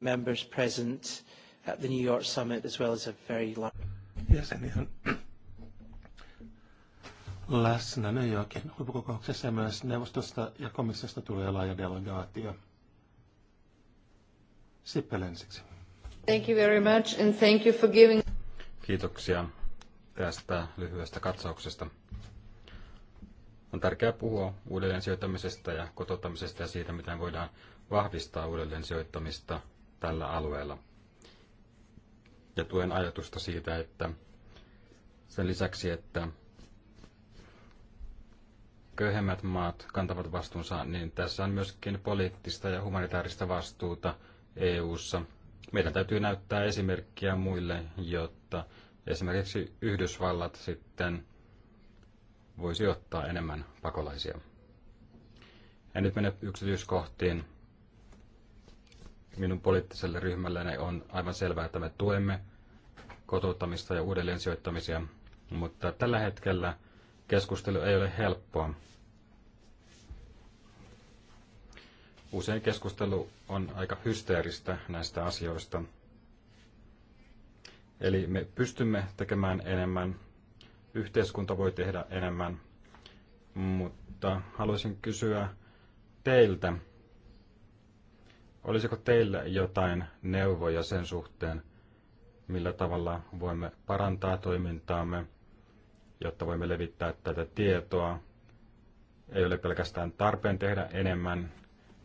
members present at the New York summit as well as a very large... Yes, läsnä New Yorkin huippukokouksessa ja myös neuvostosta ja komissiosta tulee laaja delegaatio. Sippel ensiksi. Thank you very much and thank you for giving... Kiitoksia tästä lyhyestä katsauksesta. On tärkeää puhua uudelleensijoittamisesta ja kotouttamisesta ja siitä, miten voidaan vahvistaa uudelleensijoittamista tällä alueella. Ja tuen ajatusta siitä, että sen lisäksi, että köyhemmät maat kantavat vastuunsa, niin tässä on myöskin poliittista ja humanitaarista vastuuta EU:ssa. Meidän täytyy näyttää esimerkkiä muille, jotta esimerkiksi Yhdysvallat sitten voisi ottaa enemmän pakolaisia. En nyt mene yksityiskohtiin, minun poliittiselle ryhmälleni on aivan selvää, että me tuemme kotouttamista ja uudelleen sijoittamisia, mutta tällä hetkellä keskustelu ei ole helppoa. Usein keskustelu on aika hysteeristä näistä asioista. Eli me pystymme tekemään enemmän, yhteiskunta voi tehdä enemmän, mutta haluaisin kysyä teiltä, Olisiko teillä jotain neuvoja sen suhteen, millä tavalla voimme parantaa toimintaamme, jotta voimme levittää tätä tietoa? Ei ole pelkästään tarpeen tehdä enemmän,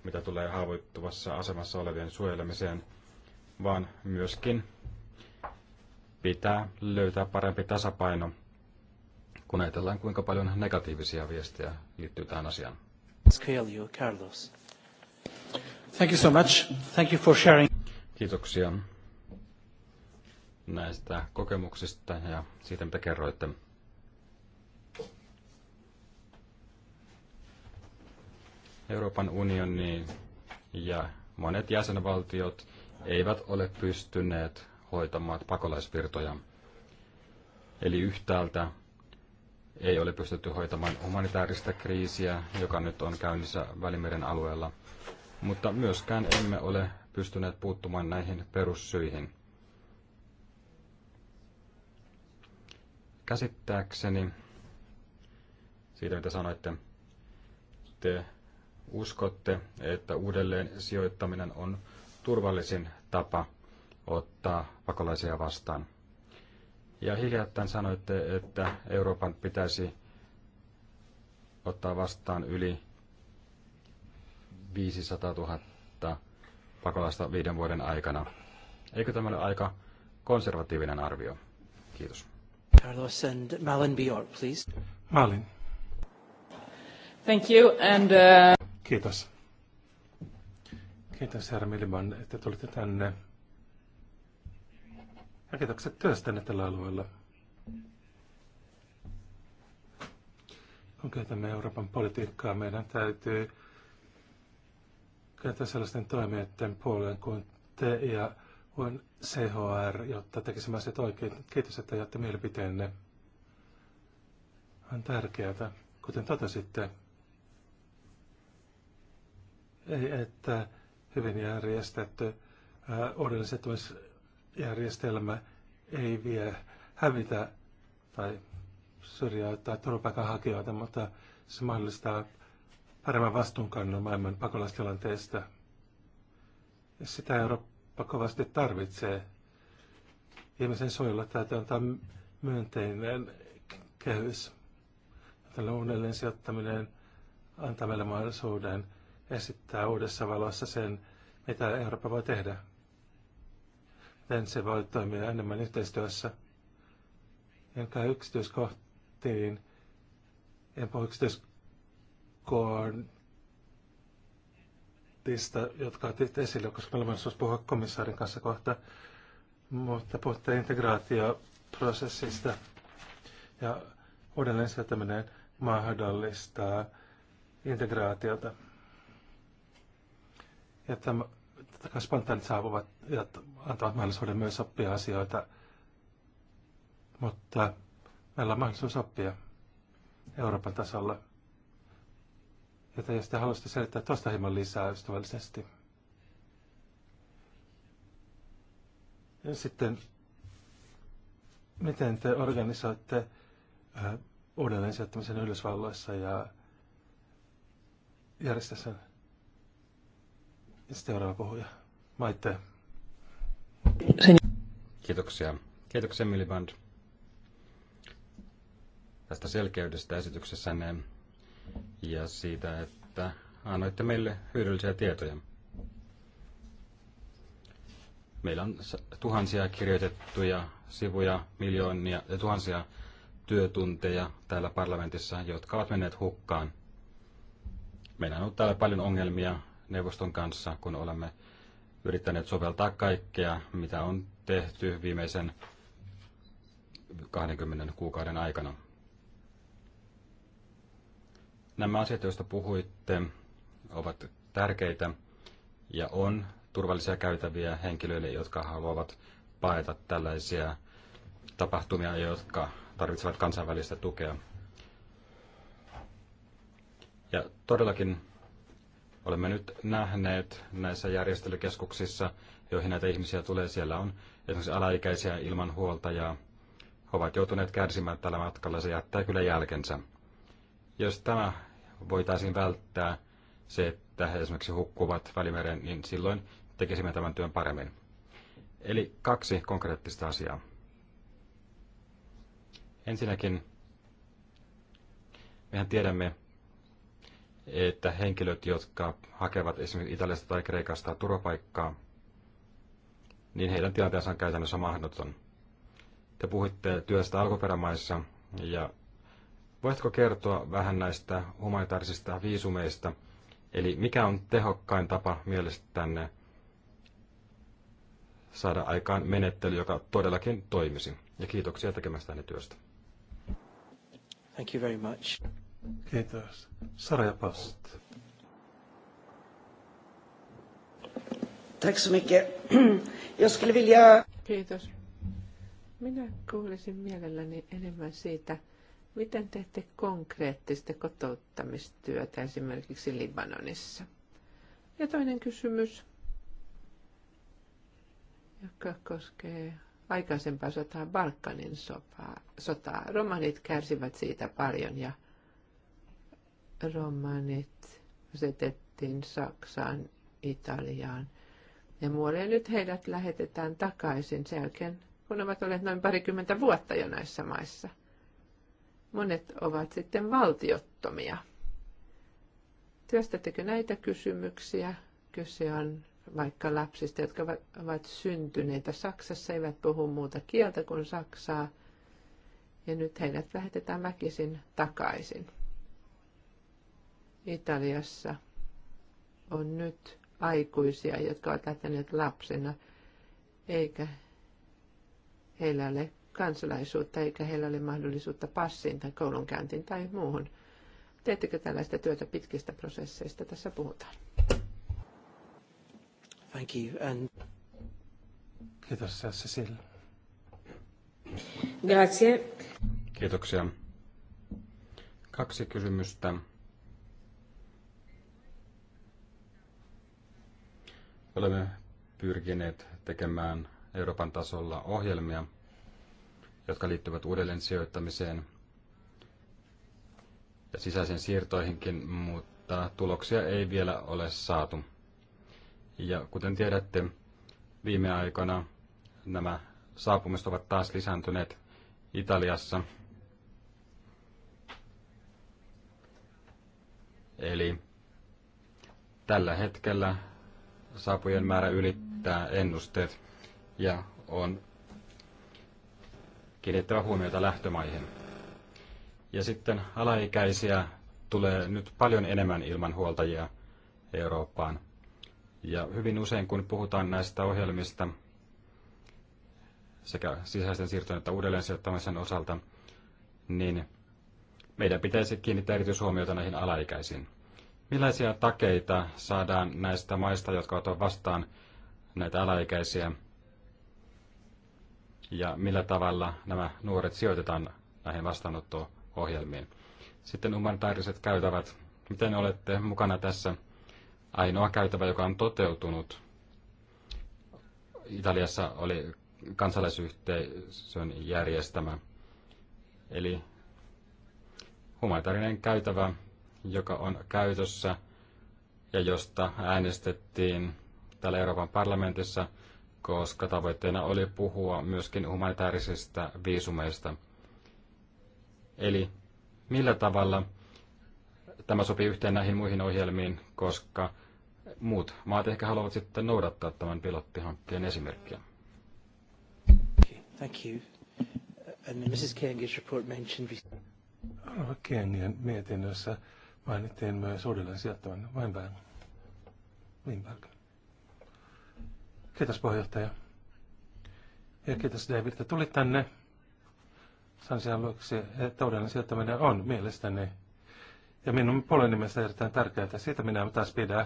mitä tulee haavoittuvassa asemassa olevien suojelemiseen, vaan myöskin pitää löytää parempi tasapaino, kun ajatellaan kuinka paljon negatiivisia viestejä liittyy tähän asiaan. Carlos. Thank you so much. Thank you for sharing. Kiitoksia näistä kokemuksista ja siitä, mitä kerroitte. Euroopan unioni ja monet jäsenvaltiot eivät ole pystyneet hoitamaan pakolaisvirtoja. Eli yhtäältä ei ole pystytty hoitamaan humanitaarista kriisiä, joka nyt on käynnissä Välimeren alueella mutta myöskään emme ole pystyneet puuttumaan näihin perussyihin. Käsittääkseni siitä, mitä sanoitte, te uskotte, että uudelleen sijoittaminen on turvallisin tapa ottaa pakolaisia vastaan. Ja hiljattain sanoitte, että Euroopan pitäisi ottaa vastaan yli 500 000 pakolasta viiden vuoden aikana. Eikö tämä ole aika konservatiivinen arvio? Kiitos. Carlos and Malin Bjork, please. Malin. Thank you and... Uh... Kiitos. Kiitos, herra Milman, että tulitte tänne. Ja kiitokset työstänne tällä alueella. Kun käytämme Euroopan politiikkaa, meidän täytyy käyttää sellaisten toimijoiden puolen kuin te ja on CHR, jotta tekisimme asiat oikein. Kiitos, että jätte mielipiteenne. On tärkeää, kuten totesitte, ei, että hyvin järjestetty uudellisetumisjärjestelmä ei vie hävitä tai syrjäyttää turvapaikanhakijoita, mutta se mahdollistaa paremman vastuunkannon maailman pakolaistilanteesta. Ja sitä Eurooppa kovasti tarvitsee. Ihmisen suojella täytyy antaa myönteinen kehys. Tällä uudelleen sijoittaminen antaa meille mahdollisuuden esittää uudessa valossa sen, mitä Eurooppa voi tehdä. Miten se voi toimia enemmän yhteistyössä. Enkä yksityiskohtiin, en puhu yksityiskohtiin joukkoon niistä, jotka otit esille, koska meillä on mahdollisuus puhua komissaarin kanssa kohta, mutta puhutte integraatioprosessista ja uudelleen sijoittaminen mahdollistaa integraatiota. Ja tämä, tämä spontaanit saapuvat ja antavat mahdollisuuden myös oppia asioita, mutta meillä on mahdollisuus oppia Euroopan tasolla. Joten jos te haluaisitte selittää tuosta hieman lisää ystävällisesti. Ja sitten, miten te organisoitte äh, uudelleen sijoittamisen Yhdysvalloissa ja järjestä sen? Ja seuraava puhuja, Maitte. Kiitoksia. Kiitoksia Miliband tästä selkeydestä esityksessänne ja siitä, että annoitte meille hyödyllisiä tietoja. Meillä on tuhansia kirjoitettuja sivuja, miljoonia ja tuhansia työtunteja täällä parlamentissa, jotka ovat menneet hukkaan. Meillä on ollut täällä paljon ongelmia neuvoston kanssa, kun olemme yrittäneet soveltaa kaikkea, mitä on tehty viimeisen 20 kuukauden aikana. Nämä asiat, joista puhuitte, ovat tärkeitä ja on turvallisia käytäviä henkilöille, jotka haluavat paeta tällaisia tapahtumia, jotka tarvitsevat kansainvälistä tukea. Ja todellakin olemme nyt nähneet näissä järjestelykeskuksissa, joihin näitä ihmisiä tulee. Siellä on esimerkiksi alaikäisiä ilman huoltajaa. He ovat joutuneet kärsimään tällä matkalla. Se jättää kyllä jälkensä. Jos tämä voitaisiin välttää se, että he esimerkiksi hukkuvat välimeren, niin silloin tekisimme tämän työn paremmin. Eli kaksi konkreettista asiaa. Ensinnäkin mehän tiedämme, että henkilöt, jotka hakevat esimerkiksi Italiasta tai Kreikasta turvapaikkaa, niin heidän tilanteensa on käytännössä mahdoton. Te puhuitte työstä alkuperämaissa ja Voitko kertoa vähän näistä humanitaarisista viisumeista? Eli mikä on tehokkain tapa mielestänne saada aikaan menettely, joka todellakin toimisi? Ja kiitoksia tekemästänne työstä. Thank you very much. Kiitos. Sara Past. Tack så mycket. Jag skulle vilja... Kiitos. Minä kuulisin mielelläni enemmän siitä, Miten teette konkreettista kotouttamistyötä esimerkiksi Libanonissa? Ja toinen kysymys, joka koskee aikaisempaa sotaa, Balkanin sotaa. Romanit kärsivät siitä paljon ja romanit asetettiin Saksaan, Italiaan ja muualle. Ja nyt heidät lähetetään takaisin sen jälkeen, kun ovat olleet noin parikymmentä vuotta jo näissä maissa – monet ovat sitten valtiottomia. Työstättekö näitä kysymyksiä? Kyse on vaikka lapsista, jotka ovat syntyneitä Saksassa, eivät puhu muuta kieltä kuin Saksaa, ja nyt heidät lähetetään väkisin takaisin. Italiassa on nyt aikuisia, jotka ovat lähteneet lapsena, eikä heillä ole kansalaisuutta, eikä heillä ole mahdollisuutta passiin tai koulunkäyntiin tai muuhun. Teettekö tällaista työtä pitkistä prosesseista? Tässä puhutaan. Thank you. And... Kiitos Cecil. Grazie. Kiitoksia. Kaksi kysymystä. Olemme pyrkineet tekemään Euroopan tasolla ohjelmia, jotka liittyvät uudelleen sijoittamiseen ja sisäisiin siirtoihinkin, mutta tuloksia ei vielä ole saatu. Ja kuten tiedätte, viime aikoina nämä saapumiset ovat taas lisääntyneet Italiassa. Eli tällä hetkellä saapujen määrä ylittää ennusteet ja on kiinnittävä huomiota lähtömaihin. Ja sitten alaikäisiä tulee nyt paljon enemmän ilman huoltajia Eurooppaan. Ja hyvin usein, kun puhutaan näistä ohjelmista, sekä sisäisten siirtojen että uudelleen sijoittamisen osalta, niin meidän pitäisi kiinnittää erityishuomiota näihin alaikäisiin. Millaisia takeita saadaan näistä maista, jotka ovat vastaan näitä alaikäisiä, ja millä tavalla nämä nuoret sijoitetaan näihin vastaanotto-ohjelmiin. Sitten humanitaariset käytävät. Miten olette mukana tässä? Ainoa käytävä, joka on toteutunut Italiassa, oli kansalaisyhteisön järjestämä. Eli humanitaarinen käytävä, joka on käytössä ja josta äänestettiin täällä Euroopan parlamentissa – koska tavoitteena oli puhua myöskin humanitaarisista viisumeista. Eli millä tavalla tämä sopii yhteen näihin muihin ohjelmiin, koska muut maat ehkä haluavat sitten noudattaa tämän pilottihankkeen esimerkkiä. Thank you. And Mrs. Kenge's report mentioned... Kengin mietinnössä mainittiin myös uudelleen sijoittavan Weinberg. Weinberg. Kiitos puheenjohtaja. Ja kiitos David, että tulit tänne. sen aluksi, että uudelleen sijoittaminen on mielestäni ja minun puolen nimestä erittäin tärkeää. Siitä minä taas pidän,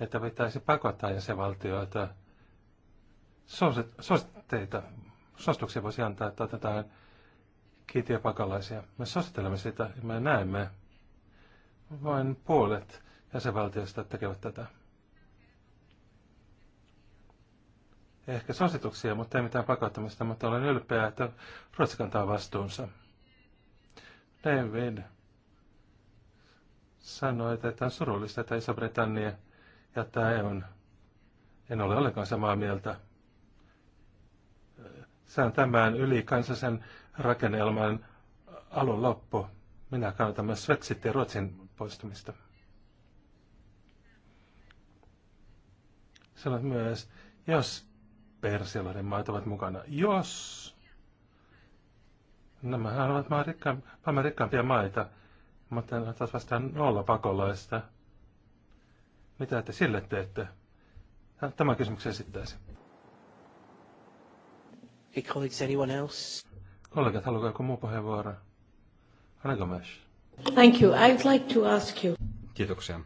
että pitäisi pakottaa jäsenvaltioita. Suositteita, suosituksia voisi antaa, että otetaan kiitiöpakolaisia. Me suosittelemme sitä ja me näemme. Vain puolet jäsenvaltioista tekevät tätä. ehkä suosituksia, mutta ei mitään pakottamista, mutta olen ylpeä, että Ruotsi kantaa vastuunsa. David sanoi, että on surullista, että Iso-Britannia jättää EUn. En ole ollenkaan samaa mieltä. Se on tämän ylikansallisen rakennelman alun loppu. Minä kannatan myös Svetsit ja Ruotsin poistumista. Sanoit myös, jos Persialainen maat ovat mukana. Jos nämä ovat maan rikka, maailman rikkaampia maita, mutta ne taas vastaan nolla pakolaista. Mitä te sille teette? Tämä kysymys esittäisi. Hey colleagues, anyone else? Kollegat, haluatko joku muu puheenvuoro? Anna Gomes. Thank you. I'd like to ask you. Kiitoksia.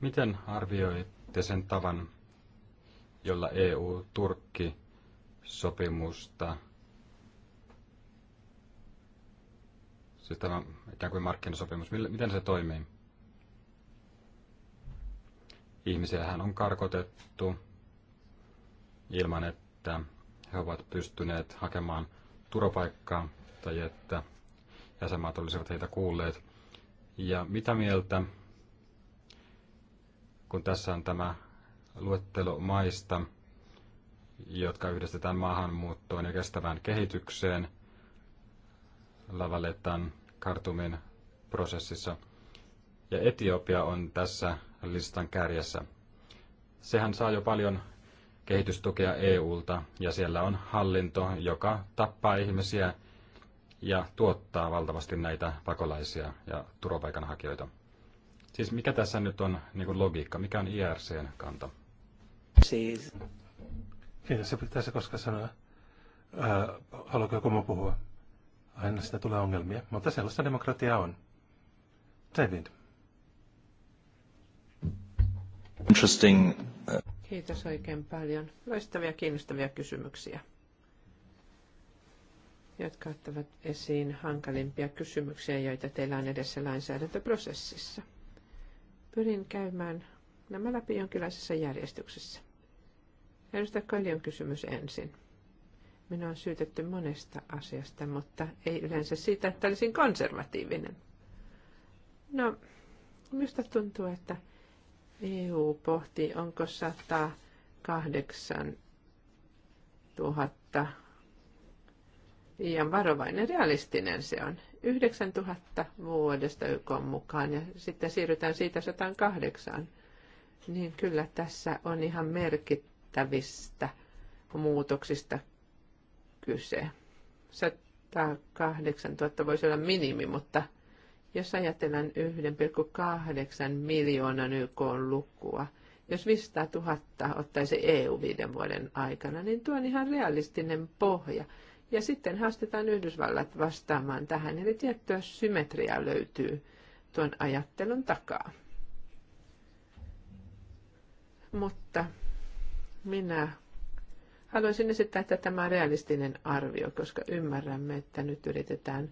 Miten arvioitte sen tavan, jolla EU-Turkki-sopimusta, siis tämä ikään kuin markkinasopimus, miten se toimii? Ihmisiähän on karkotettu ilman, että he ovat pystyneet hakemaan turvapaikkaa tai että jäsenmaat olisivat heitä kuulleet. Ja mitä mieltä, kun tässä on tämä luettelo maista, jotka yhdistetään maahanmuuttoon ja kestävään kehitykseen Lavaletan kartumin prosessissa. Ja Etiopia on tässä listan kärjessä. Sehän saa jo paljon kehitystukea EUlta ja siellä on hallinto, joka tappaa ihmisiä ja tuottaa valtavasti näitä pakolaisia ja turvapaikanhakijoita. Siis mikä tässä nyt on niin logiikka, mikä on IRCn kanta? Siis. Kiitos. Se se koska sanoa. Ää, äh, haluatko joku muu puhua? Aina sitä tulee ongelmia, mutta sellaista demokratiaa on. David. Interesting. Äh, Kiitos oikein paljon. Loistavia, kiinnostavia kysymyksiä, jotka ottavat esiin hankalimpia kysymyksiä, joita teillä on edessä lainsäädäntöprosessissa. Pyrin käymään nämä läpi jonkinlaisessa järjestyksessä. Edustaja Kallion kysymys ensin. Minua on syytetty monesta asiasta, mutta ei yleensä siitä, että olisin konservatiivinen. No, minusta tuntuu, että EU pohti, onko 108 000 liian varovainen, realistinen se on. 9000 vuodesta YK mukaan ja sitten siirrytään siitä 108 niin kyllä tässä on ihan merkittävistä muutoksista kyse. 108 000 voisi olla minimi, mutta jos ajatellaan 1,8 miljoonan YK lukua, jos 500 000 ottaisi EU viiden vuoden aikana, niin tuo on ihan realistinen pohja. Ja sitten haastetaan Yhdysvallat vastaamaan tähän, eli tiettyä symmetriaa löytyy tuon ajattelun takaa. Mutta minä haluaisin esittää, että tämä on realistinen arvio, koska ymmärrämme, että nyt yritetään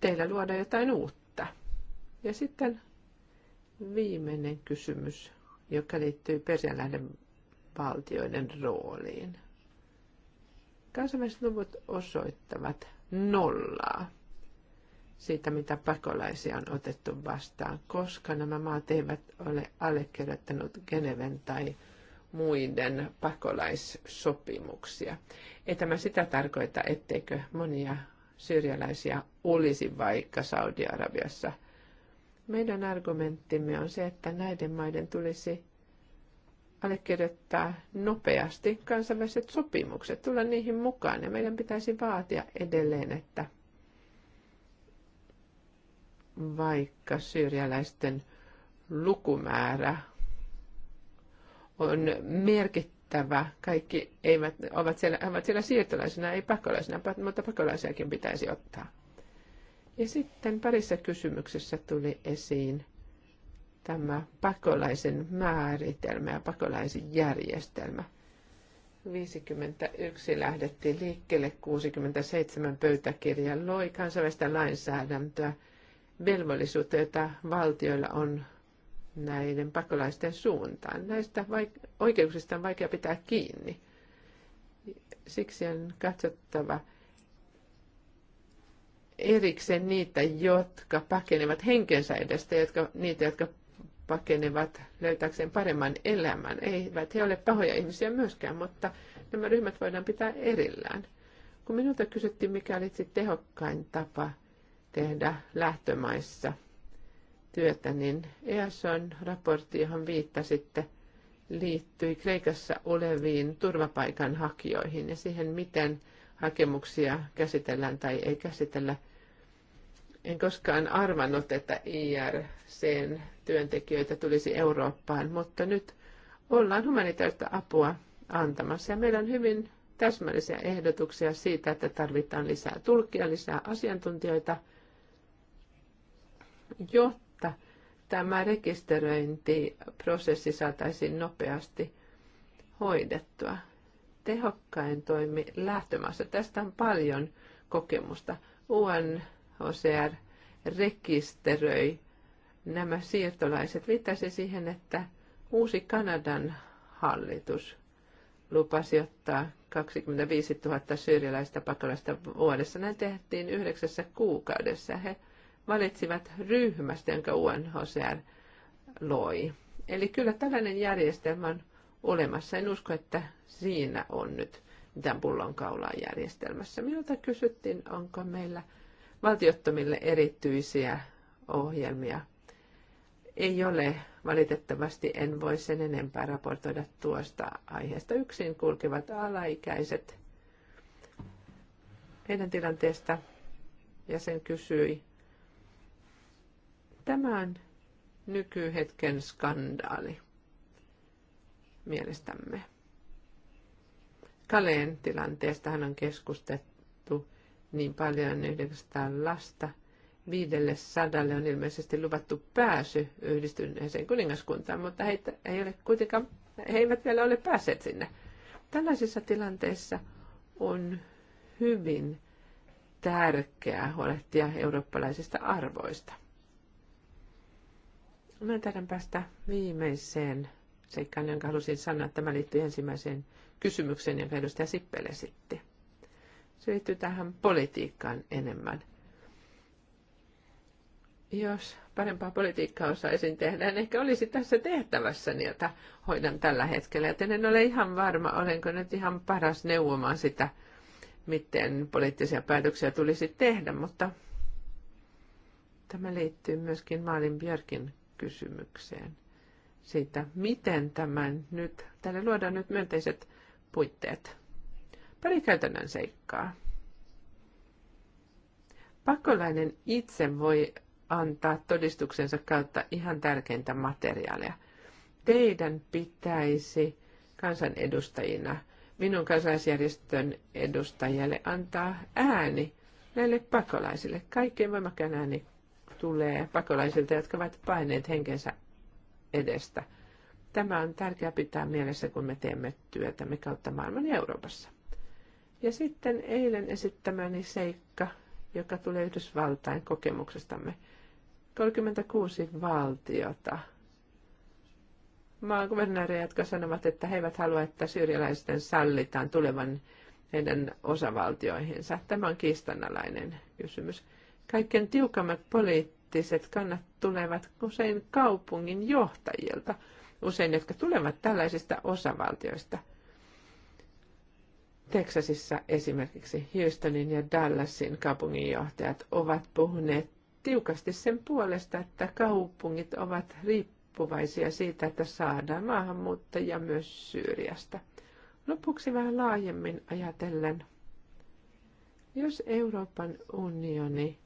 teillä luoda jotain uutta. Ja sitten viimeinen kysymys, joka liittyy Persianlähden valtioiden rooliin. Kansainväliset luvut osoittavat nollaa siitä, mitä pakolaisia on otettu vastaan, koska nämä maat eivät ole allekirjoittanut Geneven tai muiden pakolaissopimuksia. Ei tämä sitä tarkoita, etteikö monia syyrialaisia olisi vaikka Saudi-Arabiassa. Meidän argumenttimme on se, että näiden maiden tulisi allekirjoittaa nopeasti kansainväliset sopimukset, tulla niihin mukaan ja meidän pitäisi vaatia edelleen, että vaikka syyrialaisten lukumäärä on merkittävä. Kaikki eivät, ovat, siellä, ovat siellä siirtolaisina, ei pakolaisina, mutta pakolaisiakin pitäisi ottaa. Ja sitten parissa kysymyksessä tuli esiin tämä pakolaisen määritelmä ja pakolaisen järjestelmä. 51 lähdettiin liikkeelle, 67 pöytäkirja loi kansainvälistä lainsäädäntöä – velvollisuutta, jota valtioilla on näiden pakolaisten suuntaan. Näistä vaik- oikeuksista on vaikea pitää kiinni. Siksi on katsottava erikseen niitä, jotka pakenevat henkensä edestä, jotka, niitä, jotka pakenevat löytääkseen paremman elämän. Eivät he ole pahoja ihmisiä myöskään, mutta nämä ryhmät voidaan pitää erillään. Kun minulta kysyttiin, mikä olisi tehokkain tapa – tehdä lähtömaissa työtä, niin EASON raportti, johon viittasitte, liittyi Kreikassa oleviin turvapaikanhakijoihin ja siihen, miten hakemuksia käsitellään tai ei käsitellä. En koskaan arvannut, että IRCn työntekijöitä tulisi Eurooppaan, mutta nyt ollaan humanitaarista apua antamassa. Ja meillä on hyvin täsmällisiä ehdotuksia siitä, että tarvitaan lisää tulkia, lisää asiantuntijoita – jotta tämä rekisteröintiprosessi saataisiin nopeasti hoidettua. Tehokkain toimi lähtömaassa. Tästä on paljon kokemusta. UNHCR rekisteröi nämä siirtolaiset. Viittasi siihen, että uusi Kanadan hallitus lupasi ottaa 25 000 syyrialaista pakolaista vuodessa. Näin tehtiin yhdeksässä kuukaudessa. He valitsivat ryhmästä, jonka UNHCR loi. Eli kyllä tällainen järjestelmä on olemassa. En usko, että siinä on nyt mitään pullonkaulaa järjestelmässä. Minulta kysyttiin, onko meillä valtiottomille erityisiä ohjelmia. Ei ole. Valitettavasti en voi sen enempää raportoida tuosta aiheesta. Yksin kulkevat alaikäiset. Heidän tilanteesta ja sen kysyi Tämä on nykyhetken skandaali mielestämme. Kaleen tilanteesta hän on keskustettu niin paljon 900 lasta. 500 on ilmeisesti luvattu pääsy yhdistyneeseen kuningaskuntaan, mutta heitä ei ole kuitenkaan, he eivät vielä ole päässeet sinne. Tällaisissa tilanteissa on hyvin tärkeää huolehtia eurooppalaisista arvoista – Mä taidan päästä viimeiseen seikkaan, jonka halusin sanoa. Tämä liittyy ensimmäiseen kysymykseen, jonka edustaja Sippele esitti. Se liittyy tähän politiikkaan enemmän. Jos parempaa politiikkaa osaisin tehdä, niin ehkä olisi tässä tehtävässäni, jota hoidan tällä hetkellä. Joten en ole ihan varma, olenko nyt ihan paras neuvomaan sitä, miten poliittisia päätöksiä tulisi tehdä, mutta tämä liittyy myöskin Maalin Björkin kysymykseen siitä, miten tämän nyt, tälle luodaan nyt myönteiset puitteet. Pari käytännön seikkaa. Pakolainen itse voi antaa todistuksensa kautta ihan tärkeintä materiaalia. Teidän pitäisi kansanedustajina, minun kansalaisjärjestön edustajalle antaa ääni näille pakolaisille, kaikkein voimakkaan ääni tulee pakolaisilta, jotka ovat paineet henkensä edestä. Tämä on tärkeää pitää mielessä, kun me teemme me kautta maailman Euroopassa. Ja sitten eilen esittämäni seikka, joka tulee Yhdysvaltain kokemuksestamme. 36 valtiota. Maakuvernääriä, jotka sanovat, että he eivät halua, että syyrialaisten sallitaan tulevan heidän osavaltioihinsa. Tämä on kiistanalainen kysymys. Kaikkein tiukammat poliittiset kannat tulevat usein kaupungin johtajilta, usein jotka tulevat tällaisista osavaltioista. Teksasissa esimerkiksi Houstonin ja Dallasin kaupunginjohtajat ovat puhuneet tiukasti sen puolesta, että kaupungit ovat riippuvaisia siitä, että saadaan maahanmuuttajia myös Syyriasta. Lopuksi vähän laajemmin ajatellen, jos Euroopan unioni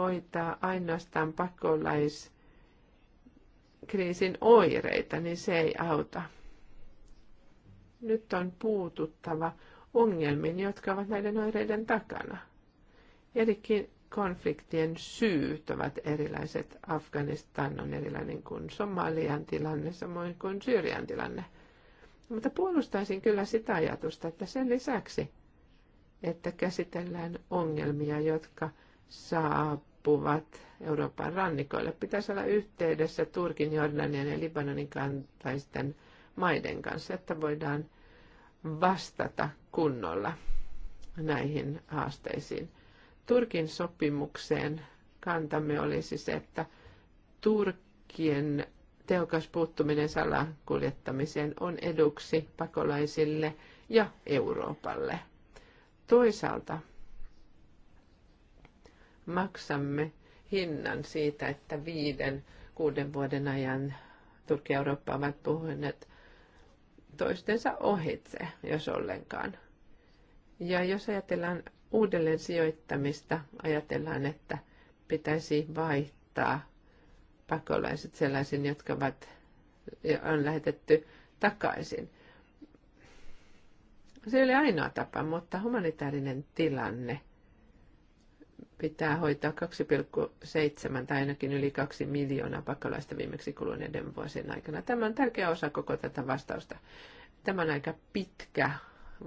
hoitaa ainoastaan pakolaiskriisin oireita, niin se ei auta. Nyt on puututtava ongelmiin, jotka ovat näiden oireiden takana. Erikin konfliktien syyt ovat erilaiset. Afganistan on erilainen kuin Somalian tilanne, samoin kuin Syyrian tilanne. Mutta puolustaisin kyllä sitä ajatusta, että sen lisäksi, että käsitellään ongelmia, jotka saa loppuvat Euroopan rannikoille. Pitäisi olla yhteydessä Turkin, Jordanian ja Libanonin kantaisten maiden kanssa, että voidaan vastata kunnolla näihin haasteisiin. Turkin sopimukseen kantamme olisi se, että Turkien tehokas puuttuminen salakuljettamiseen on eduksi pakolaisille ja Euroopalle. Toisaalta maksamme hinnan siitä, että viiden, kuuden vuoden ajan Turkki ja Eurooppa ovat puhuneet toistensa ohitse, jos ollenkaan. Ja jos ajatellaan uudelleen sijoittamista, ajatellaan, että pitäisi vaihtaa pakolaiset sellaisiin, jotka ovat, on lähetetty takaisin. Se ei ole ainoa tapa, mutta humanitaarinen tilanne – pitää hoitaa 2,7 tai ainakin yli 2 miljoonaa pakolaista viimeksi kuluneiden vuosien aikana. Tämä on tärkeä osa koko tätä vastausta. Tämä on aika pitkä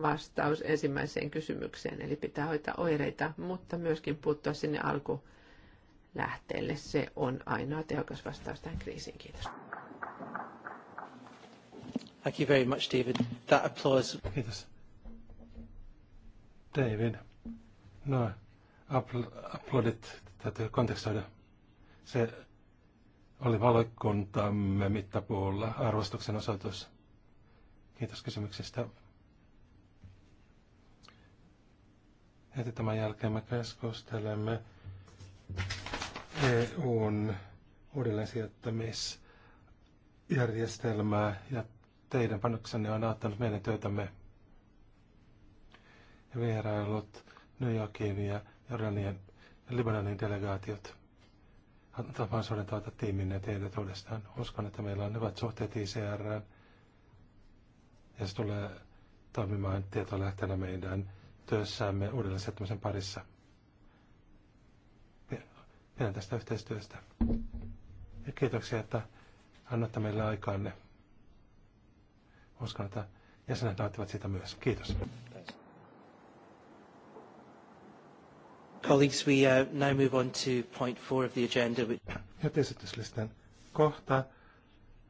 vastaus ensimmäiseen kysymykseen, eli pitää hoitaa oireita, mutta myöskin puuttua sinne alkulähteelle. Se on ainoa tehokas vastaus tähän kriisiin. Kiitos. Thank you very much, David. That applause. Kiitos. David. No. Aplodit täytyy kontekstoida. Se oli valokuntamme mittapuulla arvostuksen osoitus. Kiitos kysymyksestä. Heti tämän jälkeen me keskustelemme EUn uudelleen sijoittamisjärjestelmää ja teidän panoksenne on auttanut meidän työtämme. Ja vierailut New Yorkiin ja Jordanian ja Libanonin delegaatiot tapaan taata tiiminne teidät todestaan. Uskon, että meillä on hyvät suhteet ICR ja se tulee toimimaan tietolähteenä meidän työssämme uudelleen parissa. Pidän tästä yhteistyöstä. Ja kiitoksia, että annatte meille aikaanne. Uskon, että jäsenet nauttivat siitä myös. Kiitos. Colleagues, we uh, now move on to point four of the agenda. Nyt esityslistan kohta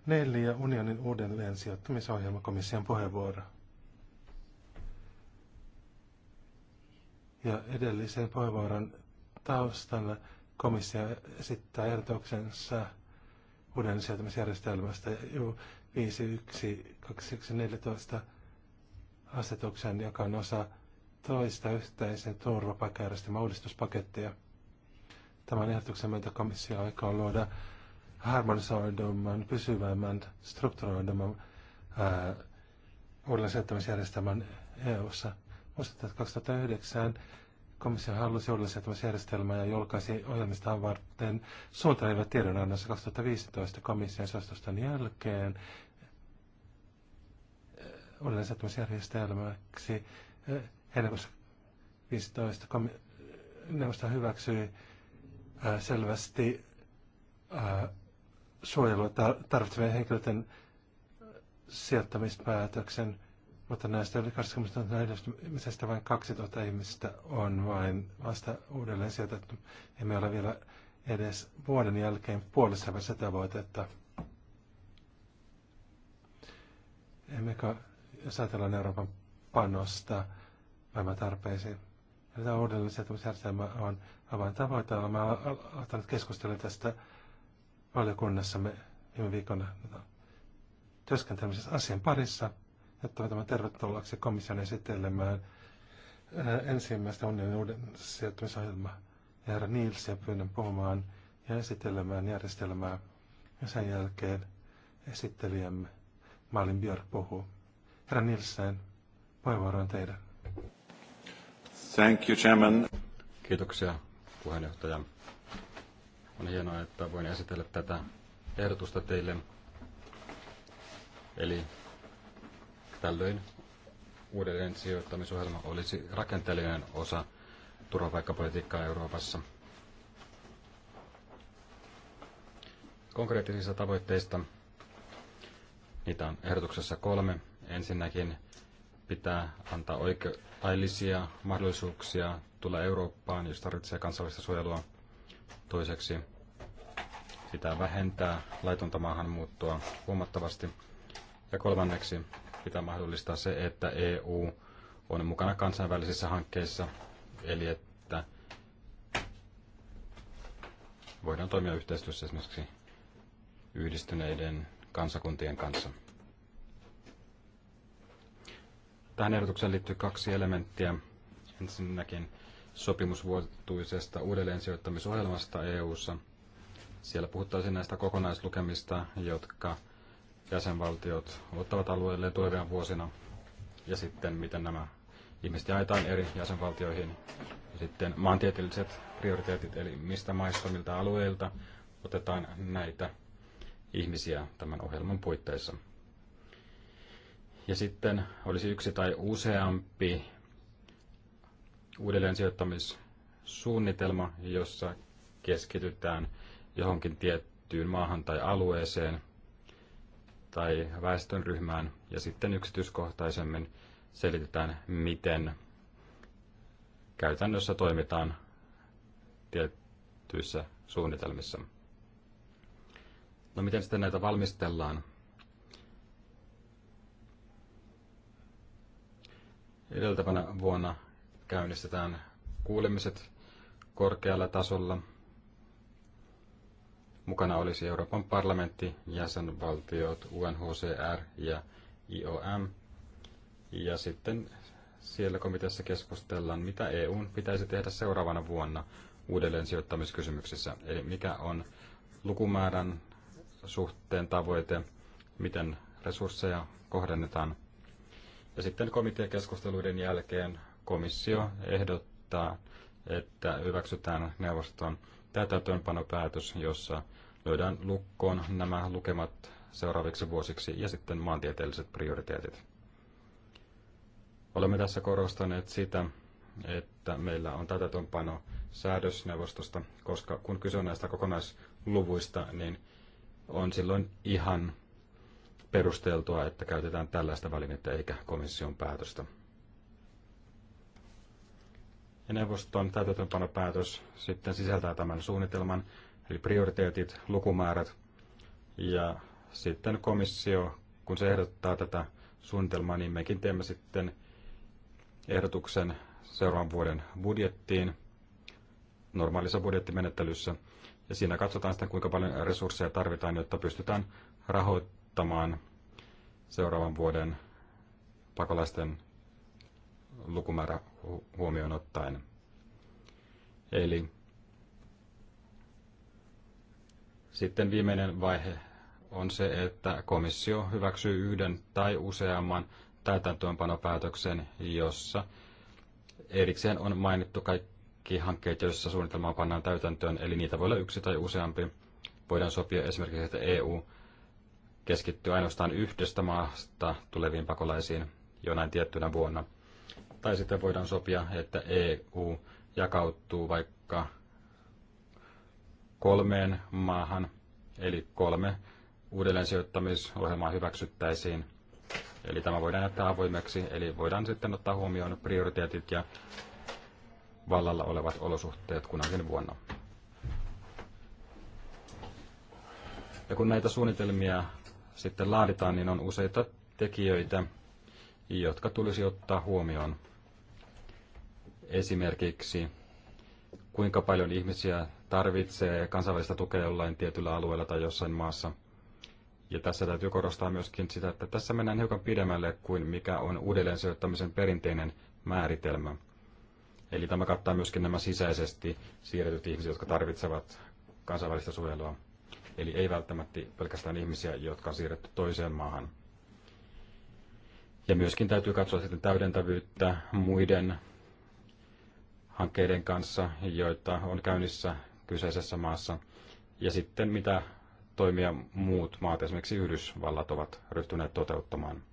neljä unionin uudelleen sijoittamisohjelma komission puheenvuoro. Ja edellisen puheenvuoron taustalla komissio esittää ehdotuksensa uuden sijoittamisjärjestelmästä EU 51214 asetuksen, joka on osa toista yhteisen turvapaikkajärjestelmän uudistuspakettia. Tämän ehdotuksen myötä komissio aikoo luoda harmonisoidumman, pysyvämmän, strukturoidumman uudelleensijoittamisjärjestelmän EU-ssa. Muistatte, että 2009 komissio halusi uudelleensijoittamisjärjestelmää ja julkaisi ohjelmistaan varten suuntanevat tiedonannossa 2015 komission suostusten jälkeen uudelleensijoittamisjärjestelmäksi Heinäkuussa 15 neuvosto hyväksyi ää, selvästi ää, suojelua tarvitsevien henkilöiden sijoittamispäätöksen, mutta näistä yli 20 000 ihmisestä vain 2000 ihmistä on vain vasta uudelleen sijoitettu. Emme ole vielä edes vuoden jälkeen puolessa välissä tavoitetta. Emmekö, jos ajatellaan Euroopan panosta, maailman tarpeisiin. Ja tämä uudelleen sijoittamisjärjestelmä on tavoite. Olemme ottanut keskustelua tästä valiokunnassamme viime viikolla tuota, työskentelemisessä asian parissa, jotta tämä tervetulleeksi komission esittelemään ensimmäistä unionin uuden sijoittamisohjelmaa. Herra ja pyydän puhumaan ja esittelemään järjestelmää. Ja sen jälkeen esittelijämme Malin Björk puhuu. Herra Nilsen, puheenvuoro on teidän. Thank you, Chairman. Kiitoksia, puheenjohtaja. On hienoa, että voin esitellä tätä ehdotusta teille. Eli tällöin uudelleen sijoittamisohjelma olisi rakenteellinen osa turvapaikkapolitiikkaa Euroopassa. Konkreettisista tavoitteista niitä on ehdotuksessa kolme. Ensinnäkin pitää antaa oikeudellisia mahdollisuuksia tulla Eurooppaan, jos tarvitsee kansallista suojelua. Toiseksi pitää vähentää laitonta maahanmuuttoa huomattavasti. Ja kolmanneksi pitää mahdollistaa se, että EU on mukana kansainvälisissä hankkeissa, eli että voidaan toimia yhteistyössä esimerkiksi yhdistyneiden kansakuntien kanssa. Tähän ehdotukseen liittyy kaksi elementtiä. Ensinnäkin sopimusvuotuisesta uudelleensijoittamisohjelmasta EU-ssa. Siellä puhuttaisiin näistä kokonaislukemista, jotka jäsenvaltiot ottavat alueelle tulevina vuosina, ja sitten miten nämä ihmiset jaetaan eri jäsenvaltioihin. Ja sitten maantieteelliset prioriteetit, eli mistä maista, miltä alueilta otetaan näitä ihmisiä tämän ohjelman puitteissa. Ja sitten olisi yksi tai useampi uudelleen sijoittamissuunnitelma, jossa keskitytään johonkin tiettyyn maahan tai alueeseen tai väestönryhmään ja sitten yksityiskohtaisemmin selitetään, miten käytännössä toimitaan tiettyissä suunnitelmissa. No miten sitten näitä valmistellaan? Edeltävänä vuonna käynnistetään kuulemiset korkealla tasolla. Mukana olisi Euroopan parlamentti, jäsenvaltiot, UNHCR ja IOM. Ja sitten siellä komiteassa keskustellaan, mitä EUn pitäisi tehdä seuraavana vuonna uudelleen sijoittamiskysymyksissä. Eli mikä on lukumäärän suhteen tavoite, miten resursseja kohdennetaan. Ja sitten komiteakeskusteluiden jälkeen komissio ehdottaa, että hyväksytään neuvoston täytäntöönpanopäätös, jossa löydään lukkoon nämä lukemat seuraaviksi vuosiksi ja sitten maantieteelliset prioriteetit. Olemme tässä korostaneet sitä, että meillä on täytäntöönpano säädösneuvostosta, koska kun kyse on näistä kokonaisluvuista, niin on silloin ihan perusteltua, että käytetään tällaista välinettä eikä komission päätöstä. Ja neuvoston täytäntöönpanopäätös sitten sisältää tämän suunnitelman, eli prioriteetit, lukumäärät, ja sitten komissio, kun se ehdottaa tätä suunnitelmaa, niin mekin teemme sitten ehdotuksen seuraavan vuoden budjettiin normaalissa budjettimenettelyssä. Ja siinä katsotaan sitten, kuinka paljon resursseja tarvitaan, jotta pystytään rahoittamaan ottamaan seuraavan vuoden pakolaisten lukumäärä huomioon ottaen. Eli sitten viimeinen vaihe on se, että komissio hyväksyy yhden tai useamman täytäntöönpanopäätöksen, jossa erikseen on mainittu kaikki hankkeet, joissa suunnitelmaa pannaan täytäntöön, eli niitä voi olla yksi tai useampi. Voidaan sopia esimerkiksi, että EU keskittyy ainoastaan yhdestä maasta tuleviin pakolaisiin jonain tiettynä vuonna. Tai sitten voidaan sopia, että EU jakautuu vaikka kolmeen maahan, eli kolme uudelleensijoittamisohjelmaa hyväksyttäisiin. Eli tämä voidaan jättää avoimeksi, eli voidaan sitten ottaa huomioon prioriteetit ja vallalla olevat olosuhteet kunakin vuonna. Ja kun näitä suunnitelmia sitten laaditaan, niin on useita tekijöitä, jotka tulisi ottaa huomioon. Esimerkiksi kuinka paljon ihmisiä tarvitsee kansainvälistä tukea jollain tietyllä alueella tai jossain maassa. Ja tässä täytyy korostaa myöskin sitä, että tässä mennään hiukan pidemmälle kuin mikä on uudelleen sijoittamisen perinteinen määritelmä. Eli tämä kattaa myöskin nämä sisäisesti siirretyt ihmiset, jotka tarvitsevat kansainvälistä suojelua. Eli ei välttämättä pelkästään ihmisiä, jotka on siirretty toiseen maahan. Ja myöskin täytyy katsoa sitten täydentävyyttä muiden hankkeiden kanssa, joita on käynnissä kyseisessä maassa. Ja sitten mitä toimia muut maat, esimerkiksi Yhdysvallat, ovat ryhtyneet toteuttamaan.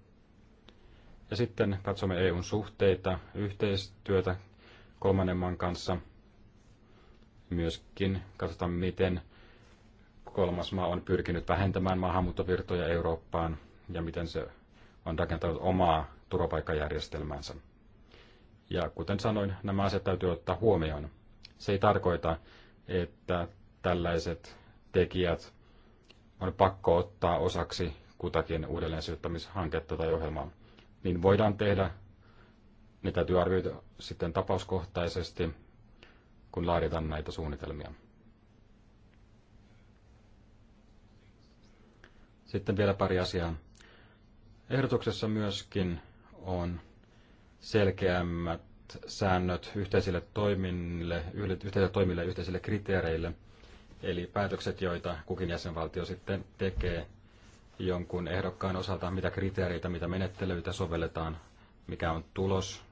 Ja sitten katsomme EUn suhteita, yhteistyötä kolmannen maan kanssa. Myöskin katsotaan, miten kolmas maa on pyrkinyt vähentämään maahanmuuttovirtoja Eurooppaan ja miten se on rakentanut omaa turvapaikkajärjestelmäänsä. Ja kuten sanoin, nämä asiat täytyy ottaa huomioon. Se ei tarkoita, että tällaiset tekijät on pakko ottaa osaksi kutakin uudelleen syyttämishanketta tai ohjelmaa. Niin voidaan tehdä, ne täytyy arvioida sitten tapauskohtaisesti, kun laaditaan näitä suunnitelmia. Sitten vielä pari asiaa. Ehdotuksessa myöskin on selkeämmät säännöt yhteisille toimille, yhteisille toimille ja yhteisille kriteereille. Eli päätökset, joita kukin jäsenvaltio sitten tekee jonkun ehdokkaan osalta, mitä kriteereitä, mitä menettelyitä sovelletaan, mikä on tulos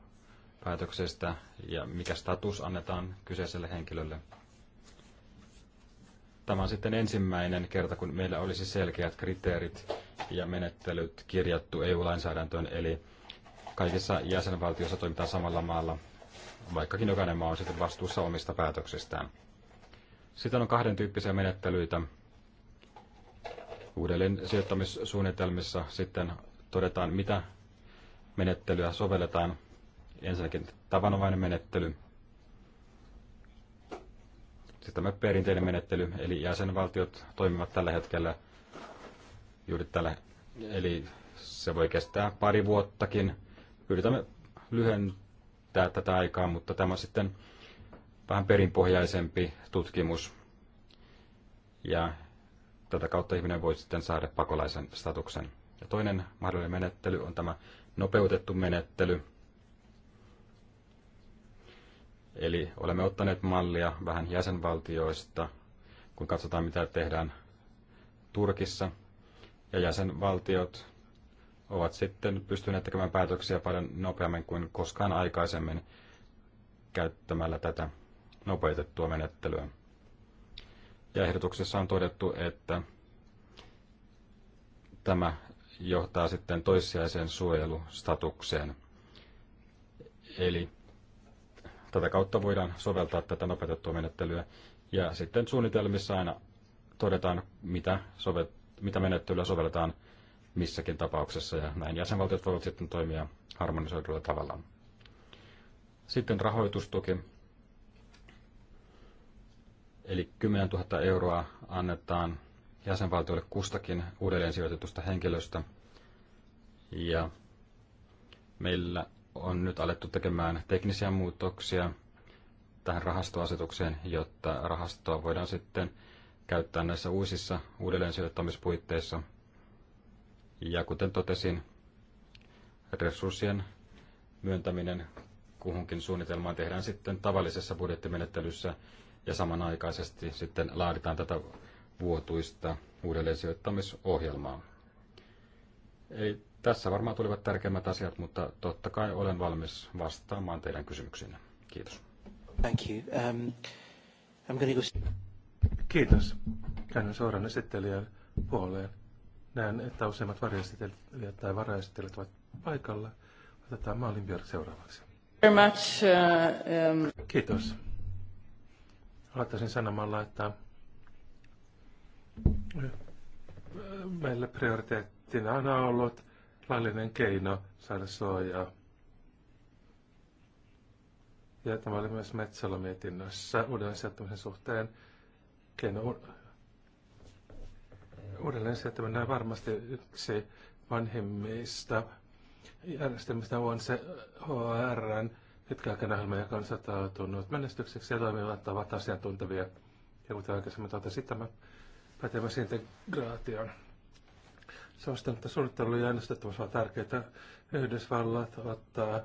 päätöksestä ja mikä status annetaan kyseiselle henkilölle tämä on sitten ensimmäinen kerta, kun meillä olisi selkeät kriteerit ja menettelyt kirjattu EU-lainsäädäntöön, eli kaikissa jäsenvaltioissa toimitaan samalla maalla, vaikkakin jokainen maa on sitten vastuussa omista päätöksistään. Sitten on kahden tyyppisiä menettelyitä. Uudelleen sijoittamissuunnitelmissa sitten todetaan, mitä menettelyä sovelletaan. Ensinnäkin tavanomainen menettely, Siis tämä perinteinen menettely, eli jäsenvaltiot toimivat tällä hetkellä juuri tällä, eli se voi kestää pari vuottakin. Yritämme lyhentää tätä aikaa, mutta tämä on sitten vähän perinpohjaisempi tutkimus. Ja tätä kautta ihminen voi sitten saada pakolaisen statuksen. Ja toinen mahdollinen menettely on tämä nopeutettu menettely, Eli olemme ottaneet mallia vähän jäsenvaltioista, kun katsotaan mitä tehdään Turkissa. Ja jäsenvaltiot ovat sitten pystyneet tekemään päätöksiä paljon nopeammin kuin koskaan aikaisemmin käyttämällä tätä nopeutettua menettelyä. Ja ehdotuksessa on todettu, että tämä johtaa sitten toissijaiseen suojelustatukseen. Eli Tätä kautta voidaan soveltaa tätä nopeutettua menettelyä ja sitten suunnitelmissa aina todetaan, mitä, sovet, mitä menettelyä sovelletaan missäkin tapauksessa ja näin jäsenvaltiot voivat sitten toimia harmonisoidulla tavalla. Sitten rahoitustuki. Eli 10 000 euroa annetaan jäsenvaltioille kustakin uudelleen sijoitetusta henkilöstä. Ja meillä on nyt alettu tekemään teknisiä muutoksia tähän rahastoasetukseen, jotta rahastoa voidaan sitten käyttää näissä uusissa uudelleensijoittamispuitteissa. Ja kuten totesin, resurssien myöntäminen kuhunkin suunnitelmaan tehdään sitten tavallisessa budjettimenettelyssä ja samanaikaisesti sitten laaditaan tätä vuotuista uudelleensijoittamisohjelmaa. Eli tässä varmaan tulivat tärkeimmät asiat, mutta totta kai olen valmis vastaamaan teidän kysymyksiinne. Kiitos. Thank you. Um, I'm gonna go... Kiitos. Käännän suoraan esittelijän puoleen. Näen, että useimmat varjaesittelijät tai varaesittelijät ovat paikalla. Otetaan Maalin Björk seuraavaksi. Very much, uh, um... Kiitos. Aloittaisin sanomalla, että äh, meillä prioriteettina on ollut laillinen keino saada suojaa. Ja tämä oli myös Metsällä-mietinnössä uudelleen suhteen keino uudelleen on varmasti yksi vanhimmista järjestelmistä on se HRn pitkäaikainen ohjelma, joka on satautunut menestykseksi ja toimivat ovat asiantuntevia. Ja kuten aikaisemmin totesin, tämä pätee myös integraation että suunnittelu ja ennustettavuus on tärkeää. Yhdysvallat ottaa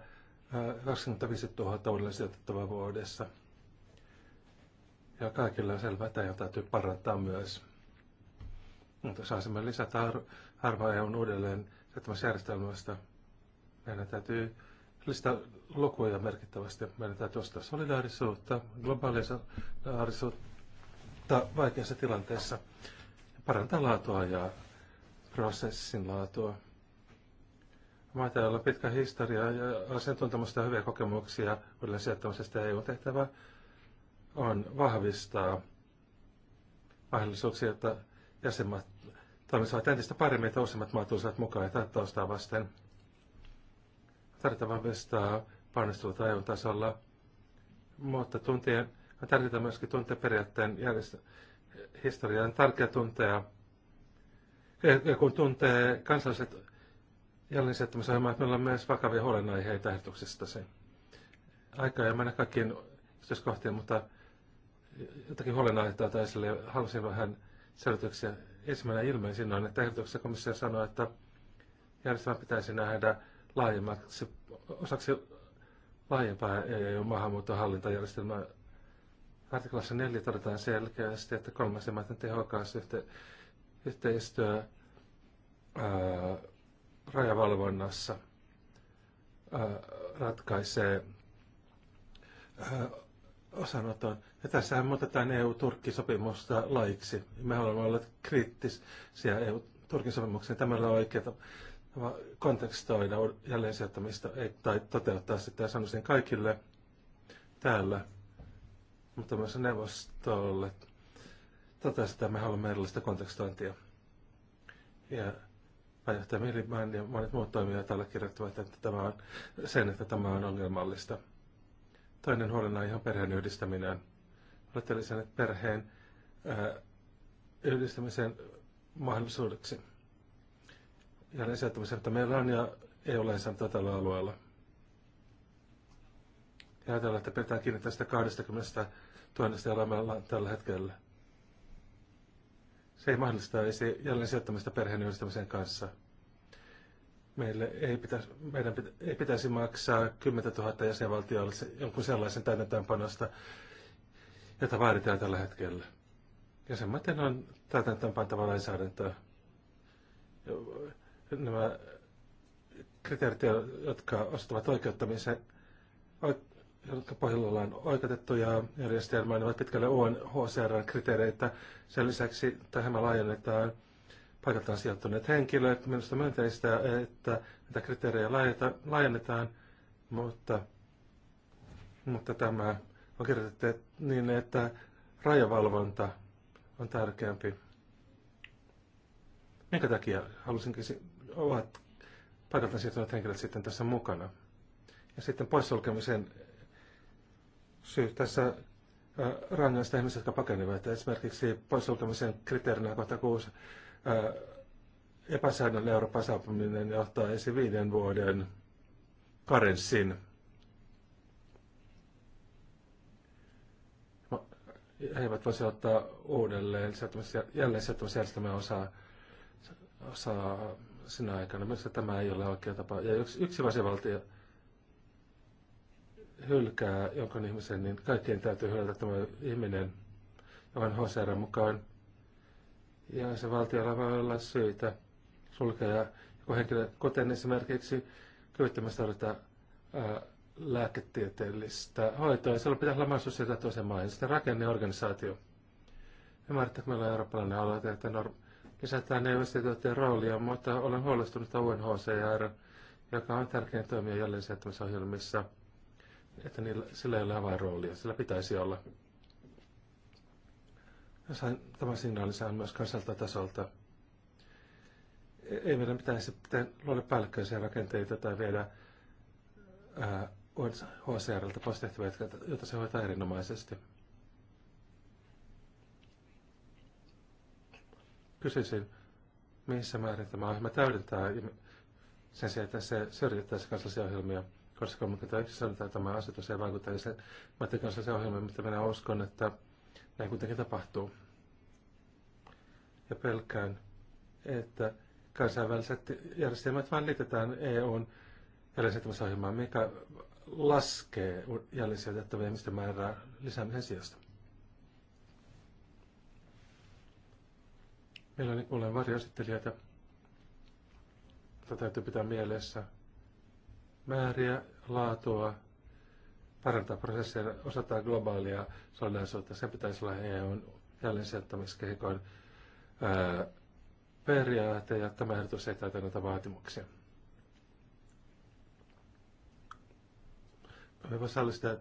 25 000 uudelleen sijoitettavaa vuodessa. Ja kaikilla on selvää, että tämä täytyy parantaa myös. Mutta saisimme lisätä harva harmaa EUn uudelleen järjestelmästä. Meidän täytyy lisätä lukuja merkittävästi. Meidän täytyy ostaa solidaarisuutta, globaalia solidaarisuutta vaikeassa tilanteessa, parantaa laatua ja prosessin laatua. Mä täällä on pitkä historia ja asiantuntemusta ja hyviä kokemuksia uudelleen sijoittamisesta ja EU-tehtävä on vahvistaa mahdollisuuksia, että jäsenmaat toimisivat entistä paremmin, että useimmat maat tulisivat mukaan ja taustaa vasten. Tarvitaan vahvistaa painostelua EU-tasolla, mutta tuntien, on myöskin tunteperiaatteen periaatteen historian tärkeä tuntea ja kun tuntee kansalliset että meillä on myös vakavia huolenaiheita ehdotuksestasi. Aika ei mennä kaikkiin yksityiskohtiin, mutta jotakin huolenaiheita tai sille halusin vähän selityksiä Ensimmäinen ilmeisin on, että ehdotuksessa komissio sanoi, että järjestelmä pitäisi nähdä laajemmaksi, osaksi laajempaa EU-maahanmuuttohallintajärjestelmää. Artiklassa 4 todetaan selkeästi, että kolmansien maiden tehokas yhte, yhteistyö ää, rajavalvonnassa ää, ratkaisee osanoton. Ja tässähän muutetaan EU-Turkki-sopimusta laiksi. Me haluamme olla kriittisiä EU-Turkin sopimukseen. Tämä on oikeaa kontekstoida jälleen sijoittamista tai toteuttaa sitä. Sanoisin kaikille täällä, mutta myös neuvostolle. Tätä sitä me haluamme erilaista kontekstointia. Ja pääjohtaja Milliman ja monet muut toimijat allekirjoittavat että tämä on, sen, että tämä on ongelmallista. Toinen huolena on ihan perheen yhdistäminen. Olette lisänneet perheen ää, yhdistämisen mahdollisuudeksi ja lisättämisen, että meillä on ja ole lainsäädäntöä tällä alueella. Ja ajatellaan, että pitää kiinni tästä 20 000, elämällä tällä hetkellä. Se ei se jälleen sijoittamista yhdistämisen kanssa. Meille ei pitäisi, meidän pitä, ei pitäisi maksaa 10 000 jäsenvaltioille jonkun sellaisen täytäntöönpanosta, jota vaaditaan tällä hetkellä. Jäsenmaiden on täytäntöönpantava lainsäädäntöä. Nämä kriteerit, jotka osoittavat oikeuttamisen, jotka pohjalla ollaan oikeutettuja järjestelmään, ne ovat pitkälle unhcr kriteereitä. Sen lisäksi tähän laajennetaan paikaltaan sijoittuneet henkilöt. Minusta myönteistä, että näitä kriteerejä laajennetaan, mutta, mutta tämä on kirjoitettu niin, että rajavalvonta on tärkeämpi. Minkä takia halusinkin ovat paikaltaan siirtyneet henkilöt sitten tässä mukana? Ja sitten poissulkemisen syy tässä rangaista ihmisiä, jotka pakenevat. Esimerkiksi poissulkemisen kriteerinä kohta kuusi epäsäännön Euroopan saapuminen johtaa ensi viiden vuoden karenssin. He eivät voisi ottaa uudelleen jälleen sijoittamisjärjestelmän osaa, osaa sinä aikana. Mielestäni tämä ei ole oikea tapa. Ja yksi, yksi vasivaltio, hylkää jonkun ihmisen, niin kaikkien täytyy hylätä tämä ihminen, johon HCR mukaan. Ja se valtiolla voi olla syitä sulkea joku henkilö, kuten esimerkiksi kyvyttömästä odottaa lääketieteellistä hoitoa. Ja silloin pitää olla mahdollisuus sieltä toisen maan. Sitten rakenneorganisaatio. Ymmärrätte, että meillä on eurooppalainen aloite, että norm- lisätään eu roolia, mutta olen huolestunut UNHCR, joka on tärkein toimija jälleen sijoittamisohjelmissa. ohjelmissa että niillä, sillä ei ole avainroolia, sillä pitäisi olla. Ja sain tämän signaalin saan myös kansalta tasolta. E- ei meidän pitäisi luoda päällekkäisiä rakenteita tai viedä HCRltä pois tehtäviä, joita se hoitaa erinomaisesti. Kysyisin, missä määrin tämä ohjelma täydentää sen sijaan, että se syrjittäisi kansallisia ohjelmia. Kohdassa 31 sanotaan, että tämä asetus ei vaikuta mä Matti kanssa se ohjelma, mitä minä uskon, että näin kuitenkin tapahtuu. Ja pelkään, että kansainväliset järjestelmät vain liitetään EUn järjestelmäsohjelmaan, mikä laskee jäljellä jättävien ihmisten määrää lisäämisen sijasta. Meillä Mielelläni kuulen varjoesittelijöitä, mutta täytyy pitää mielessä määriä laatua, parantaa prosesseja, osata globaalia solidaisuutta. Sen pitäisi olla EUn jälleen periaate, ja tämä ehdotus ei täytä näitä vaatimuksia. Me voisi sallistaa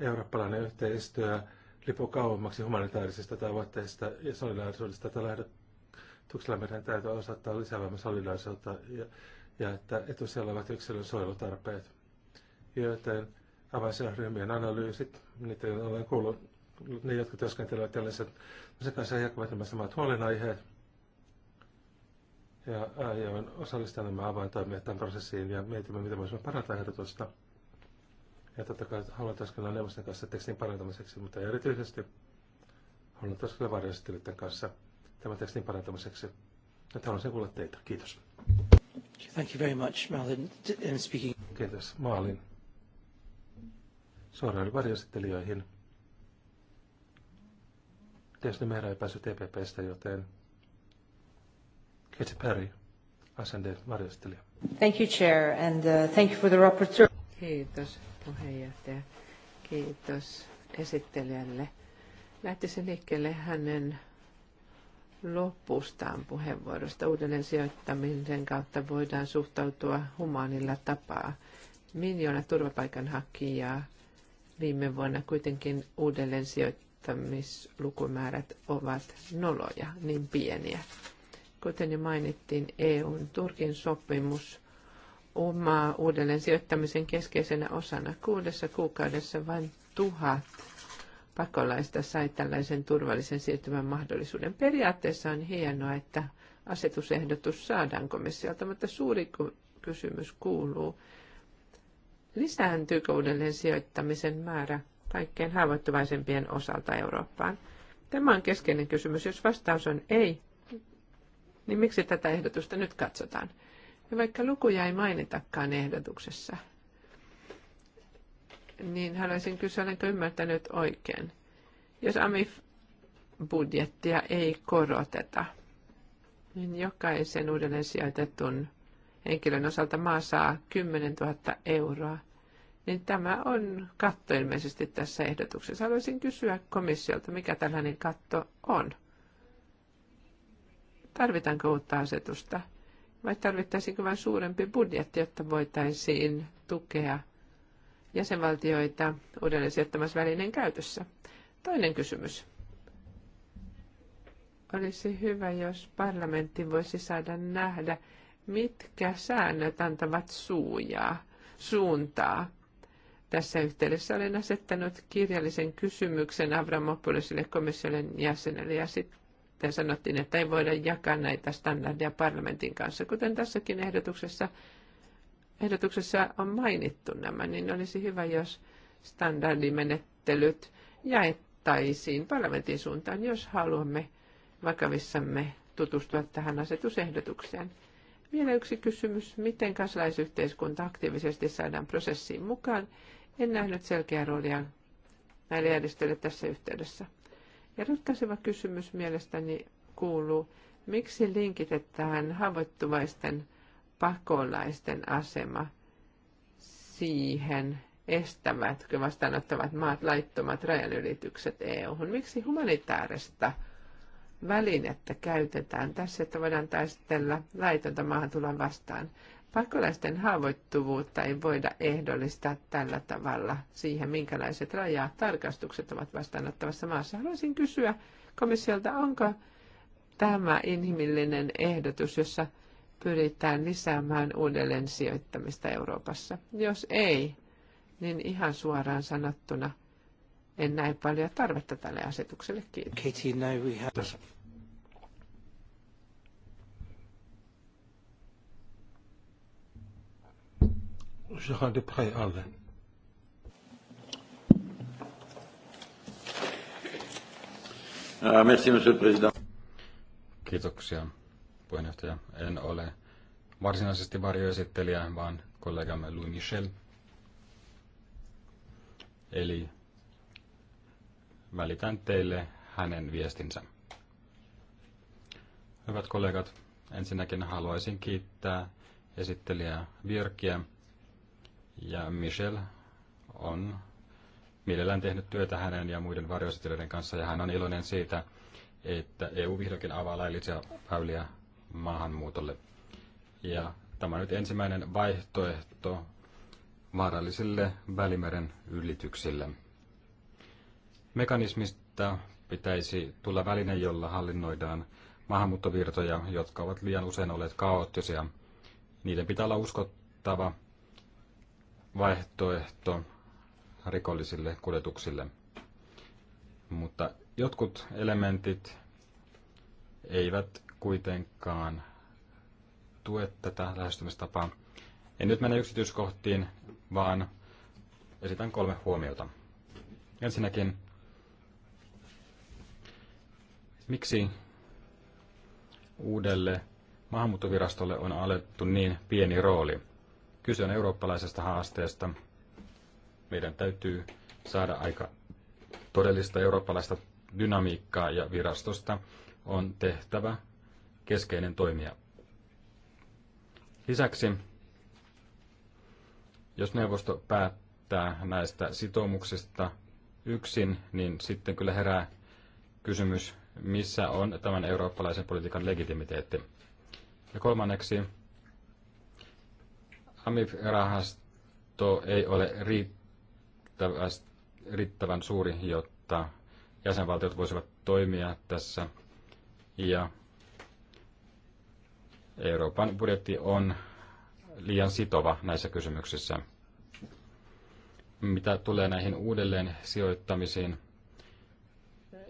eurooppalainen yhteistyö lipu kauemmaksi humanitaarisista tavoitteista ja solidaarisuudesta. Tällä ehdotuksella meidän täytyy osata lisäävämme solidaarisuutta ja, ja että etusijalla ovat yksilön suojelutarpeet joten avainsidosryhmien analyysit, niitä olen kuullut, ne jotka työskentelevät tällaiset, sen kanssa jakavat nämä samat huolenaiheet. Ja aion osallistaa nämä avaintoimijat tämän prosessiin ja mietimme, miten voisimme parantaa ehdotusta. Ja totta kai haluan työskennellä neuvoston kanssa tekstin parantamiseksi, mutta erityisesti haluan työskennellä varjoesittelyiden kanssa tämän tekstin parantamiseksi. Että haluaisin kuulla teitä. Kiitos. Thank you very much, Malin. speaking. Kiitos, Malin suoraan varjostelijoihin. Tietysti Meera ei päässyt TPPstä, e joten Katie Perry, SND varjostelija. Thank you, Chair, and uh, thank you for the rapporteur. Kiitos puheenjohtaja. Kiitos esittelijälle. Lähtisin liikkeelle hänen lopustaan puheenvuorosta. Uudelleen sijoittamisen kautta voidaan suhtautua humaanilla tapaa. Miljoona turvapaikanhakijaa Viime vuonna kuitenkin uudelleen sijoittamislukumäärät ovat noloja, niin pieniä. Kuten jo mainittiin, EUn Turkin sopimus omaa uudelleen sijoittamisen keskeisenä osana. Kuudessa kuukaudessa vain tuhat pakolaista sai tällaisen turvallisen siirtymän mahdollisuuden. Periaatteessa on hienoa, että asetusehdotus saadaan komissiolta, mutta suuri kysymys kuuluu, Lisääntyykö uudelleen sijoittamisen määrä kaikkein haavoittuvaisempien osalta Eurooppaan? Tämä on keskeinen kysymys. Jos vastaus on ei, niin miksi tätä ehdotusta nyt katsotaan? Ja vaikka lukuja ei mainitakaan ehdotuksessa, niin haluaisin kysyä, olenko ymmärtänyt oikein. Jos AMIF-budjettia ei koroteta, niin jokaisen uudelleen sijoitetun henkilön osalta maa saa 10 000 euroa, niin tämä on katto ilmeisesti tässä ehdotuksessa. Haluaisin kysyä komissiolta, mikä tällainen katto on. Tarvitaanko uutta asetusta vai tarvittaisiinko vain suurempi budjetti, jotta voitaisiin tukea jäsenvaltioita uudelleen välineen käytössä? Toinen kysymys olisi hyvä, jos parlamentti voisi saada nähdä mitkä säännöt antavat suujaa, suuntaa. Tässä yhteydessä olen asettanut kirjallisen kysymyksen Avramopoulosille komission jäsenelle ja sitten sanottiin, että ei voida jakaa näitä standardeja parlamentin kanssa. Kuten tässäkin ehdotuksessa, ehdotuksessa on mainittu nämä, niin olisi hyvä, jos standardimenettelyt jaettaisiin parlamentin suuntaan, jos haluamme vakavissamme tutustua tähän asetusehdotukseen. Vielä yksi kysymys, miten kansalaisyhteiskunta aktiivisesti saadaan prosessiin mukaan. En nähnyt selkeää roolia näille järjestöille tässä yhteydessä. Ja ratkaiseva kysymys mielestäni kuuluu, miksi linkitetään haavoittuvaisten pakolaisten asema siihen, estävätkö vastaanottavat maat laittomat rajanylitykset EU-hun? Miksi humanitaarista välinettä käytetään tässä, että voidaan taistella laitonta maahantulon vastaan. Pakolaisten haavoittuvuutta ei voida ehdollistaa tällä tavalla siihen, minkälaiset rajatarkastukset ovat vastaanottavassa maassa. Haluaisin kysyä komissiolta, onko tämä inhimillinen ehdotus, jossa pyritään lisäämään uudelleen sijoittamista Euroopassa? Jos ei, niin ihan suoraan sanottuna en näe paljon tarvetta tälle asetukselle. Kiitos. Katie, now we have... Jean de Prey alle. Ah, merci, monsieur le président. Kiitoksia, puheenjohtaja. En ole varsinaisesti varjoesittelijä, vaan kollegamme Louis Michel. Eli välitän teille hänen viestinsä. Hyvät kollegat, ensinnäkin haluaisin kiittää esittelijä Virkiä ja Michel on mielellään tehnyt työtä hänen ja muiden varjoesittelijöiden kanssa ja hän on iloinen siitä, että EU vihdoinkin avaa laillisia väyliä maahanmuutolle. Ja tämä on nyt ensimmäinen vaihtoehto vaarallisille välimeren ylityksille. Mekanismista pitäisi tulla väline, jolla hallinnoidaan maahanmuuttovirtoja, jotka ovat liian usein olleet kaoottisia. Niiden pitää olla uskottava vaihtoehto rikollisille kuljetuksille. Mutta jotkut elementit eivät kuitenkaan tue tätä lähestymistapaa. En nyt mene yksityiskohtiin, vaan esitän kolme huomiota. Ensinnäkin Miksi uudelle maahanmuuttovirastolle on alettu niin pieni rooli? Kyse on eurooppalaisesta haasteesta. Meidän täytyy saada aika todellista eurooppalaista dynamiikkaa ja virastosta on tehtävä keskeinen toimija. Lisäksi, jos neuvosto päättää näistä sitoumuksista yksin, niin sitten kyllä herää kysymys, missä on tämän eurooppalaisen politiikan legitimiteetti. Ja kolmanneksi, AMIF-rahasto ei ole riittävän suuri, jotta jäsenvaltiot voisivat toimia tässä. Ja Euroopan budjetti on liian sitova näissä kysymyksissä. Mitä tulee näihin uudelleen sijoittamisiin,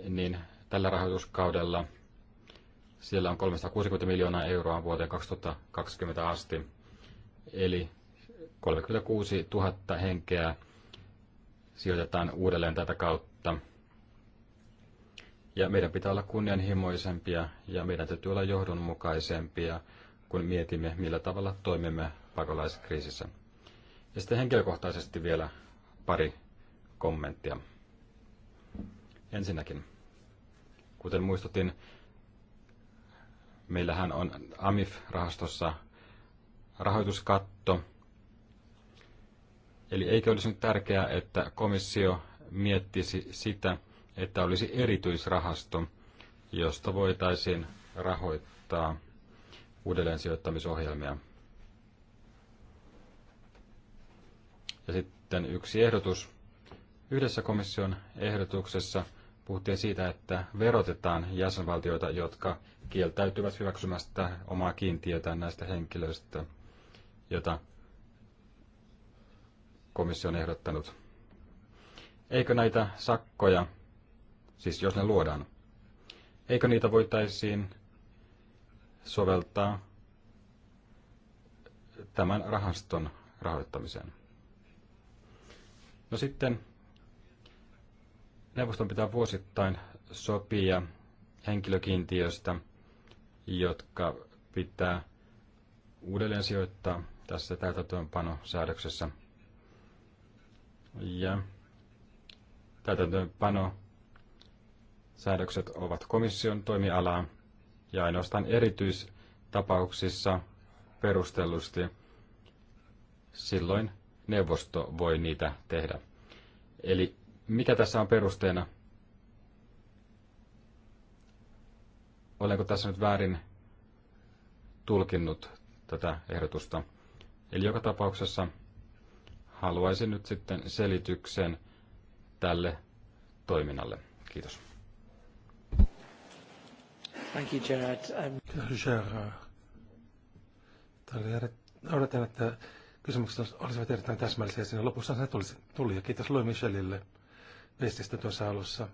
niin tällä rahoituskaudella. Siellä on 360 miljoonaa euroa vuoteen 2020 asti, eli 36 000 henkeä sijoitetaan uudelleen tätä kautta. Ja meidän pitää olla kunnianhimoisempia ja meidän täytyy olla johdonmukaisempia, kun mietimme, millä tavalla toimimme pakolaiskriisissä. Ja sitten henkilökohtaisesti vielä pari kommenttia. Ensinnäkin. Kuten muistutin, meillähän on AMIF-rahastossa rahoituskatto. Eli eikö olisi nyt tärkeää, että komissio miettisi sitä, että olisi erityisrahasto, josta voitaisiin rahoittaa uudelleen sijoittamisohjelmia. Ja sitten yksi ehdotus. Yhdessä komission ehdotuksessa – puhuttiin siitä, että verotetaan jäsenvaltioita, jotka kieltäytyvät hyväksymästä omaa kiintiötään näistä henkilöistä, jota komissio on ehdottanut. Eikö näitä sakkoja, siis jos ne luodaan, eikö niitä voitaisiin soveltaa tämän rahaston rahoittamiseen? No sitten neuvoston pitää vuosittain sopia henkilökiintiöstä, jotka pitää uudelleen sijoittaa tässä täytäntöönpanosäädöksessä. Ja täytäntöönpano säädökset ovat komission toimialaa ja ainoastaan erityistapauksissa perustellusti silloin neuvosto voi niitä tehdä. Eli mikä tässä on perusteena? Olenko tässä nyt väärin tulkinnut tätä ehdotusta? Eli joka tapauksessa haluaisin nyt sitten selityksen tälle toiminnalle. Kiitos. Thank you, Gerard. Um, Gerard. Odotan, että kysymykset olisivat erittäin täsmällisiä siinä lopussa. Se tuli, tuli ja kiitos Louis Michelille viestistä tuossa alussa.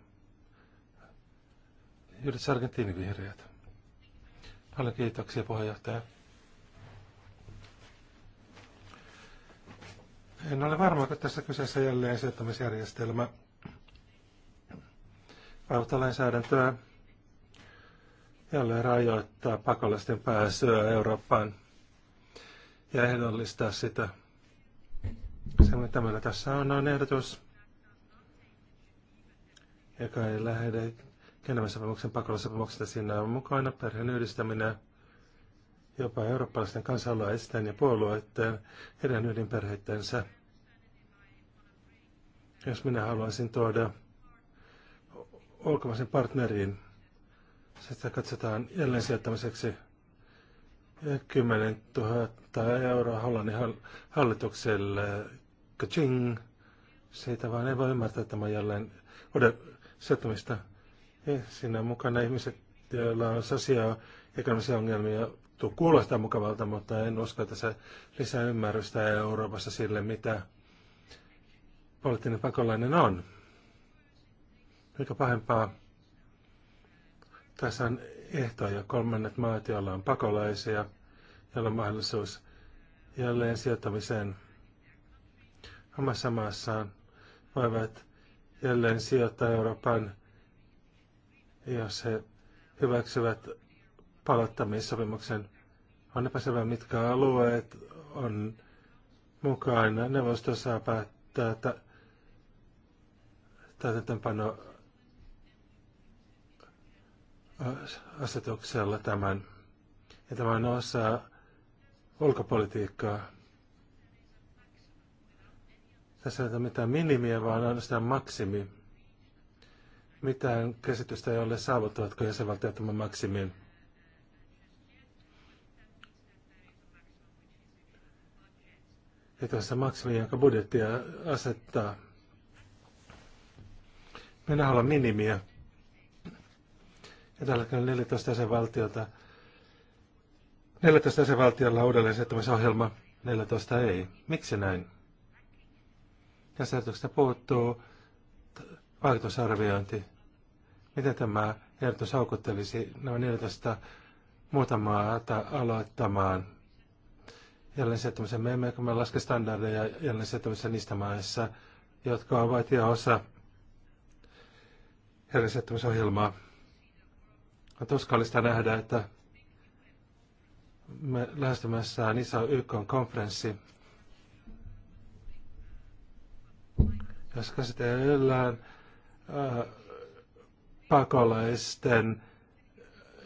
Judith Sargentini vihreät. Paljon kiitoksia puheenjohtaja. En ole varma, että tässä kyseessä jälleen sijoittamisjärjestelmä vaikuttaa lainsäädäntöä jälleen rajoittaa pakolaisten pääsyä Eurooppaan ja ehdollistaa sitä. Se, mitä meillä tässä on, on ehdotus joka ei lähde Geneven sopimuksen pakolaisopimuksesta. Siinä on mukana perheen yhdistäminen, jopa eurooppalaisten kansalaisten ja puolueiden, heidän ydinperheittensä. Jos minä haluaisin tuoda ulkomaisen partneriin, sitä katsotaan jälleen sijoittamiseksi 10 000 euroa Hollannin hallitukselle. Kaching! Siitä vaan ei voi ymmärtää, että mä jälleen satuista. Siinä on mukana ihmiset, joilla on ekonomisia ongelmia. Tuo kuulostaa mukavalta, mutta en usko se lisää ymmärrystä Euroopassa sille, mitä poliittinen pakolainen on. Mikä pahempaa, tässä on ehtoja kolmannet maat, joilla on pakolaisia, joilla on mahdollisuus jälleen sijoittamiseen omassa maassaan, voivat jälleen sijoittaa Euroopan, jos he hyväksyvät palauttamissopimuksen. On epäselvää, mitkä alueet on mukana. Neuvosto saa päättää täytäntöönpano asetuksella tämän. Ja tämä on osa ulkopolitiikkaa. Tässä ei ole mitään minimiä, vaan ainoastaan maksimi. Mitään käsitystä ei ole saavuttavatko jäsenvaltiot tämän maksimin. Ja tässä maksimi, jonka budjettia asettaa. Minä haluan minimiä. Ja tällä hetkellä 14 jäsenvaltiota 14 jäsenvaltiolla on uudelleen sijoittamisohjelma, 14 ei. Miksi näin? Tästä ehdotuksesta puuttuu vaikutusarviointi. Miten tämä ehdotus haukuttelisi noin 14 muutamaa aloittamaan jälleen sijoittamisen? Me emme me laske standardeja jälleen sijoittamisen niistä maissa, jotka ovat jo osa jälleen sijoittamisohjelmaa. On tuskallista nähdä, että me on iso YK-konferenssi, jos käsitellään äh, pakolaisten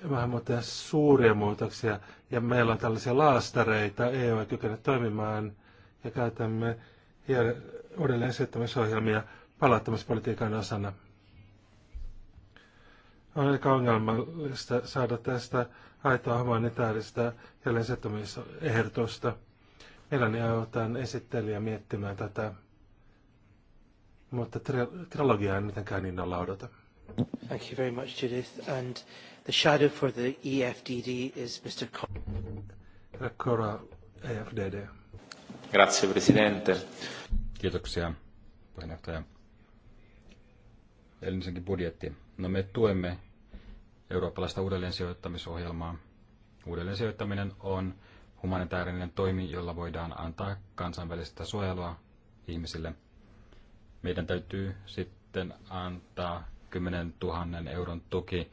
maahanmuuttajien suuria muutoksia, ja meillä on tällaisia laastareita, e ei ole kykene toimimaan, ja käytämme uudelleen esittämisohjelmia palauttamispolitiikan osana. On aika ongelmallista saada tästä aitoa humanitaarista jälleen sijoittamisehdotusta. Mielelläni autan esittelijä miettimään tätä mutta trilogiaa en mitenkään innolla niin odota. Thank you very much, Judith. And the shadow for the EFDD is Mr. Herra Cora, EFDD. Grazie, Presidente. Kiitoksia, puheenjohtaja. Ensinnäkin budjetti. No me tuemme eurooppalaista uudelleensijoittamisohjelmaa. Uudelleensijoittaminen on humanitaarinen toimi, jolla voidaan antaa kansainvälistä suojelua ihmisille – meidän täytyy sitten antaa 10 000 euron tuki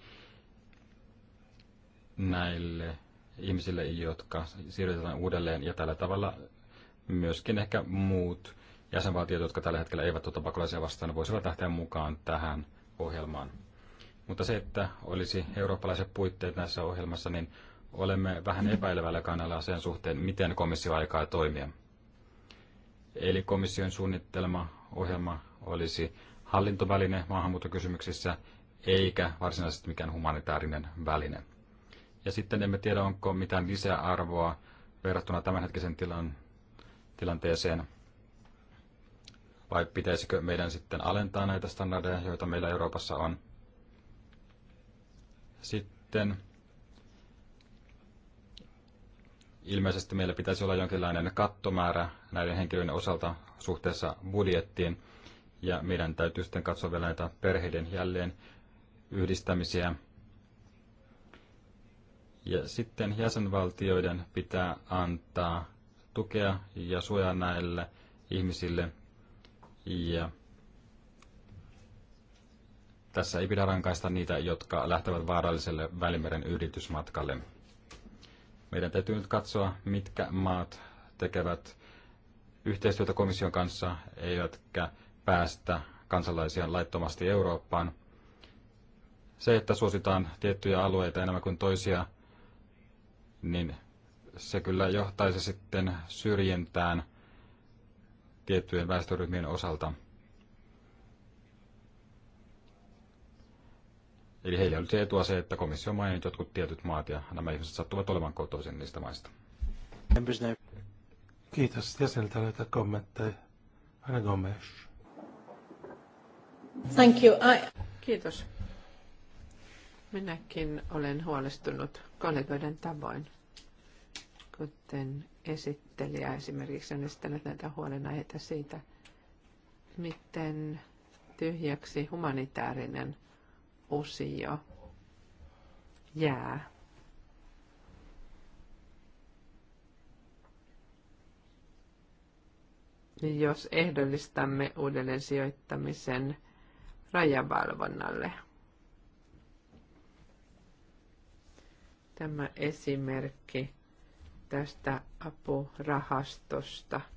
näille ihmisille, jotka siirretään uudelleen ja tällä tavalla myöskin ehkä muut jäsenvaltiot, jotka tällä hetkellä eivät ota pakolaisia vastaan, voisivat lähteä mukaan tähän ohjelmaan. Mutta se, että olisi eurooppalaiset puitteet näissä ohjelmassa, niin olemme vähän epäilevällä kannalla sen suhteen, miten komissio aikaa toimia. Eli komission suunnittelema ohjelma olisi hallintoväline maahanmuuttokysymyksissä, eikä varsinaisesti mikään humanitaarinen väline. Ja sitten emme tiedä, onko mitään lisäarvoa verrattuna tämänhetkisen tilan, tilanteeseen, vai pitäisikö meidän sitten alentaa näitä standardeja, joita meillä Euroopassa on. Sitten ilmeisesti meillä pitäisi olla jonkinlainen kattomäärä näiden henkilöiden osalta suhteessa budjettiin. Ja meidän täytyy sitten katsoa vielä näitä perheiden jälleen yhdistämisiä. Ja sitten jäsenvaltioiden pitää antaa tukea ja suojaa näille ihmisille. Ja tässä ei pidä rankaista niitä, jotka lähtevät vaaralliselle Välimeren yritysmatkalle. Meidän täytyy nyt katsoa, mitkä maat tekevät yhteistyötä komission kanssa, eivätkä päästä kansalaisia laittomasti Eurooppaan. Se, että suositaan tiettyjä alueita enemmän kuin toisia, niin se kyllä johtaisi sitten syrjintään tiettyjen väestöryhmien osalta – Eli heillä oli se etua se, että komissio mainitsi jotkut tietyt maat ja nämä ihmiset sattuvat olemaan kotoisin niistä maista. Kiitos jäseniltä näitä kommentteja. Anna Gomes. Thank you. I... Kiitos. Minäkin olen huolestunut kollegoiden tavoin, kuten esittelijä esimerkiksi on esittänyt näitä huolenaiheita siitä, miten tyhjäksi humanitaarinen – osio jää. Jos ehdollistamme uudelleen sijoittamisen rajavalvonnalle. Tämä esimerkki tästä apurahastosta –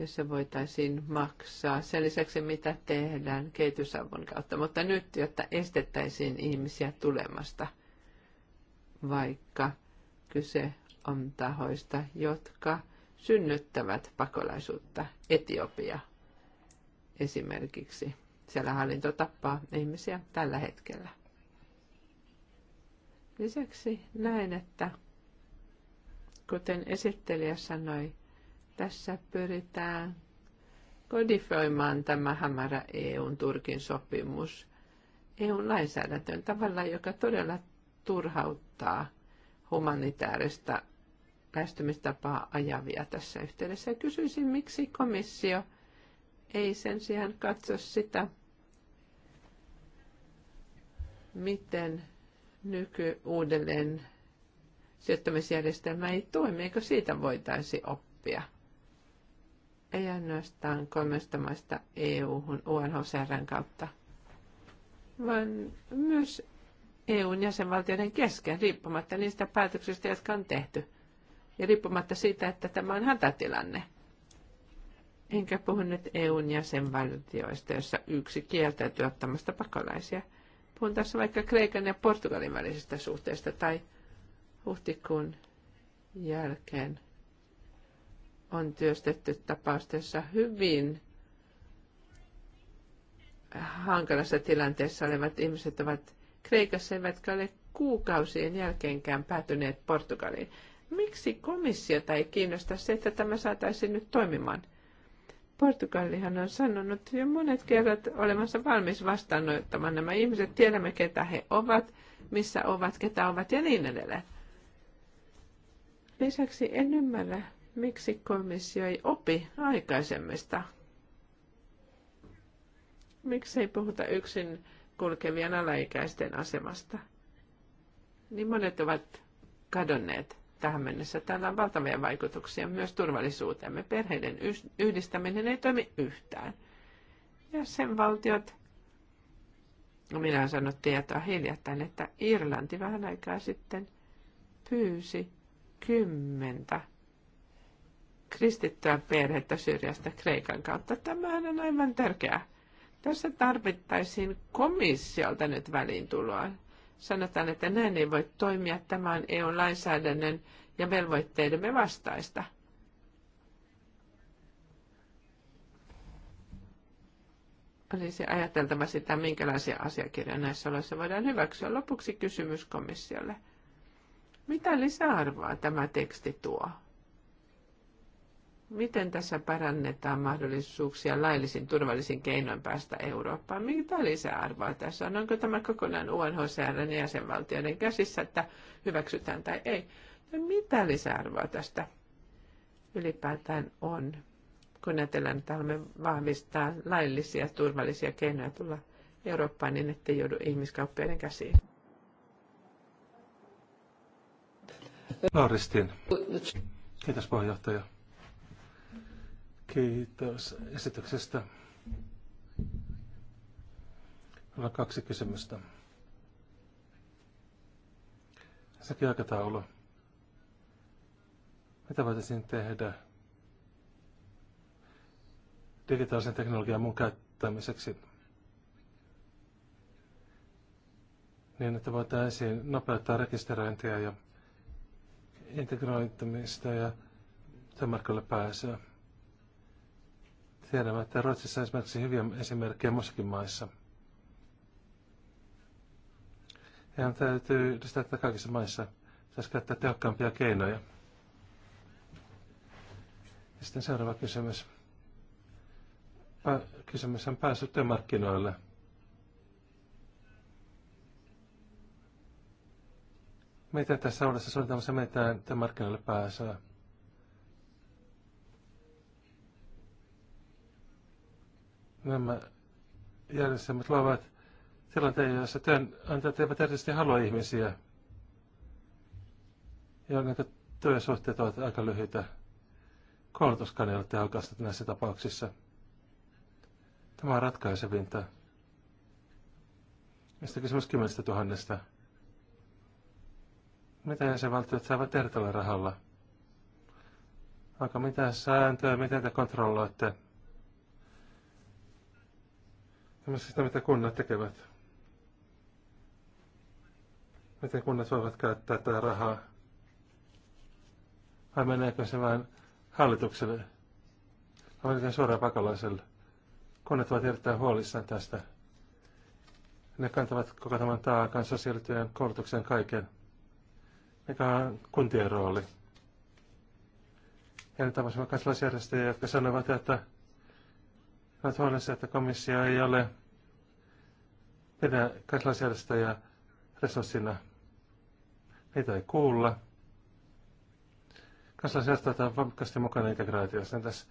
jossa voitaisiin maksaa sen lisäksi, mitä tehdään kehitysavun kautta. Mutta nyt, jotta estettäisiin ihmisiä tulemasta, vaikka kyse on tahoista, jotka synnyttävät pakolaisuutta. Etiopia esimerkiksi. Siellä hallinto tappaa ihmisiä tällä hetkellä. Lisäksi näen, että kuten esittelijä sanoi, tässä pyritään kodifioimaan tämä hämärä EUn Turkin sopimus EUn lainsäädäntöön tavalla, joka todella turhauttaa humanitaarista päästymistapaa ajavia tässä yhteydessä. Ja kysyisin, miksi komissio ei sen sijaan katso sitä, miten nyky uudelleen sijoittamisjärjestelmä ei toimi, eikö siitä voitaisi oppia? ei ainoastaan kolmesta maista EU-hun UNHCRn kautta, vaan myös EUn jäsenvaltioiden kesken, riippumatta niistä päätöksistä, jotka on tehty, ja riippumatta siitä, että tämä on hätätilanne. Enkä puhu nyt EUn jäsenvaltioista, joissa yksi kieltäytyy ottamasta pakolaisia. Puhun tässä vaikka Kreikan ja Portugalin välisistä suhteista tai huhtikuun jälkeen on työstetty tapaustessa hyvin hankalassa tilanteessa olevat ihmiset ovat Kreikassa eivätkä ole kuukausien jälkeenkään päätyneet Portugaliin. Miksi komissiota ei kiinnosta se, että tämä saataisiin nyt toimimaan? Portugalihan on sanonut jo monet kerrat olevansa valmis vastaanottamaan nämä ihmiset. Tiedämme, ketä he ovat, missä ovat, ketä ovat ja niin edelleen. Lisäksi en ymmärrä, Miksi komissio ei opi aikaisemmista? Miksi ei puhuta yksin kulkevien alaikäisten asemasta? Niin monet ovat kadonneet tähän mennessä. Täällä on valtavia vaikutuksia myös turvallisuuteemme. Perheiden yhdistäminen ei toimi yhtään. Ja sen valtiot, minä sanon tietoa hiljattain, että Irlanti vähän aikaa sitten pyysi kymmentä kristittyä perhettä syrjästä Kreikan kautta. Tämähän on aivan tärkeää. Tässä tarvittaisiin komissiolta nyt väliintuloa. Sanotaan, että näin ei voi toimia. Tämä on EU-lainsäädännön ja velvoitteidemme vastaista. Olisi ajateltava sitä, minkälaisia asiakirjoja näissä oloissa voidaan hyväksyä. Lopuksi kysymys komissiolle. Mitä lisäarvoa tämä teksti tuo? Miten tässä parannetaan mahdollisuuksia laillisin turvallisin keinoin päästä Eurooppaan? Mitä lisäarvoa tässä on? Onko tämä kokonaan ja jäsenvaltioiden käsissä, että hyväksytään tai ei? Ja mitä lisäarvoa tästä ylipäätään on, kun ajatellaan, että haluamme vahvistaa laillisia turvallisia keinoja tulla Eurooppaan niin, ettei joudu ihmiskauppiaiden käsiin? Lauristin. No, Kiitos puheenjohtaja. Kiitos esityksestä. Minulla on kaksi kysymystä. Sekin aikataulu. Mitä voitaisiin tehdä digitaalisen teknologian mun käyttämiseksi niin, että voitaisiin nopeuttaa rekisteröintiä ja integroitumista ja työmarkkinoille pääsyä? Tiedämme, että Ruotsissa on esimerkiksi hyviä esimerkkejä muissakin maissa. Ja täytyy yhdistää että kaikissa maissa. Pitäisi käyttää tehokkaampia keinoja. Ja sitten seuraava kysymys. Pä- kysymys on pääsy työmarkkinoille. Miten tässä uudessa suunnitelmassa mitään työmarkkinoille pääsyä? Nämä järjestelmät luovat tilanteen, jossa työnantajat eivät erityisesti halua ihmisiä. Ja näitä työsuhteet ovat aika lyhyitä. Koulutuskaan ei ole tehokasta näissä tapauksissa. Tämä on ratkaisevinta. Mistä kysymys kymmenestä tuhannesta? Mitä jäsenvaltiot saavat tehdä rahalla? Onko mitään sääntöä, miten te kontrolloitte myös siis sitä, mitä kunnat tekevät. Miten kunnat voivat käyttää tätä rahaa? Vai meneekö se vain hallitukselle? Vai meneekö suoraan pakolaiselle? Kunnat ovat erittäin huolissaan tästä. Ne kantavat koko tämän taakan, sosiaalityön, koulutuksen, kaiken. Mikä on kuntien rooli? Ja nyt tapasimme kansalaisjärjestöjä, jotka sanovat, että ovat huolissa, että komissio ei ole pidän kansalaisjärjestöjä resurssina. Niitä ei kuulla. Kansalaisjärjestöt ovat voimakkaasti mukana integraatiossa. Entäs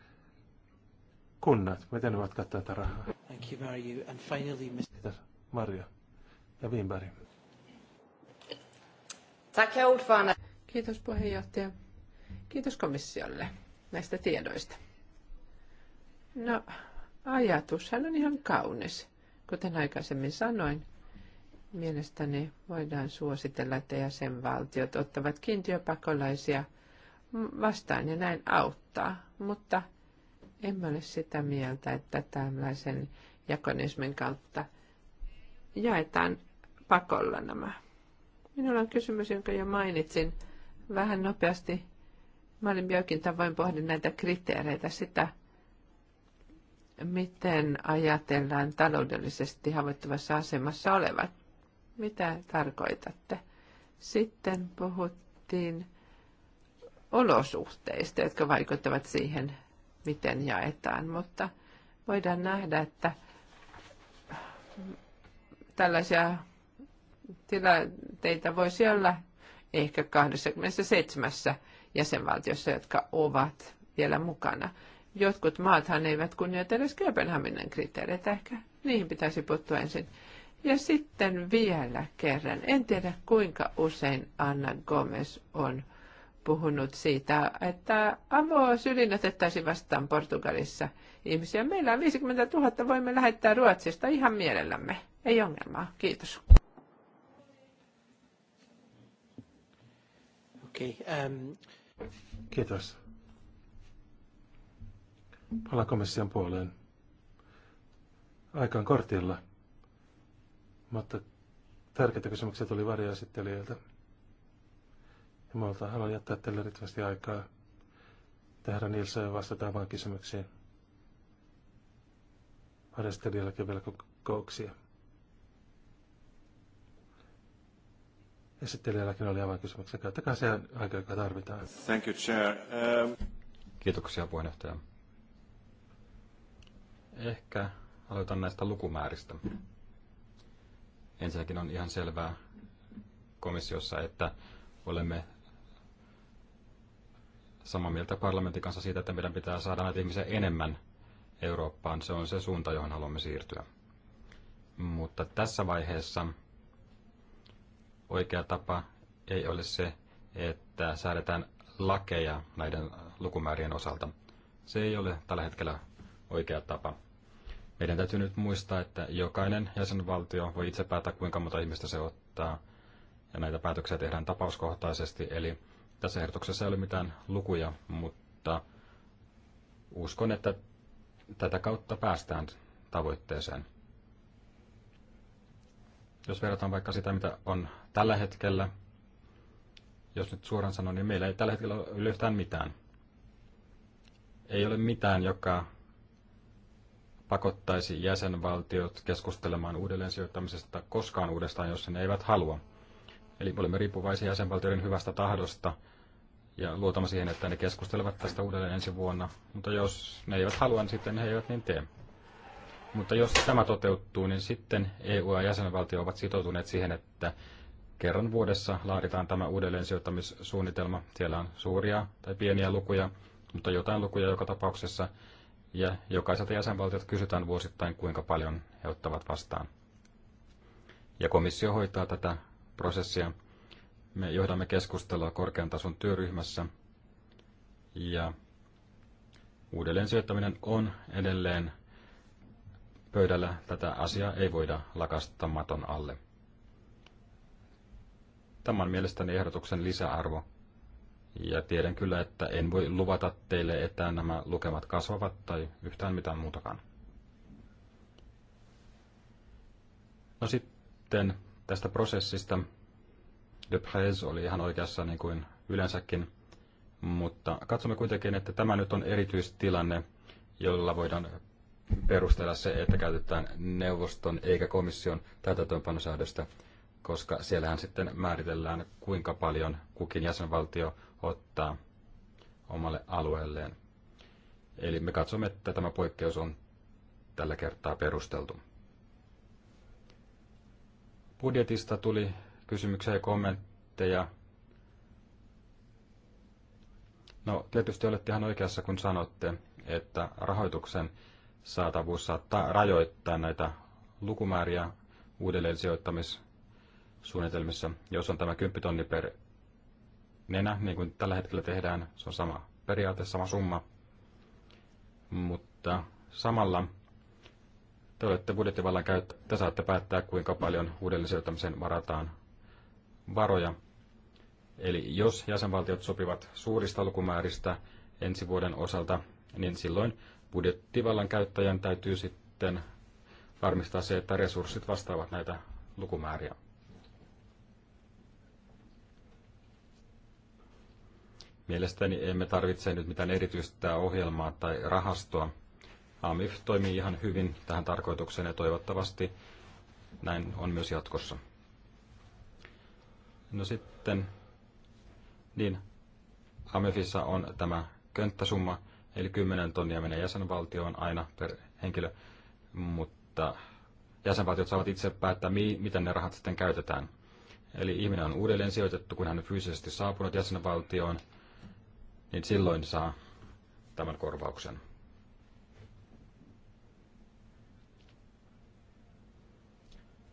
kunnat, miten ne voivat tätä rahaa? Thank you, Mario. And finally, Mr. Kiitos, Mario ja Wimberg. Tack, Kiitos puheenjohtaja. Kiitos komissiolle näistä tiedoista. No, ajatushan on ihan kaunis Kuten aikaisemmin sanoin, mielestäni voidaan suositella, että jäsenvaltiot ottavat kiintiöpakolaisia vastaan ja näin auttaa, mutta emme ole sitä mieltä, että tällaisen jakonismin kautta jaetaan pakolla nämä. Minulla on kysymys, jonka jo mainitsin vähän nopeasti. Mä olin jokin tavoin pohdin näitä kriteereitä, sitä miten ajatellaan taloudellisesti haavoittuvassa asemassa olevat. Mitä tarkoitatte? Sitten puhuttiin olosuhteista, jotka vaikuttavat siihen, miten jaetaan, mutta voidaan nähdä, että tällaisia tilanteita voisi olla ehkä 27 jäsenvaltiossa, jotka ovat vielä mukana. Jotkut maathan eivät kunnioita edes Kööpenhaminan kriteereitä. Ehkä niihin pitäisi puuttua ensin. Ja sitten vielä kerran. En tiedä kuinka usein Anna Gomez on puhunut siitä, että avosylin otettaisiin vastaan Portugalissa ihmisiä. Meillä on 50 000, voimme lähettää Ruotsista ihan mielellämme. Ei ongelmaa. Kiitos. Okay, um... Ähm. Kiitos. Palaan komission puoleen. Aika on kortilla, mutta tärkeitä kysymyksiä tuli varjoesittelijöiltä. Ja minulta haluan jättää teille riittävästi aikaa tehdä Nilsa ja vastata vain kysymyksiin. Varjostelijallakin vielä kokouksia. Esittelijälläkin oli aivan kysymyksiä. Käyttäkää se aika, joka tarvitaan. Thank you, Chair. Um... Kiitoksia puheenjohtaja. Ehkä aloitan näistä lukumääristä. Ensinnäkin on ihan selvää komissiossa, että olemme samaa mieltä parlamentin kanssa siitä, että meidän pitää saada näitä ihmisiä enemmän Eurooppaan. Se on se suunta, johon haluamme siirtyä. Mutta tässä vaiheessa oikea tapa ei ole se, että säädetään lakeja näiden lukumäärien osalta. Se ei ole tällä hetkellä oikea tapa. Meidän täytyy nyt muistaa, että jokainen jäsenvaltio voi itse päättää, kuinka monta ihmistä se ottaa, ja näitä päätöksiä tehdään tapauskohtaisesti. Eli tässä ehdotuksessa ei ole mitään lukuja, mutta uskon, että tätä kautta päästään tavoitteeseen. Jos verrataan vaikka sitä, mitä on tällä hetkellä, jos nyt suoraan sanon, niin meillä ei tällä hetkellä ole yhtään mitään. Ei ole mitään, joka pakottaisi jäsenvaltiot keskustelemaan uudelleen sijoittamisesta koskaan uudestaan, jos ne eivät halua. Eli olemme riippuvaisia jäsenvaltioiden hyvästä tahdosta ja luotamme siihen, että ne keskustelevat tästä uudelleen ensi vuonna. Mutta jos ne eivät halua, niin sitten he eivät niin tee. Mutta jos tämä toteutuu, niin sitten EU ja jäsenvaltio ovat sitoutuneet siihen, että kerran vuodessa laaditaan tämä uudelleen sijoittamissuunnitelma. Siellä on suuria tai pieniä lukuja, mutta jotain lukuja joka tapauksessa ja jokaiselta jäsenvaltiolta kysytään vuosittain, kuinka paljon he ottavat vastaan. Ja komissio hoitaa tätä prosessia. Me johdamme keskustelua korkean tason työryhmässä ja uudelleen syöttäminen on edelleen pöydällä. Tätä asiaa ei voida lakasta maton alle. Tämän mielestäni ehdotuksen lisäarvo ja tiedän kyllä, että en voi luvata teille, että nämä lukemat kasvavat tai yhtään mitään muutakaan. No sitten tästä prosessista. De Prez oli ihan oikeassa niin kuin yleensäkin, mutta katsomme kuitenkin, että tämä nyt on erityistilanne, jolla voidaan perustella se, että käytetään neuvoston eikä komission täytäntöönpanosäädöstä, koska siellähän sitten määritellään, kuinka paljon kukin jäsenvaltio – ottaa omalle alueelleen. Eli me katsomme, että tämä poikkeus on tällä kertaa perusteltu. Budjetista tuli kysymyksiä ja kommentteja. No, tietysti olette ihan oikeassa, kun sanotte, että rahoituksen saatavuus saattaa rajoittaa näitä lukumääriä uudelleen sijoittamissuunnitelmissa. Jos on tämä 10 tonni per nenä, niin kuin tällä hetkellä tehdään. Se on sama periaate, sama summa. Mutta samalla te olette budjettivallan käyttä. Te saatte päättää, kuinka paljon uudelleen sijoittamiseen varataan varoja. Eli jos jäsenvaltiot sopivat suurista lukumääristä ensi vuoden osalta, niin silloin budjettivallan käyttäjän täytyy sitten varmistaa se, että resurssit vastaavat näitä lukumääriä. Mielestäni emme tarvitse nyt mitään erityistä ohjelmaa tai rahastoa. AMIF toimii ihan hyvin tähän tarkoitukseen ja toivottavasti näin on myös jatkossa. No sitten, niin AMIFissa on tämä könttäsumma, eli 10 tonnia menee jäsenvaltioon aina per henkilö, mutta jäsenvaltiot saavat itse päättää, miten ne rahat sitten käytetään. Eli ihminen on uudelleen sijoitettu, kun hän on fyysisesti saapunut jäsenvaltioon – niin silloin saa tämän korvauksen.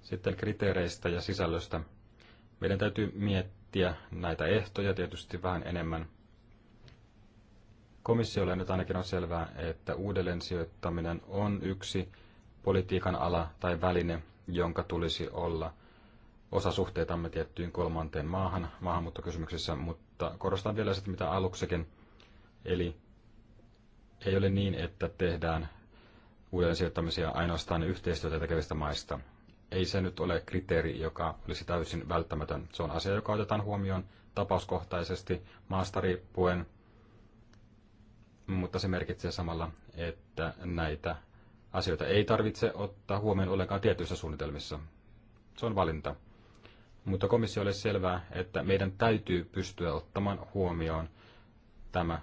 Sitten kriteereistä ja sisällöstä. Meidän täytyy miettiä näitä ehtoja tietysti vähän enemmän. Komissiolle nyt ainakin on selvää, että uudelleen sijoittaminen on yksi politiikan ala tai väline, jonka tulisi olla – osa suhteitamme tiettyyn kolmanteen maahan maahanmuuttokysymyksessä, mutta korostan vielä sitä, mitä aluksikin. Eli ei ole niin, että tehdään uudelleen sijoittamisia ainoastaan yhteistyötä tekevistä maista. Ei se nyt ole kriteeri, joka olisi täysin välttämätön. Se on asia, joka otetaan huomioon tapauskohtaisesti maasta riippuen, mutta se merkitsee samalla, että näitä asioita ei tarvitse ottaa huomioon ollenkaan tietyissä suunnitelmissa. Se on valinta. Mutta komissiolle selvää, että meidän täytyy pystyä ottamaan huomioon tämä,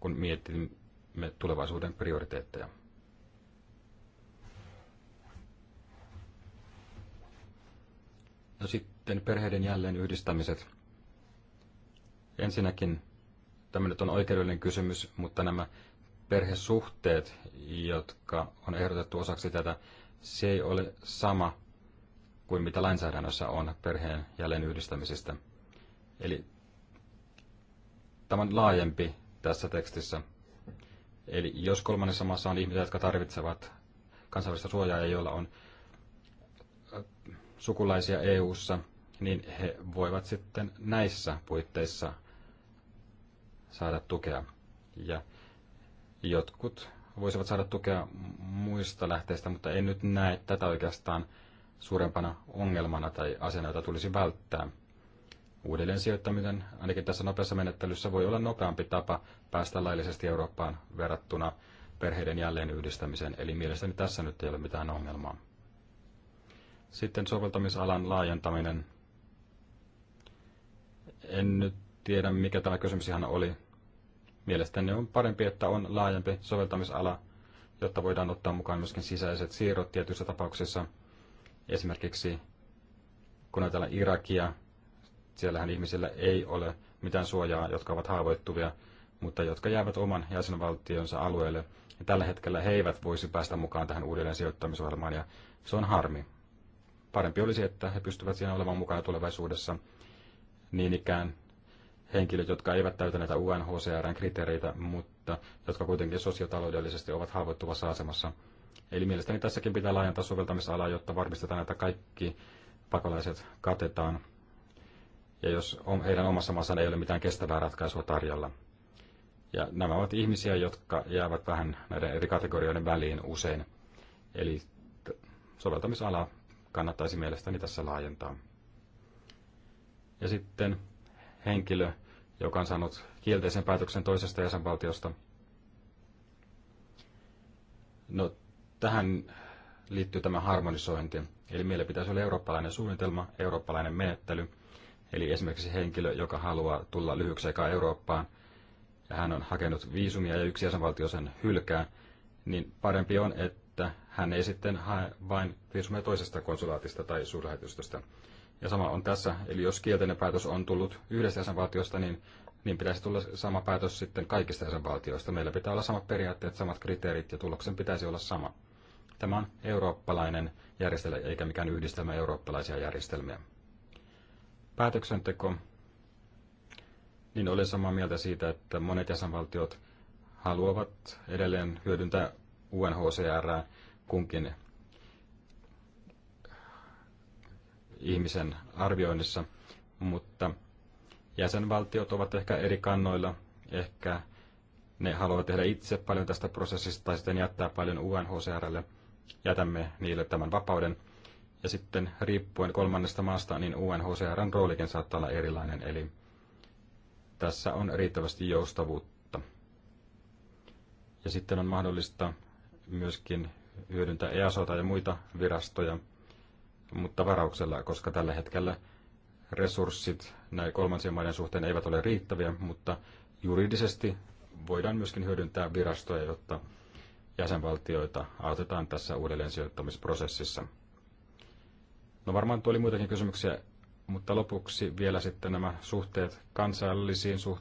kun mietimme tulevaisuuden prioriteetteja. No sitten perheiden jälleen yhdistämiset. Ensinnäkin tämä nyt on oikeudellinen kysymys, mutta nämä perhesuhteet, jotka on ehdotettu osaksi tätä, se ei ole sama kuin mitä lainsäädännössä on perheen jälleen yhdistämisestä. Eli tämä on laajempi tässä tekstissä. Eli jos kolmannessa maassa on ihmisiä, jotka tarvitsevat kansainvälistä suojaa ja joilla on sukulaisia EU-ssa, niin he voivat sitten näissä puitteissa saada tukea. Ja jotkut voisivat saada tukea muista lähteistä, mutta en nyt näe tätä oikeastaan suurempana ongelmana tai asiana, jota tulisi välttää. Uudelleen sijoittaminen ainakin tässä nopeassa menettelyssä voi olla nopeampi tapa päästä laillisesti Eurooppaan verrattuna perheiden jälleen yhdistämiseen, eli mielestäni tässä nyt ei ole mitään ongelmaa. Sitten soveltamisalan laajentaminen. En nyt tiedä, mikä tämä kysymys ihan oli. Mielestäni on parempi, että on laajempi soveltamisala, jotta voidaan ottaa mukaan myöskin sisäiset siirrot tietyissä tapauksissa – Esimerkiksi kun ajatellaan Irakia, siellähän ihmisillä ei ole mitään suojaa, jotka ovat haavoittuvia, mutta jotka jäävät oman jäsenvaltionsa alueelle. Ja tällä hetkellä he eivät voisi päästä mukaan tähän uudelleen sijoittamisohjelmaan, ja se on harmi. Parempi olisi, että he pystyvät siinä olemaan mukana tulevaisuudessa. Niin ikään henkilöt, jotka eivät täytä näitä UNHCRn kriteereitä, mutta jotka kuitenkin sosiotaloudellisesti ovat haavoittuvassa asemassa – Eli mielestäni tässäkin pitää laajentaa soveltamisalaa, jotta varmistetaan, että kaikki pakolaiset katetaan. Ja jos heidän omassa maassaan ei ole mitään kestävää ratkaisua tarjolla. Ja nämä ovat ihmisiä, jotka jäävät vähän näiden eri kategorioiden väliin usein. Eli soveltamisala kannattaisi mielestäni tässä laajentaa. Ja sitten henkilö, joka on saanut kielteisen päätöksen toisesta jäsenvaltiosta. No, tähän liittyy tämä harmonisointi. Eli meillä pitäisi olla eurooppalainen suunnitelma, eurooppalainen menettely. Eli esimerkiksi henkilö, joka haluaa tulla lyhyksi aikaa Eurooppaan, ja hän on hakenut viisumia ja yksi jäsenvaltio sen hylkää, niin parempi on, että hän ei sitten hae vain viisumia toisesta konsulaatista tai suurlähetystöstä. Ja sama on tässä, eli jos kielteinen päätös on tullut yhdestä jäsenvaltiosta, niin, niin pitäisi tulla sama päätös sitten kaikista jäsenvaltioista. Meillä pitää olla samat periaatteet, samat kriteerit ja tuloksen pitäisi olla sama. Tämä on eurooppalainen järjestelmä eikä mikään yhdistelmä eurooppalaisia järjestelmiä. Päätöksenteko. Niin olen samaa mieltä siitä, että monet jäsenvaltiot haluavat edelleen hyödyntää UNHCR kunkin ihmisen arvioinnissa, mutta jäsenvaltiot ovat ehkä eri kannoilla, ehkä ne haluavat tehdä itse paljon tästä prosessista tai sitten jättää paljon UNHCRlle – jätämme niille tämän vapauden. Ja sitten riippuen kolmannesta maasta, niin UNHCRn roolikin saattaa olla erilainen, eli tässä on riittävästi joustavuutta. Ja sitten on mahdollista myöskin hyödyntää EASOta ja muita virastoja, mutta varauksella, koska tällä hetkellä resurssit näin kolmansien maiden suhteen eivät ole riittäviä, mutta juridisesti voidaan myöskin hyödyntää virastoja, jotta jäsenvaltioita autetaan tässä uudelleen sijoittamisprosessissa. No varmaan tuli muitakin kysymyksiä, mutta lopuksi vielä sitten nämä suhteet kansallisiin su-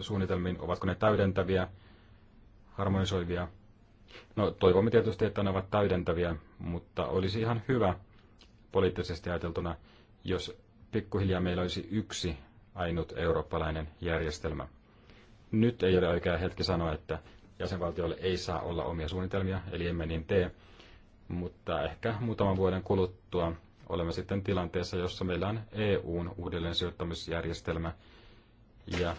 suunnitelmiin, ovatko ne täydentäviä, harmonisoivia? No toivomme tietysti, että ne ovat täydentäviä, mutta olisi ihan hyvä poliittisesti ajateltuna, jos pikkuhiljaa meillä olisi yksi ainut eurooppalainen järjestelmä. Nyt ei ole oikea hetki sanoa, että jäsenvaltioille ei saa olla omia suunnitelmia, eli emme niin tee. Mutta ehkä muutaman vuoden kuluttua olemme sitten tilanteessa, jossa meillä on EUn uudelleen sijoittamisjärjestelmä ja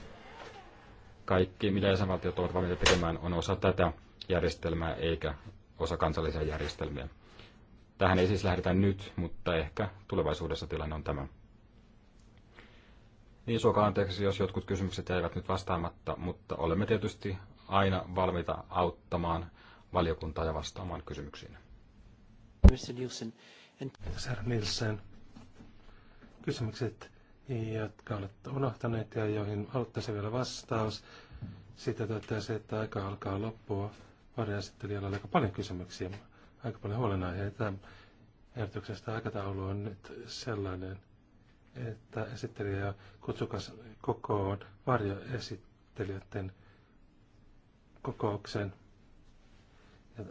kaikki, mitä jäsenvaltiot ovat valmiita tekemään, on osa tätä järjestelmää eikä osa kansallisia järjestelmiä. Tähän ei siis lähdetä nyt, mutta ehkä tulevaisuudessa tilanne on tämä. Niin suokaa anteeksi, jos jotkut kysymykset jäivät nyt vastaamatta, mutta olemme tietysti aina valmiita auttamaan valiokuntaa ja vastaamaan kysymyksiin. Mr. Nielsen. Sir Nielsen, kysymykset, jotka olette unohtaneet ja joihin haluttaisiin vielä vastaus. Sitä toteaa se, että aika alkaa loppua. sitten vielä aika paljon kysymyksiä, aika paljon huolenaiheita. Ehdotuksesta aikataulu on nyt sellainen, että esittelijä kutsukas kokoon varjoesittelijöiden kokouksen. Ja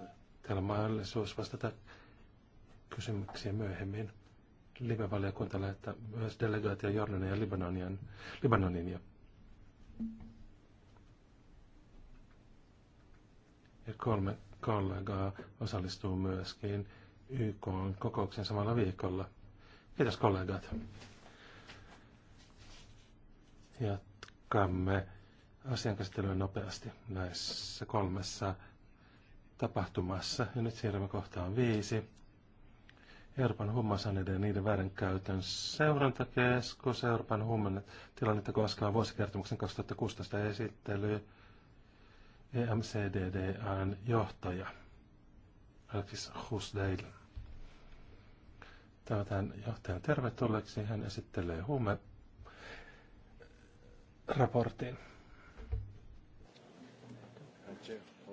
täällä on mahdollisuus vastata kysymyksiä myöhemmin live-valiokunta lähettää myös delegaatio Jordania ja Libanonian, Libanonin ja, ja kolme kollegaa osallistuu myöskin YK kokouksen samalla viikolla. Kiitos kollegat. Jatkamme asian käsittelyä nopeasti näissä kolmessa tapahtumassa. Ja nyt siirrymme kohtaan viisi. Euroopan huumausaineiden ja niiden väärinkäytön seurantakeskus, Euroopan huuman tilannetta koskevan vuosikertomuksen 2016 esittely, EMCDDAn johtaja Alexis Husdeil. Toivotan johtajan tervetulleeksi. Hän esittelee huume raportin.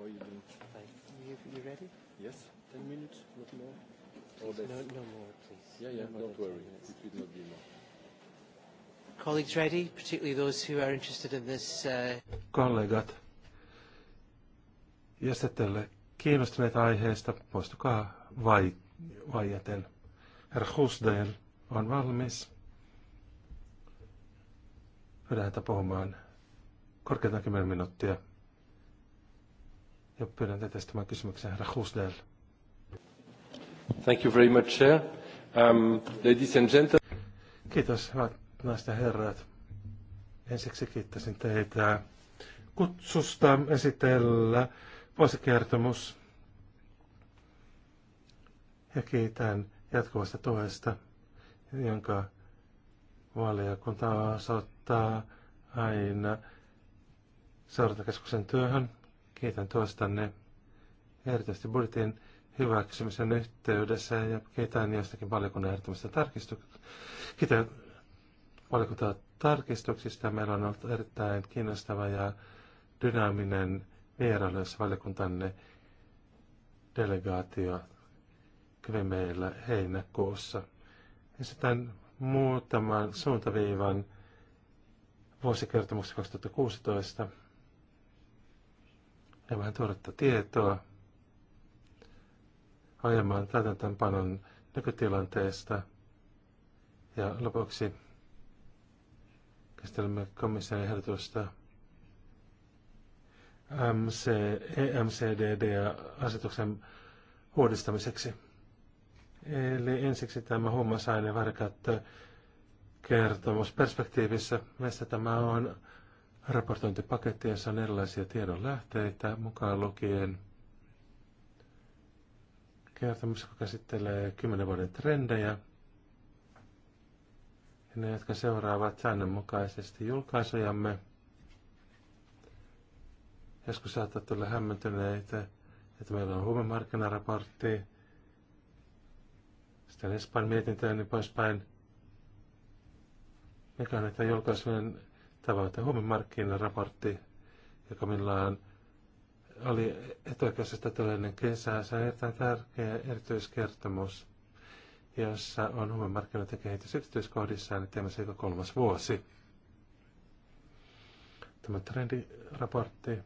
or you don't. Fine. You, you ready? Yes. Ten minutes, not more. Or less. No, no more, please. Yeah, yeah. No don't worry. It will not be more. Colleagues ready, particularly those who are interested in this. Uh, Kollegat, jos ette ole kiinnostuneita aiheesta, poistukaa vai, vaijaten. Herra Husdell on valmis. Pyydän häntä puhumaan korkeintaan 10 minuuttia. Ja pyydän teitä tämän kysymyksen, herra Husdell. Thank you very much, Chair. Um, ladies and gentlemen. Kiitos, hyvät naiset ja herrat. Ensiksi kiittäisin teitä kutsusta esitellä vuosikertomus. Ja kiitän jatkuvasta tuesta, jonka valiokunta osoittaa aina seurantakeskuksen työhön Kiitän tuostanne erityisesti budjetin hyväksymisen yhteydessä ja kiitän jostakin valiokunnan ehdottomista tarkistuksista. Kiitän valiokuntaa tarkistuksista. Meillä on ollut erittäin kiinnostava ja dynaaminen vierailu, jossa valiokuntanne delegaatio kävi meillä heinäkuussa. Esitän muutaman suuntaviivan vuosikertomuksen 2016 ja vähän tuoretta tietoa aiemman täytäntöönpanon nykytilanteesta. Ja lopuksi käsittelemme komission ehdotusta MC, EMCDD-asetuksen uudistamiseksi. Eli ensiksi tämä huumausaine varkautta kertomus perspektiivissä. mistä tämä on raportointipaketti, on erilaisia tiedonlähteitä, mukaan lukien kertomus, joka käsittelee 10 vuoden trendejä. Ja ne, jotka seuraavat säännönmukaisesti julkaisujamme, joskus saattaa tulla hämmentyneitä, että meillä on huumemarkkinaraportti, sitten Espanjan mietintöön ja niin poispäin. Mikä on näitä julkaisujen tavoite. markkinaraportti, joka minulla on, oli etuoikeusista tällainen kesä. Se on erittäin tärkeä erityiskertomus, jossa on huomimarkkinoiden kehitys yksityiskohdissaan, niin teemme se kolmas vuosi. Tämä trendiraportti,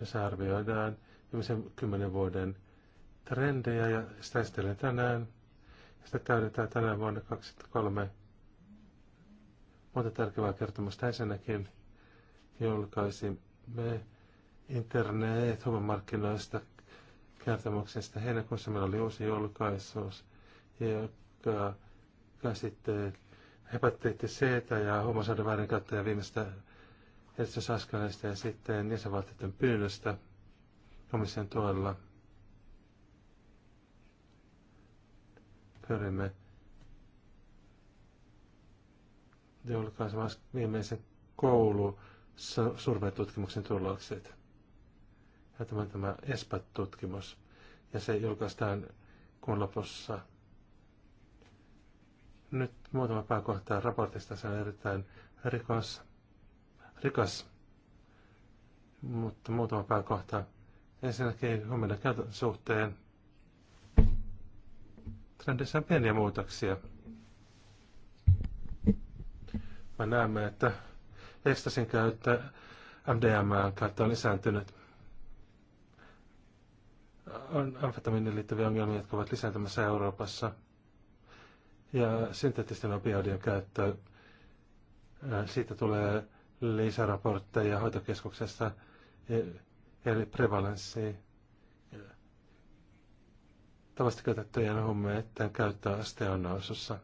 jossa arvioidaan viimeisen kymmenen vuoden trendejä ja sitä esitellään tänään. Ja sitä täydetään tänä vuonna 2023 monta tärkeää kertomusta ensinnäkin julkaisimme internet markkinoista kertomuksesta. Heinäkuussa meillä oli uusi julkaisu, joka käsitteli hepatiitti C ja huumausaineiden väärinkäyttäjä viimeistä edistysaskeleista ja sitten jäsenvaltioiden pyynnöstä komission tuella pyrimme julkaisemassa viimeisen survetutkimuksen tulokset. Ja tämä on tämä ESPAT-tutkimus. Ja se julkaistaan kuun lopussa. Nyt muutama pääkohta raportista. Se on erittäin rikas, rikas mutta muutama pääkohta. Ensinnäkin huomioiden käytön suhteen trendissä on pieniä muutoksia. Me näemme, että estäsin käyttö MDMään käyttö on lisääntynyt. On amfetamiinin liittyviä ongelmia, jotka ovat lisääntymässä Euroopassa. Ja synteettisten opioidien käyttö, siitä tulee lisäraportteja hoitokeskuksessa, e, eli prevalenssi. Tavasti käytettyjen huumeiden käyttöaste on nousussa.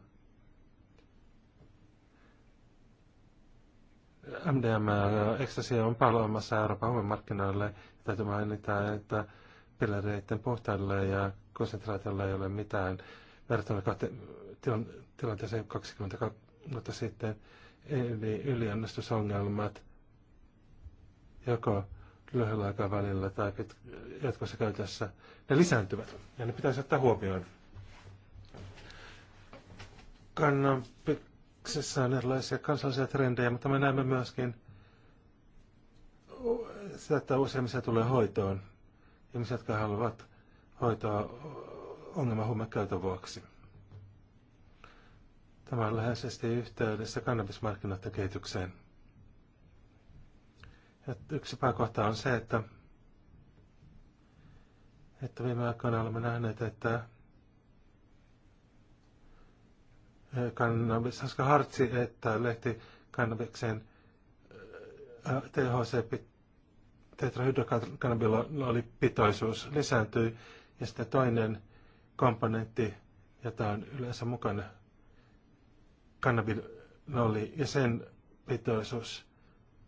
MDM ja ekstasi on palaamassa Euroopan huumemarkkinoille. täytyy mainita, että pillereiden puhtaudelle ja konsentraatiolle ei ole mitään verrattuna tilanteeseen 20 vuotta sitten. Eli yliannostusongelmat joko lyhyellä aikavälillä tai pit- jatkossa käytössä, ne lisääntyvät ja ne pitäisi ottaa huomioon. Kannan Kehityksessä on erilaisia kansallisia trendejä, mutta me näemme myöskin sitä, että useimmissa tulee hoitoon. Ihmiset, jotka haluavat hoitaa ongelman huumekäytön vuoksi. Tämä on läheisesti yhteydessä kannabismarkkinoiden kehitykseen. Ja yksi pääkohta on se, että, että viime aikoina olemme nähneet, että kannabis, koska hartsi, että lehti kannabiksen äh, äh, THC tetrahydrokannabilla oli pitoisuus lisääntyi ja sitten toinen komponentti, jota on yleensä mukana, kannabinoli ja sen pitoisuus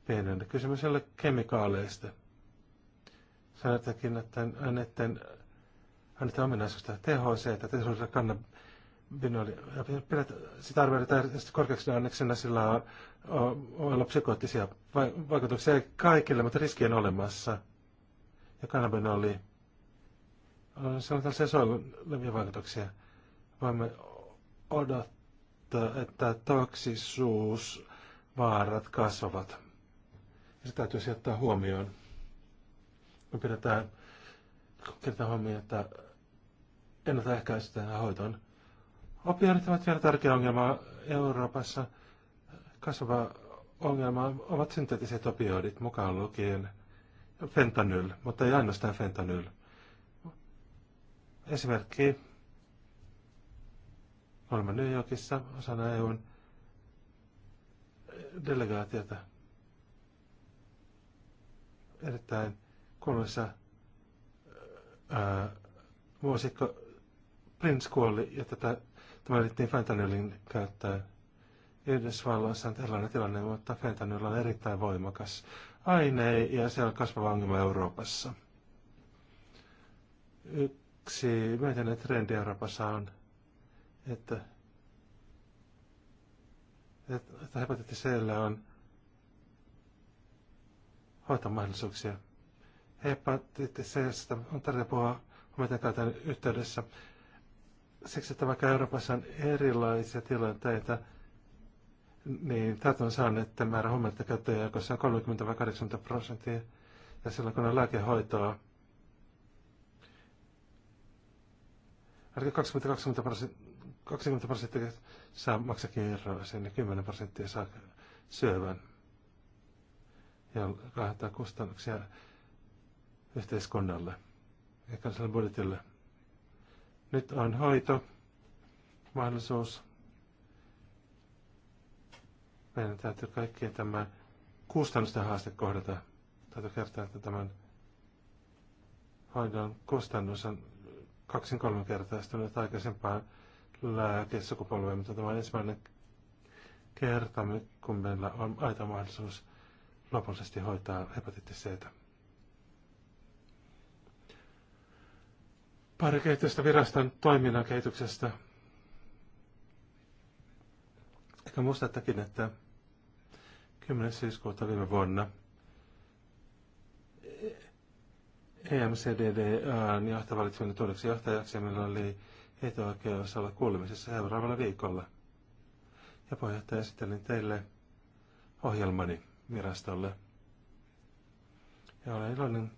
pienen. Kysymys ei ole kemikaaleista. Sanotaankin, että näiden ominaisuus ominaisuuksista THC, että tehdään pidät sitä arvioida korkeaksi neonneksena, sillä on, on, on olla psykoottisia vaikutuksia ei kaikille, mutta riski on olemassa. Ja kannabinoli, se on tällaisia soilevia vaikutuksia. Voimme odottaa, että toksisuusvaarat kasvavat. Ja se täytyy ottaa huomioon. Me pidetään, pidetään huomioon, että ennaltaehkäistään hoitoon Opioidit ovat vielä tärkeä ongelma Euroopassa. Kasvava ongelma ovat synteettiset opioidit, mukaan lukien fentanyl, mutta ei ainoastaan fentanyl. Esimerkki. Olemme New Yorkissa osana EUn delegaatiota erittäin kuuluisa muusikko Prince kuoli ja tätä Tämä liittyy fentanylin käyttöön. Yhdysvalloissa on tällainen tilanne, mutta fentanyl on erittäin voimakas aine ja se on kasvava ongelma Euroopassa. Yksi myönteinen trendi Euroopassa on, että, että hepatitis on hoitomahdollisuuksia. Hepatitis on tarjolla puhua huumeiden käytön yhteydessä siksi, että vaikka Euroopassa on erilaisia tilanteita, niin täältä on saanut, että määrä huumeiden käyttäjä on 30 vai 80 prosenttia. Ja silloin kun on lääkehoitoa, ainakin 20, prosenttia 20 prosenttia saa maksakiirroisen ja 10 prosenttia saa syövän. Ja kahdentaa kustannuksia yhteiskunnalle ja kansalle budjetille. Nyt on hoito, mahdollisuus. Meidän täytyy kaikkien tämä kustannusten haaste kohdata. Täytyy kertoa, että tämän hoidon kustannus on kaksin kolminkertaistunut aikaisempaan lääkesukupolveen, mutta tämä on ensimmäinen kerta, kun meillä on aito mahdollisuus lopullisesti hoitaa hepatiitti C. Pari viraston toiminnan kehityksestä. Ehkä muistattekin, että 10. syyskuuta viime vuonna EMCDDAn johtaja valitseminen todeksi johtajaksi ja meillä oli etuoikeus olla kuulemisessa seuraavalla viikolla. Ja puheenjohtaja esittelin teille ohjelmani virastolle. Ja olen iloinen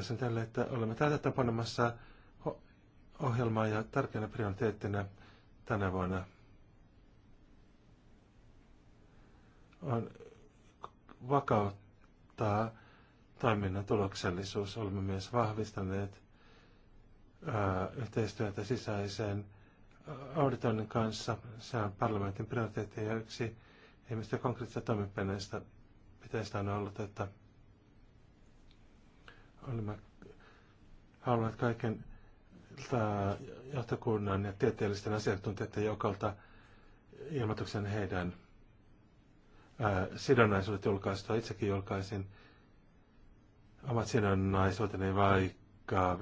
sen tälle, että olemme täytäntöönpanemassa ohjelmaa ja tärkeänä prioriteettina tänä vuonna on vakauttaa toiminnan tuloksellisuus. Olemme myös vahvistaneet ää, yhteistyötä sisäiseen auditoinnin kanssa. Se on parlamentin prioriteetti ja yksi ihmisten konkreettisista toimenpiteistä pitäisi on ollut, että olemme halunneet kaiken johtokunnan ja tieteellisten asiantuntijoiden jokalta ilmoituksen heidän sidonnaisuudet julkaistua. Itsekin julkaisin omat sidonnaisuuteni, vaikka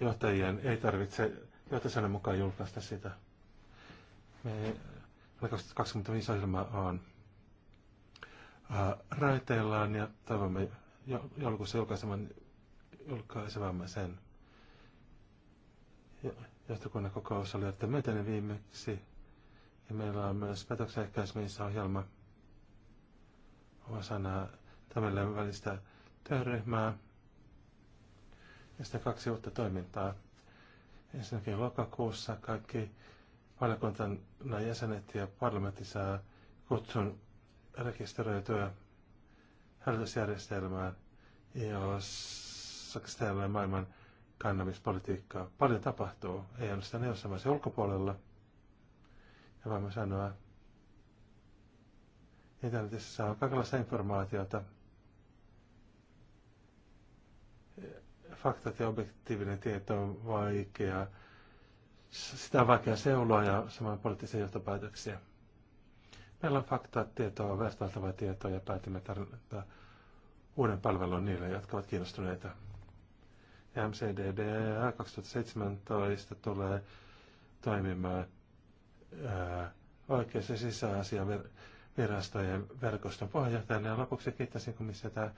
johtajien ei tarvitse johtosanan mukaan julkaista sitä. Me 2025 ohjelma on raiteillaan ja toivomme joulukuussa julkaisemaan julkaisemamme johtokunnan kokous oli että myöten viimeksi. Ja meillä on myös petoksen ehkäisemissä ohjelma osana tämmöinen välistä työryhmää ja sitten kaksi uutta toimintaa. Ensinnäkin lokakuussa kaikki valiokuntana jäsenet ja parlamentti saa kutsun rekisteröityä hälytysjärjestelmään, jos käsitellään maailman kannabispolitiikkaa. Paljon tapahtuu, ei ainoastaan EU:ssa vaan ulkopuolella. Ja voimme sanoa, internetissä saa kaikenlaista informaatiota. Faktat ja objektiivinen tieto on vaikea. Sitä on vaikea seuloa ja saman poliittisia johtopäätöksiä. Meillä on faktaa, tietoa, vertailtavaa tietoa ja päätimme tarjota uuden palvelun niille, jotka ovat kiinnostuneita MCDD 2017 tulee toimimaan oikeus- ja sisäasiavirastojen verkoston puheenjohtajana. Ja lopuksi kiittäisin komissiota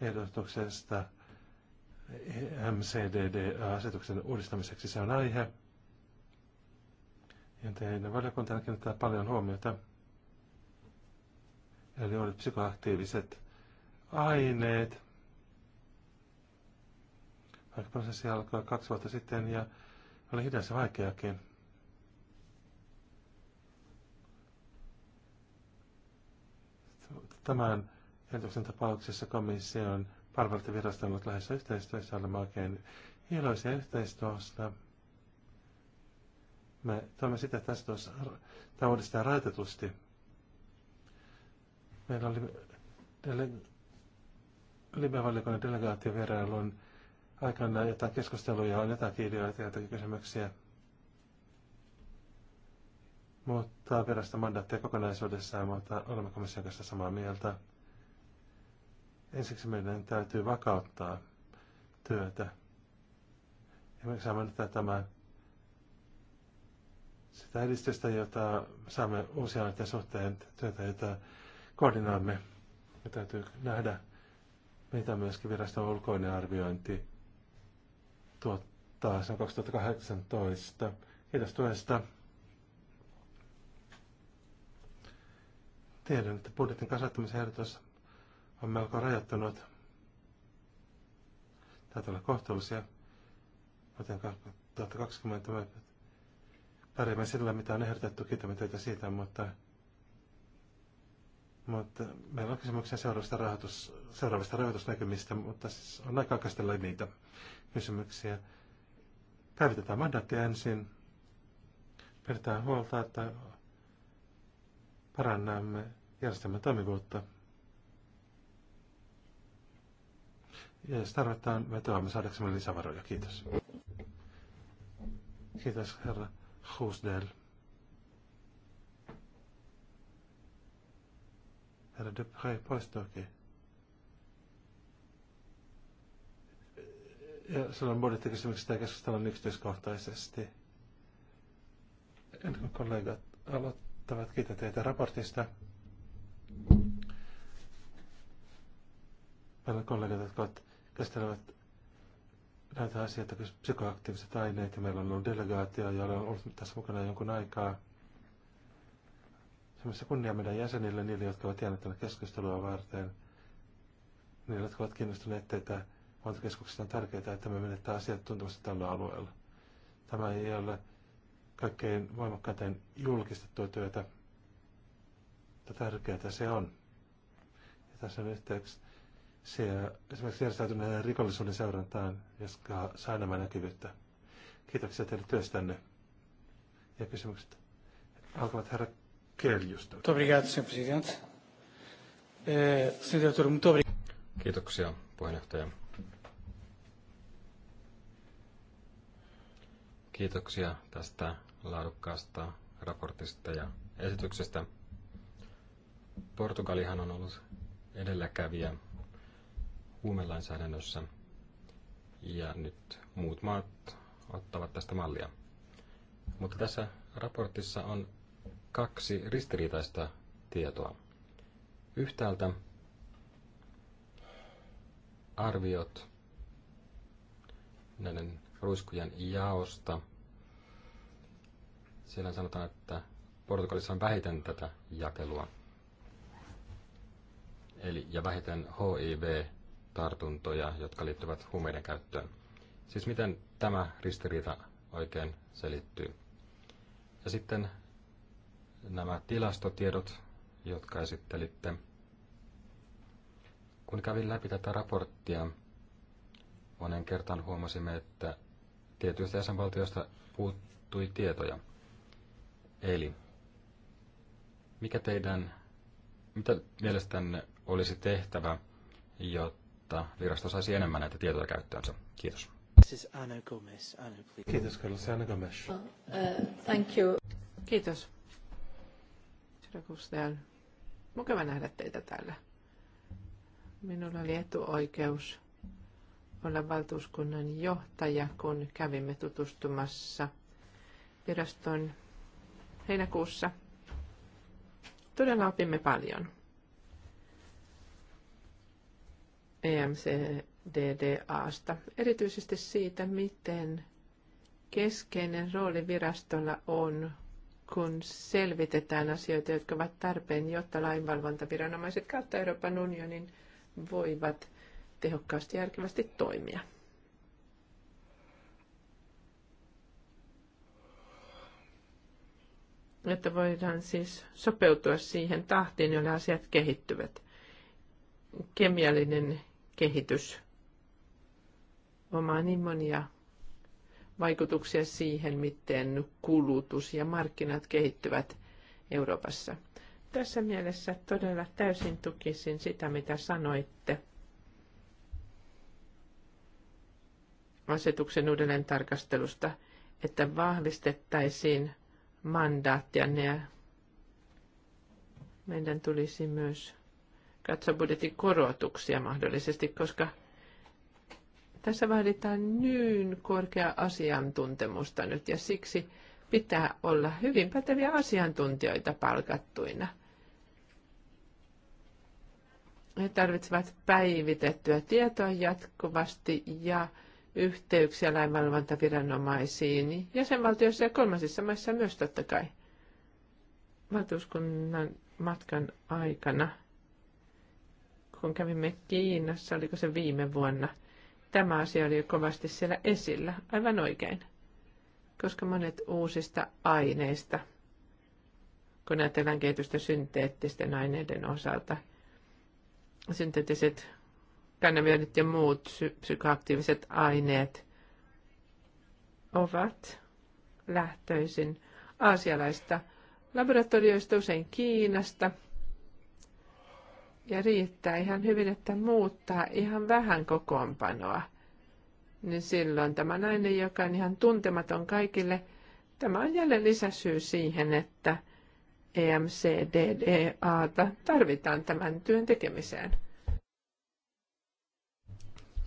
ehdotuksesta MCDD-asetuksen uudistamiseksi. Se on aihe, ja teidän valiokuntana kiinnittää paljon huomiota. Eli oli psykoaktiiviset aineet, vaikka prosessi alkoi kaksi vuotta sitten ja oli hidas ja vaikeakin. Tämän ehdotuksen tapauksessa komission palveluiden on ollut lähes yhteistyössä. Olemme oikein iloisia yhteistyöstä. Me toimme sitä tässä tuossa, tämä uudestaan raitetusti. Meillä oli dele, Libe-valiokunnan delegaatiovierailun aikana jotain keskusteluja, on jotain ideoita, jotakin kysymyksiä. Mutta virasta mandaattia kokonaisuudessaan, mutta olemme komission kanssa samaa mieltä. Ensiksi meidän täytyy vakauttaa työtä. Ja me saamme nyt tämän sitä edistystä, jota saamme uusien suhteen työtä, jota koordinoimme. Me täytyy nähdä, mitä myöskin viraston ulkoinen arviointi tuottaa sen 2018. Kiitos tuesta. Tiedän, että budjetin kasvattamisehdotus on melko rajoittunut. Täytyy olla kohtuullisia. Vuoteen 2020 pärjäämme sillä, mitä on ehdotettu. Kiitämme teitä siitä, mutta, mutta meillä on kysymyksiä seuraavista, rahoitus, seuraavista rahoitusnäkymistä, mutta siis on aika kastella niitä kysymyksiä. Päivitetään mandaatti ensin. Pidetään huolta, että parannamme järjestelmän toimivuutta. Ja jos tarvitaan vetoamme saadaksemme lisävaroja. Kiitos. Kiitos herra Huusdel. Herra Dupré poistuukin. Okay. Ja silloin budjettikysymyksestä ei keskustella yksityiskohtaisesti. Ennen kuin kollegat aloittavat, kiitän teitä raportista. Meillä on kollegat, jotka käsittelevät näitä asioita, psykoaktiiviset aineet, ja meillä on ollut delegaatio, jolla on ollut tässä mukana jonkun aikaa. Semmoista kunnia meidän jäsenille, niille, jotka ovat jääneet tänne keskustelua varten, niille, jotka ovat kiinnostuneet teitä valtakeskuksesta on tärkeää, että me menettää asiat tuntemassa tällä alueella. Tämä ei ole kaikkein voimakkaiten julkistettua työtä, mutta tärkeää se on. Ja tässä on yhteyksi se, esimerkiksi järjestäytyneen rikollisuuden seurantaan, joka saa enemmän näkyvyyttä. Kiitoksia teille työstänne ja kysymykset. Alkavat herra Keljusta. Eh, Kiitoksia puheenjohtaja. Kiitoksia tästä laadukkaasta raportista ja esityksestä. Portugalihan on ollut edelläkävijä huumelainsäädännössä ja nyt muut maat ottavat tästä mallia. Mutta tässä raportissa on kaksi ristiriitaista tietoa. Yhtäältä arviot näiden ruiskujen jaosta. Siellä sanotaan, että Portugalissa on vähiten tätä jakelua. Eli, ja vähiten HIV-tartuntoja, jotka liittyvät huumeiden käyttöön. Siis miten tämä ristiriita oikein selittyy? Ja sitten nämä tilastotiedot, jotka esittelitte. Kun kävin läpi tätä raporttia, monen kertaan huomasimme, että tietyistä jäsenvaltioista puuttui tietoja. Eli mikä teidän, mitä mielestänne olisi tehtävä, jotta virasto saisi enemmän näitä tietoja käyttöönsä? Kiitos. This is Anna Gomez. Anna, please. Kiitos, Carlos. Anna Gomes. Uh, thank you. Kiitos. Syrakustel. Mukava nähdä teitä täällä. Minulla oli etuoikeus olla valtuuskunnan johtaja, kun kävimme tutustumassa viraston heinäkuussa. Todella opimme paljon. EMCDDAsta, erityisesti siitä, miten keskeinen rooli virastolla on, kun selvitetään asioita, jotka ovat tarpeen, jotta lainvalvontaviranomaiset kautta Euroopan unionin voivat – tehokkaasti ja järkevästi toimia. Että voidaan siis sopeutua siihen tahtiin, jolla asiat kehittyvät. Kemiallinen kehitys omaa niin monia vaikutuksia siihen, miten kulutus ja markkinat kehittyvät Euroopassa. Tässä mielessä todella täysin tukisin sitä, mitä sanoitte asetuksen uudelleen tarkastelusta, että vahvistettaisiin mandaattia. Ja meidän tulisi myös katsoa budjetin korotuksia mahdollisesti, koska tässä vaaditaan niin korkea asiantuntemusta nyt ja siksi pitää olla hyvin päteviä asiantuntijoita palkattuina. He tarvitsevat päivitettyä tietoa jatkuvasti ja yhteyksiä lainvalvontaviranomaisiin jäsenvaltioissa ja kolmansissa maissa myös totta kai. Valtuuskunnan matkan aikana, kun kävimme Kiinassa, oliko se viime vuonna, tämä asia oli jo kovasti siellä esillä, aivan oikein, koska monet uusista aineista, kun ajatellaan kehitystä synteettisten aineiden osalta, synteettiset kannabinoidit ja muut psykoaktiiviset aineet ovat lähtöisin aasialaista laboratorioista, usein Kiinasta. Ja riittää ihan hyvin, että muuttaa ihan vähän kokoonpanoa. Niin silloin tämä nainen, joka on ihan tuntematon kaikille, tämä on jälleen lisäsyy siihen, että EMCDDAta tarvitaan tämän työn tekemiseen.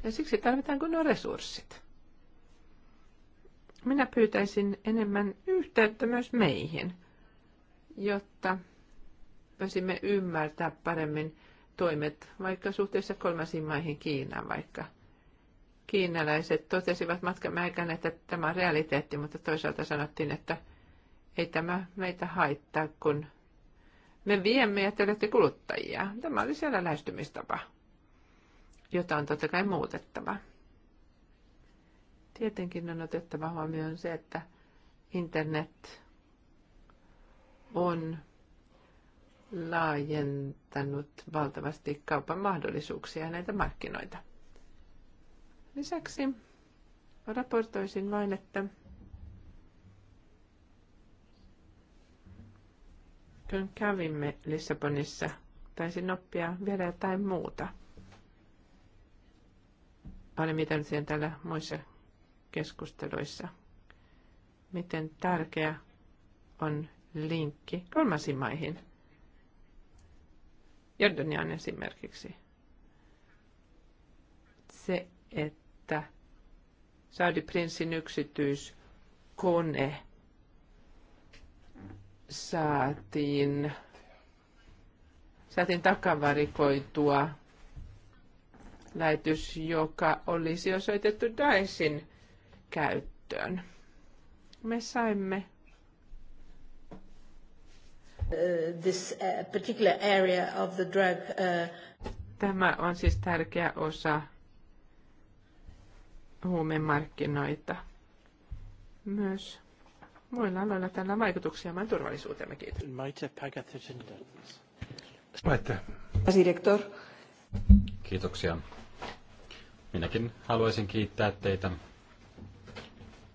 Ja siksi tarvitaan kunnon resurssit. Minä pyytäisin enemmän yhteyttä myös meihin, jotta voisimme ymmärtää paremmin toimet vaikka suhteessa kolmansiin maihin Kiinaan vaikka. Kiinalaiset totesivat matkan aikana, että tämä on realiteetti, mutta toisaalta sanottiin, että ei tämä meitä haittaa, kun me viemme ja te olette kuluttajia. Tämä oli siellä lähestymistapa jota on totta kai muutettava. Tietenkin on otettava huomioon se, että internet on laajentanut valtavasti kaupan mahdollisuuksia ja näitä markkinoita. Lisäksi raportoisin vain, että kun kävimme Lissabonissa, taisin oppia vielä jotain muuta – paljon mitä siihen täällä muissa keskusteluissa, miten tärkeä on linkki kolmansiin maihin. Jordanian esimerkiksi. Se, että Saudi-prinssin yksityiskone saatiin, saatiin takavarikoitua lähetys, joka olisi osoitettu Daesin käyttöön. Me saimme this uh, particular area of the drug. Uh, Tämä on siis tärkeä osa huumemarkkinoita. Myös muilla aloilla tällä on vaikutuksia meidän turvallisuuteemme. Kiitos. Maite. Kiitoksia Minäkin haluaisin kiittää teitä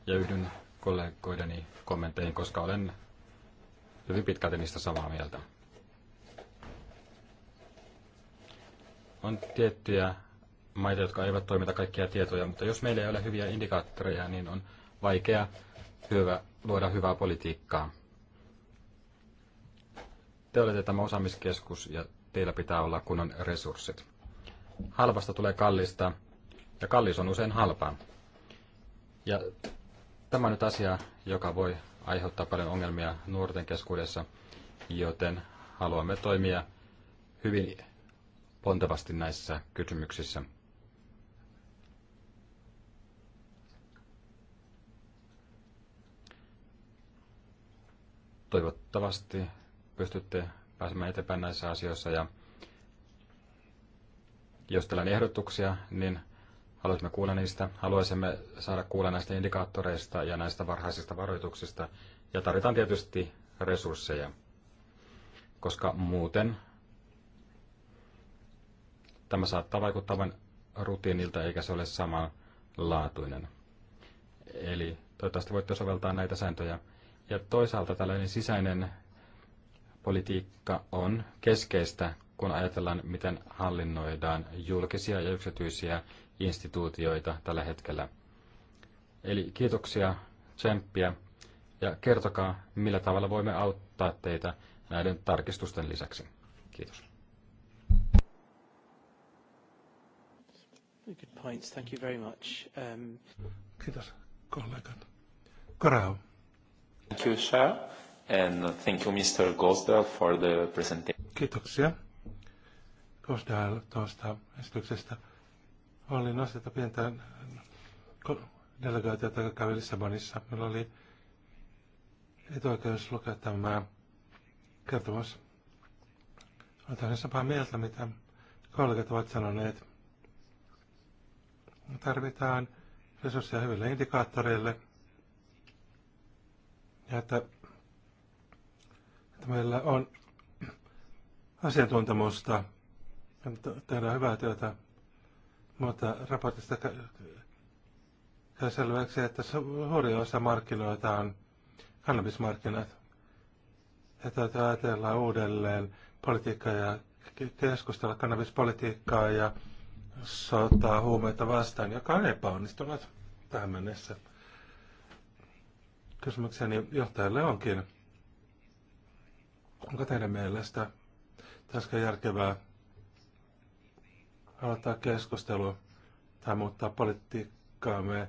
ja yhdyn kollegoideni kommentteihin, koska olen hyvin pitkälti niistä samaa mieltä. On tiettyjä maita, jotka eivät toimita kaikkia tietoja, mutta jos meillä ei ole hyviä indikaattoreja, niin on vaikea hyvä, luoda hyvää politiikkaa. Te olette tämä osaamiskeskus ja teillä pitää olla kunnon resurssit. Halvasta tulee kallista ja kallis on usein halpaa. Ja tämä on nyt asia, joka voi aiheuttaa paljon ongelmia nuorten keskuudessa, joten haluamme toimia hyvin pontevasti näissä kysymyksissä. Toivottavasti pystytte pääsemään eteenpäin näissä asioissa ja jos teillä on ehdotuksia, niin Haluaisimme kuulla niistä, haluaisimme saada kuulla näistä indikaattoreista ja näistä varhaisista varoituksista, ja tarvitaan tietysti resursseja, koska muuten tämä saattaa vaikuttaa vain rutiinilta, eikä se ole samanlaatuinen. Eli toivottavasti voitte soveltaa näitä sääntöjä. Ja toisaalta tällainen sisäinen politiikka on keskeistä, kun ajatellaan, miten hallinnoidaan julkisia ja yksityisiä instituutioita tällä hetkellä. Eli kiitoksia, tsemppiä, ja kertokaa, millä tavalla voimme auttaa teitä näiden tarkistusten lisäksi. Kiitos. Good points. Thank you very much. Um... Kiitos kollegat. Karao. Thank you, sir, and thank you, Mr. Gosdell, for the presentation. Kiitoksia. Rosdahl tuosta esityksestä. Olin astetta pientä delegaatiota, joka kävi Lissabonissa. Meillä oli etuoikeus lukea tämä kertomus. Olen täysin samaa mieltä, mitä kollegat ovat sanoneet. Me tarvitaan resursseja hyville indikaattoreille. Ja että, että meillä on asiantuntemusta tehdään hyvää työtä, mutta raportista käy selväksi, että suuri osa markkinoita on kannabismarkkinat. Ja täytyy ajatella uudelleen politiikkaa ja keskustella kannabispolitiikkaa ja sotaa huumeita vastaan, joka on epäonnistunut tähän mennessä. Kysymykseni johtajalle onkin, onko teidän mielestä tässä järkevää aloittaa keskustelua tai muuttaa politiikkaamme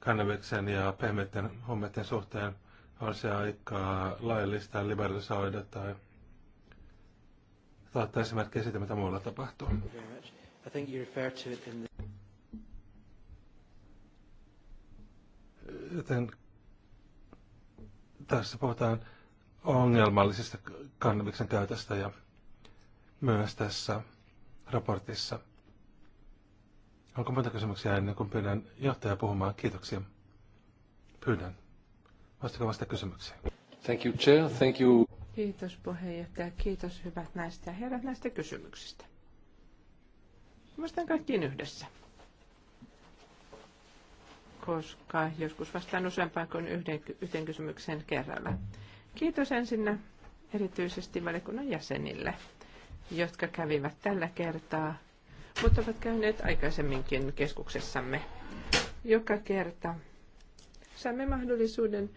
kannabiksen ja pehmeiden hommeiden suhteen, on se aikaa laillistaa, liberalisoida tai saattaa esimerkkejä siitä, mitä muualla tapahtuu. Joten tässä puhutaan ongelmallisesta kannabiksen käytöstä ja myös tässä raportissa – Onko muita kysymyksiä ennen kuin pyydän johtajaa puhumaan? Kiitoksia. Pyydän. Vastakaa vasta kysymyksiä. Thank you, Chair. Thank you. Kiitos puheenjohtaja. Kiitos hyvät näistä ja herrat näistä kysymyksistä. Vastaan kaikkiin yhdessä. Koska joskus vastaan useampaan kuin yhden, yhden kysymyksen kerralla. Kiitos ensinnä erityisesti valiokunnan jäsenille, jotka kävivät tällä kertaa mutta ovat käyneet aikaisemminkin keskuksessamme. Joka kerta saamme mahdollisuuden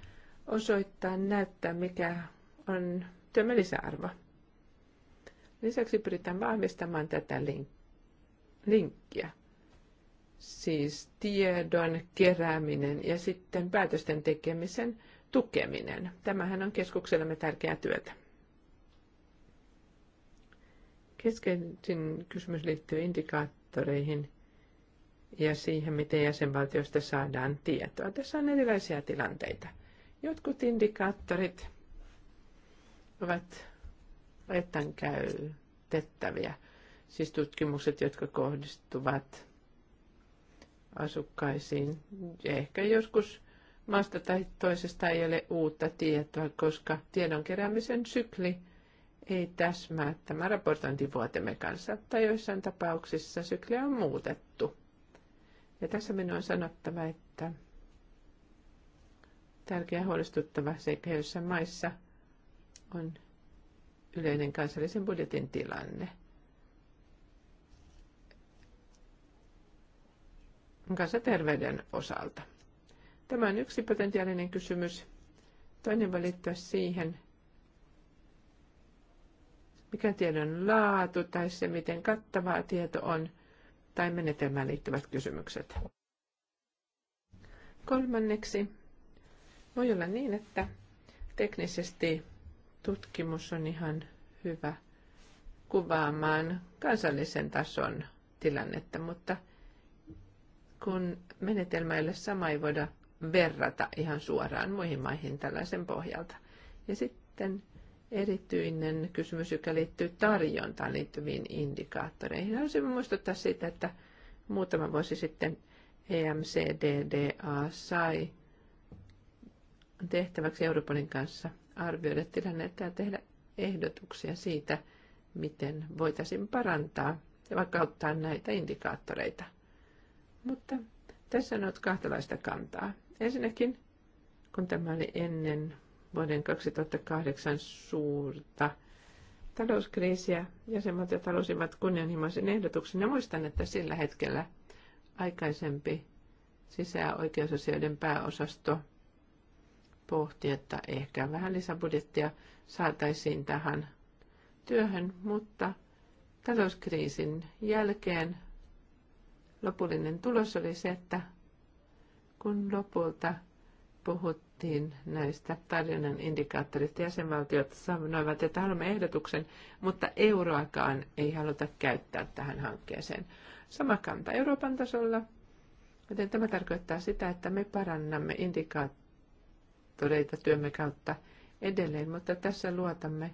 osoittaa, näyttää, mikä on työmme lisäarvo. Lisäksi pyritään vahvistamaan tätä linkkiä. Siis tiedon kerääminen ja sitten päätösten tekemisen tukeminen. Tämähän on keskuksellemme tärkeää työtä. Keskeisin kysymys liittyy indikaattoreihin ja siihen, miten jäsenvaltioista saadaan tietoa. Tässä on erilaisia tilanteita. Jotkut indikaattorit ovat etän käytettäviä, siis tutkimukset, jotka kohdistuvat asukkaisiin. Ehkä joskus maasta tai toisesta ei ole uutta tietoa, koska tiedon keräämisen sykli – ei täsmää tämän raportointivuotemme kanssa, tai joissain tapauksissa sykliä on muutettu. Ja tässä minun on sanottava, että tärkeä huolestuttava seikka joissa maissa on yleinen kansallisen budjetin tilanne. terveyden osalta. Tämä on yksi potentiaalinen kysymys. Toinen voi liittyä siihen, mikä tiedon laatu tai se, miten kattavaa tieto on, tai menetelmään liittyvät kysymykset. Kolmanneksi, voi olla niin, että teknisesti tutkimus on ihan hyvä kuvaamaan kansallisen tason tilannetta, mutta kun menetelmä ei ole sama, ei voida verrata ihan suoraan muihin maihin tällaisen pohjalta. Ja sitten erityinen kysymys, joka liittyy tarjontaan liittyviin indikaattoreihin. Haluaisin muistuttaa siitä, että muutama vuosi sitten EMCDDA sai tehtäväksi Euroopanin kanssa arvioida tilannetta ja tehdä ehdotuksia siitä, miten voitaisiin parantaa ja vakauttaa näitä indikaattoreita. Mutta tässä on nyt kahtalaista kantaa. Ensinnäkin, kun tämä oli ennen vuoden 2008 suurta talouskriisiä. ja talousimmat kunnianhimoisen ehdotuksen ja muistan, että sillä hetkellä aikaisempi sisäoikeusasioiden pääosasto pohti, että ehkä vähän lisäbudjettia saataisiin tähän työhön, mutta talouskriisin jälkeen lopullinen tulos oli se, että kun lopulta puhut puhuttiin näistä tarjonnan indikaattorista. Jäsenvaltiot sanoivat, että haluamme ehdotuksen, mutta euroakaan ei haluta käyttää tähän hankkeeseen. Sama kanta Euroopan tasolla, joten tämä tarkoittaa sitä, että me parannamme indikaattoreita työmme kautta edelleen, mutta tässä luotamme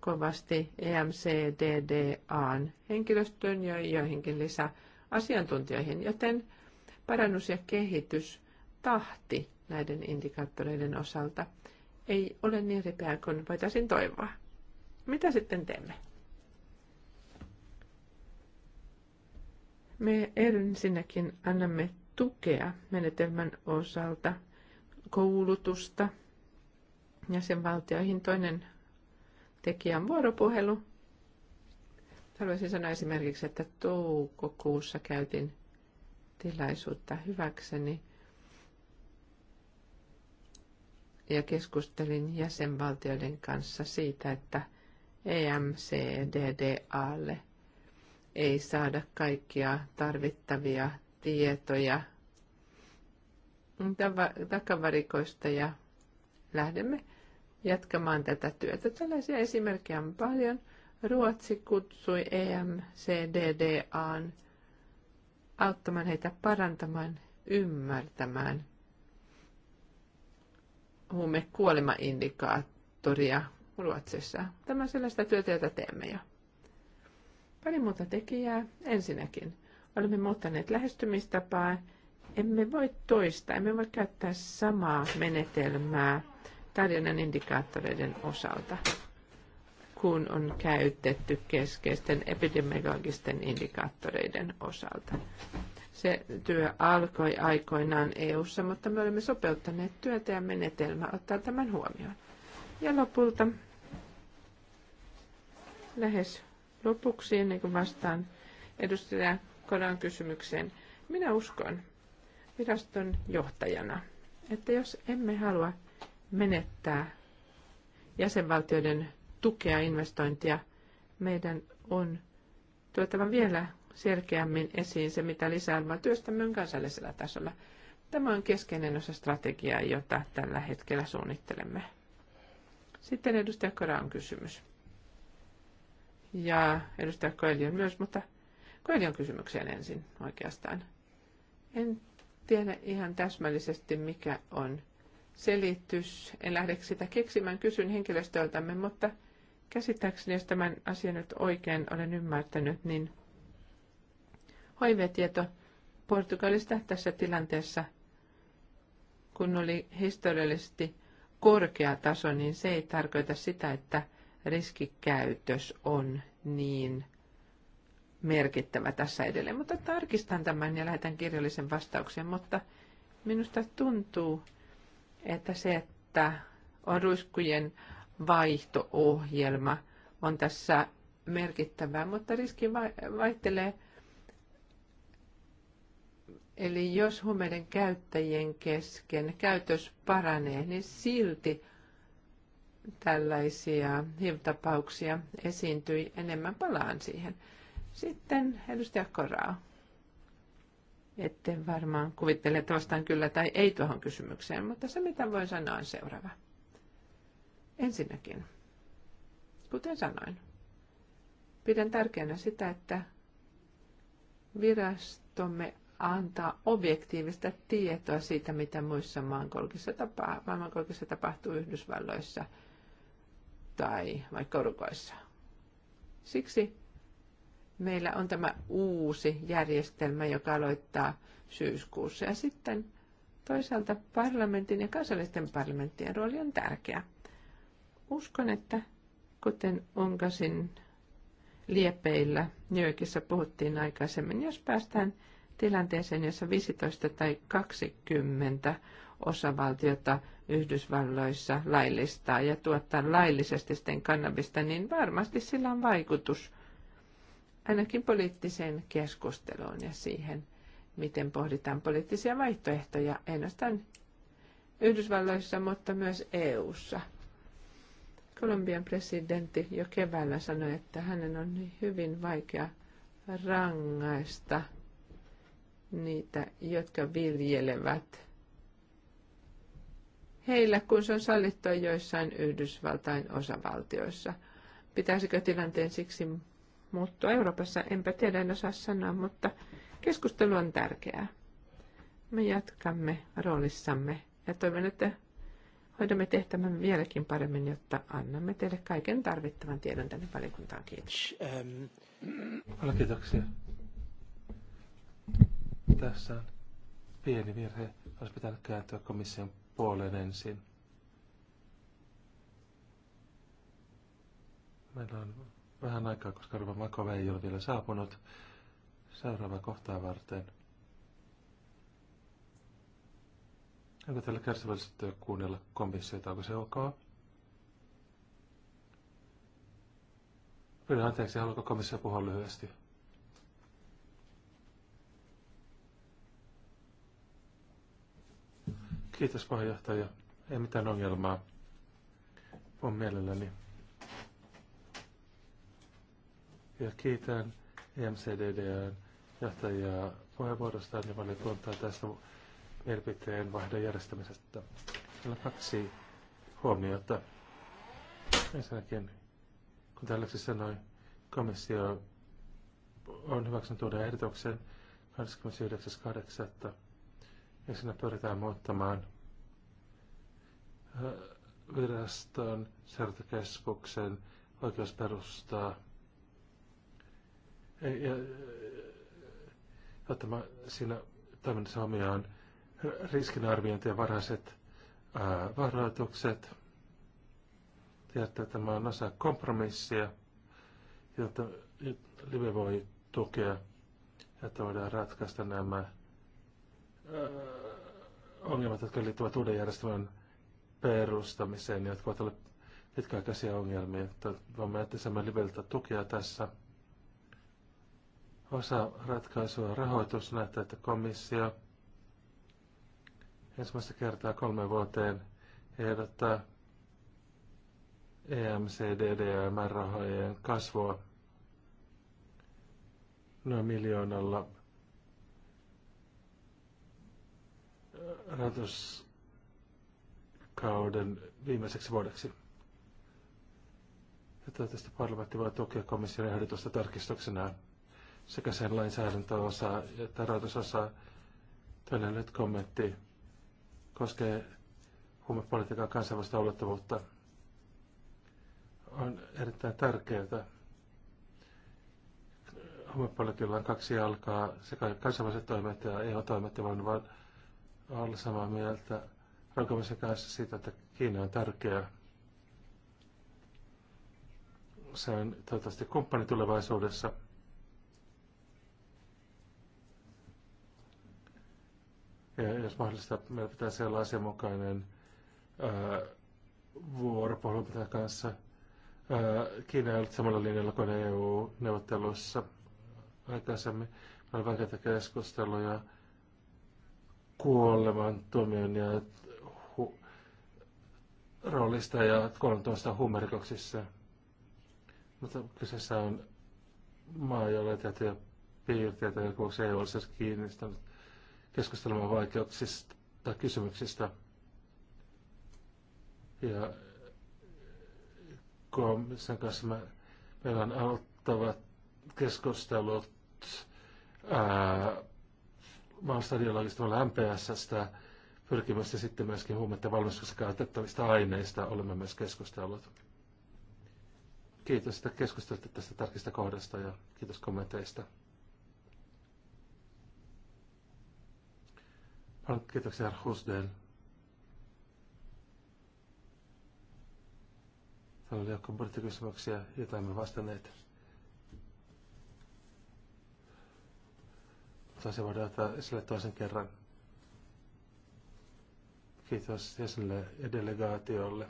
kovasti EMCDDAn henkilöstöön ja joihinkin lisää joten parannus ja kehitys tahti näiden indikaattoreiden osalta ei ole niin ripeää kuin voitaisiin toivoa. Mitä sitten teemme? Me ensinnäkin annamme tukea menetelmän osalta koulutusta ja sen valtioihin Toinen tekijä on vuoropuhelu. Haluaisin sanoa esimerkiksi, että toukokuussa käytin tilaisuutta hyväkseni – ja keskustelin jäsenvaltioiden kanssa siitä, että EMCDDAlle ei saada kaikkia tarvittavia tietoja takavarikoista ja lähdemme jatkamaan tätä työtä. Tällaisia esimerkkejä on paljon. Ruotsi kutsui EMCDDAan auttamaan heitä parantamaan, ymmärtämään huumekuolemaindikaattoria Ruotsissa. Tämä on sellaista työtä, jota teemme jo. Pari muuta tekijää. Ensinnäkin olemme muuttaneet lähestymistapaa. Emme voi toistaa, emme voi käyttää samaa menetelmää tarjonnan indikaattoreiden osalta, kun on käytetty keskeisten epidemiologisten indikaattoreiden osalta. Se työ alkoi aikoinaan EU:ssa, mutta me olemme sopeuttaneet työtä ja menetelmä ottaa tämän huomioon. Ja lopulta lähes lopuksi, ennen kuin vastaan edustaja Kodan kysymykseen, minä uskon viraston johtajana, että jos emme halua menettää jäsenvaltioiden tukea investointia, meidän on tuotava vielä selkeämmin esiin se, mitä lisäarvoa työstämme on kansallisella tasolla. Tämä on keskeinen osa strategiaa, jota tällä hetkellä suunnittelemme. Sitten edustaja on kysymys. Ja edustaja on myös, mutta on kysymykseen ensin oikeastaan. En tiedä ihan täsmällisesti, mikä on selitys. En lähde sitä keksimään, kysyn henkilöstöltämme, mutta käsittääkseni, jos tämän asian nyt oikein olen ymmärtänyt, niin – HIV-tieto Portugalista tässä tilanteessa, kun oli historiallisesti korkea taso, niin se ei tarkoita sitä, että riskikäytös on niin merkittävä tässä edelleen. Mutta tarkistan tämän ja lähetän kirjallisen vastauksen, mutta minusta tuntuu, että se, että on ruiskujen vaihto-ohjelma, on tässä merkittävää, mutta riski vaihtelee Eli jos huumeiden käyttäjien kesken käytös paranee, niin silti tällaisia HIV-tapauksia esiintyi enemmän. Palaan siihen. Sitten edustaja Koraa. Ette varmaan kuvittele, että vastaan kyllä tai ei tuohon kysymykseen, mutta se mitä voin sanoa on seuraava. Ensinnäkin, kuten sanoin, pidän tärkeänä sitä, että virastomme antaa objektiivista tietoa siitä, mitä muissa maankolkissa tapa- maailmankolkissa tapahtuu Yhdysvalloissa tai vaikka Urukoissa. Siksi meillä on tämä uusi järjestelmä, joka aloittaa syyskuussa. Ja sitten toisaalta parlamentin ja kansallisten parlamenttien rooli on tärkeä. Uskon, että kuten Unkasin liepeillä New Yorkissa puhuttiin aikaisemmin, jos päästään – tilanteeseen, jossa 15 tai 20 osavaltiota Yhdysvalloissa laillistaa ja tuottaa laillisesti sitten kannabista, niin varmasti sillä on vaikutus ainakin poliittiseen keskusteluun ja siihen, miten pohditaan poliittisia vaihtoehtoja ainoastaan Yhdysvalloissa, mutta myös EU:ssa. Kolumbian presidentti jo keväällä sanoi, että hänen on hyvin vaikea rangaista – niitä, jotka viljelevät. Heillä, kun se on sallittua joissain Yhdysvaltain osavaltioissa. Pitäisikö tilanteen siksi muuttua Euroopassa? Enpä tiedä, en osaa sanoa, mutta keskustelu on tärkeää. Me jatkamme roolissamme ja toivon, että hoidamme tehtävämme vieläkin paremmin, jotta annamme teille kaiken tarvittavan tiedon tänne valikuntaan. Kiitos. Ähm. kiitoksia. Tässä on pieni virhe. Olisi pitänyt kääntyä komission puoleen ensin. Meillä on vähän aikaa, koska Ruva Makove ei ole vielä saapunut seuraava kohtaa varten. Onko tällä kärsivällisyyttä kuunnella komissiota? Onko se ok? Pyydän anteeksi, haluatko komissio puhua lyhyesti? Kiitos puheenjohtaja. Ei mitään ongelmaa. On mielelläni. Ja kiitän EMCDDn johtajaa puheenvuorostaan ja valiokuntaa tästä mielipiteen vaihdon järjestämisestä. Meillä on kaksi huomiota. Ensinnäkin, kun Tällaksi sanoi, komissio on hyväksynyt uuden ehdotuksen 29.8 ja siinä pyritään muuttamaan viraston seurantakeskuksen oikeusperustaa ja ottamaan siinä toiminnassa omiaan riskinarviointi ja varhaiset varoitukset. Tiedätte, että tämä on osa kompromissia, jota Live voi tukea, että voidaan ratkaista nämä ongelmat, jotka liittyvät uuden järjestelmän perustamiseen, jotka ovat olleet pitkäaikaisia ongelmia. Voimme etsisämme liveltä tukea tässä. Osa ratkaisua rahoitus näyttää, että komissio ensimmäistä kertaa kolme vuoteen ehdottaa EMCDDM-rahojen kasvua noin miljoonalla rahoituskauden viimeiseksi vuodeksi. Ja toivottavasti parlamentti voi tukea komission ehdotusta tarkistuksena sekä sen lainsäädäntöosaa että rahoitusosaa. Toinen nyt kommentti koskee huumepolitiikan kansainvälistä ulottuvuutta. On erittäin tärkeää. Huumepolitiikalla on kaksi alkaa sekä kansainväliset toimet ja EU-toimet, ja olla samaa mieltä rakomisen kanssa siitä, että Kiina on tärkeä. Se on toivottavasti kumppani tulevaisuudessa. Ja jos mahdollista, meillä pitäisi olla asianmukainen vuoropuhelu pitää kanssa. Ää, Kiina ei ollut samalla linjalla kuin EU-neuvotteluissa aikaisemmin. Meillä on vaikeita keskusteluja kuoleman tuomion ja hu- roolista ja 13 huumerikoksissa. Mutta kyseessä on maa, jolla tiettyjä piirteitä, se ei olisi kiinnistänyt keskustelemaan vaikeuksista tai kysymyksistä. Ja sen kanssa me, meillä on auttavat keskustelut ää, maasta ideologistamalla MPSstä, pyrkimästä sitten myöskin huumetta valmistuksessa käytettävistä aineista olemme myös keskustelleet. Kiitos, että keskustelitte tästä tärkeästä kohdasta ja kiitos kommenteista. Paljon kiitoksia, herra Husden. Täällä oli joku kysymyksiä, joita emme vastanneet. mutta se voidaan ottaa esille toisen kerran. Kiitos jäsenille ja delegaatiolle.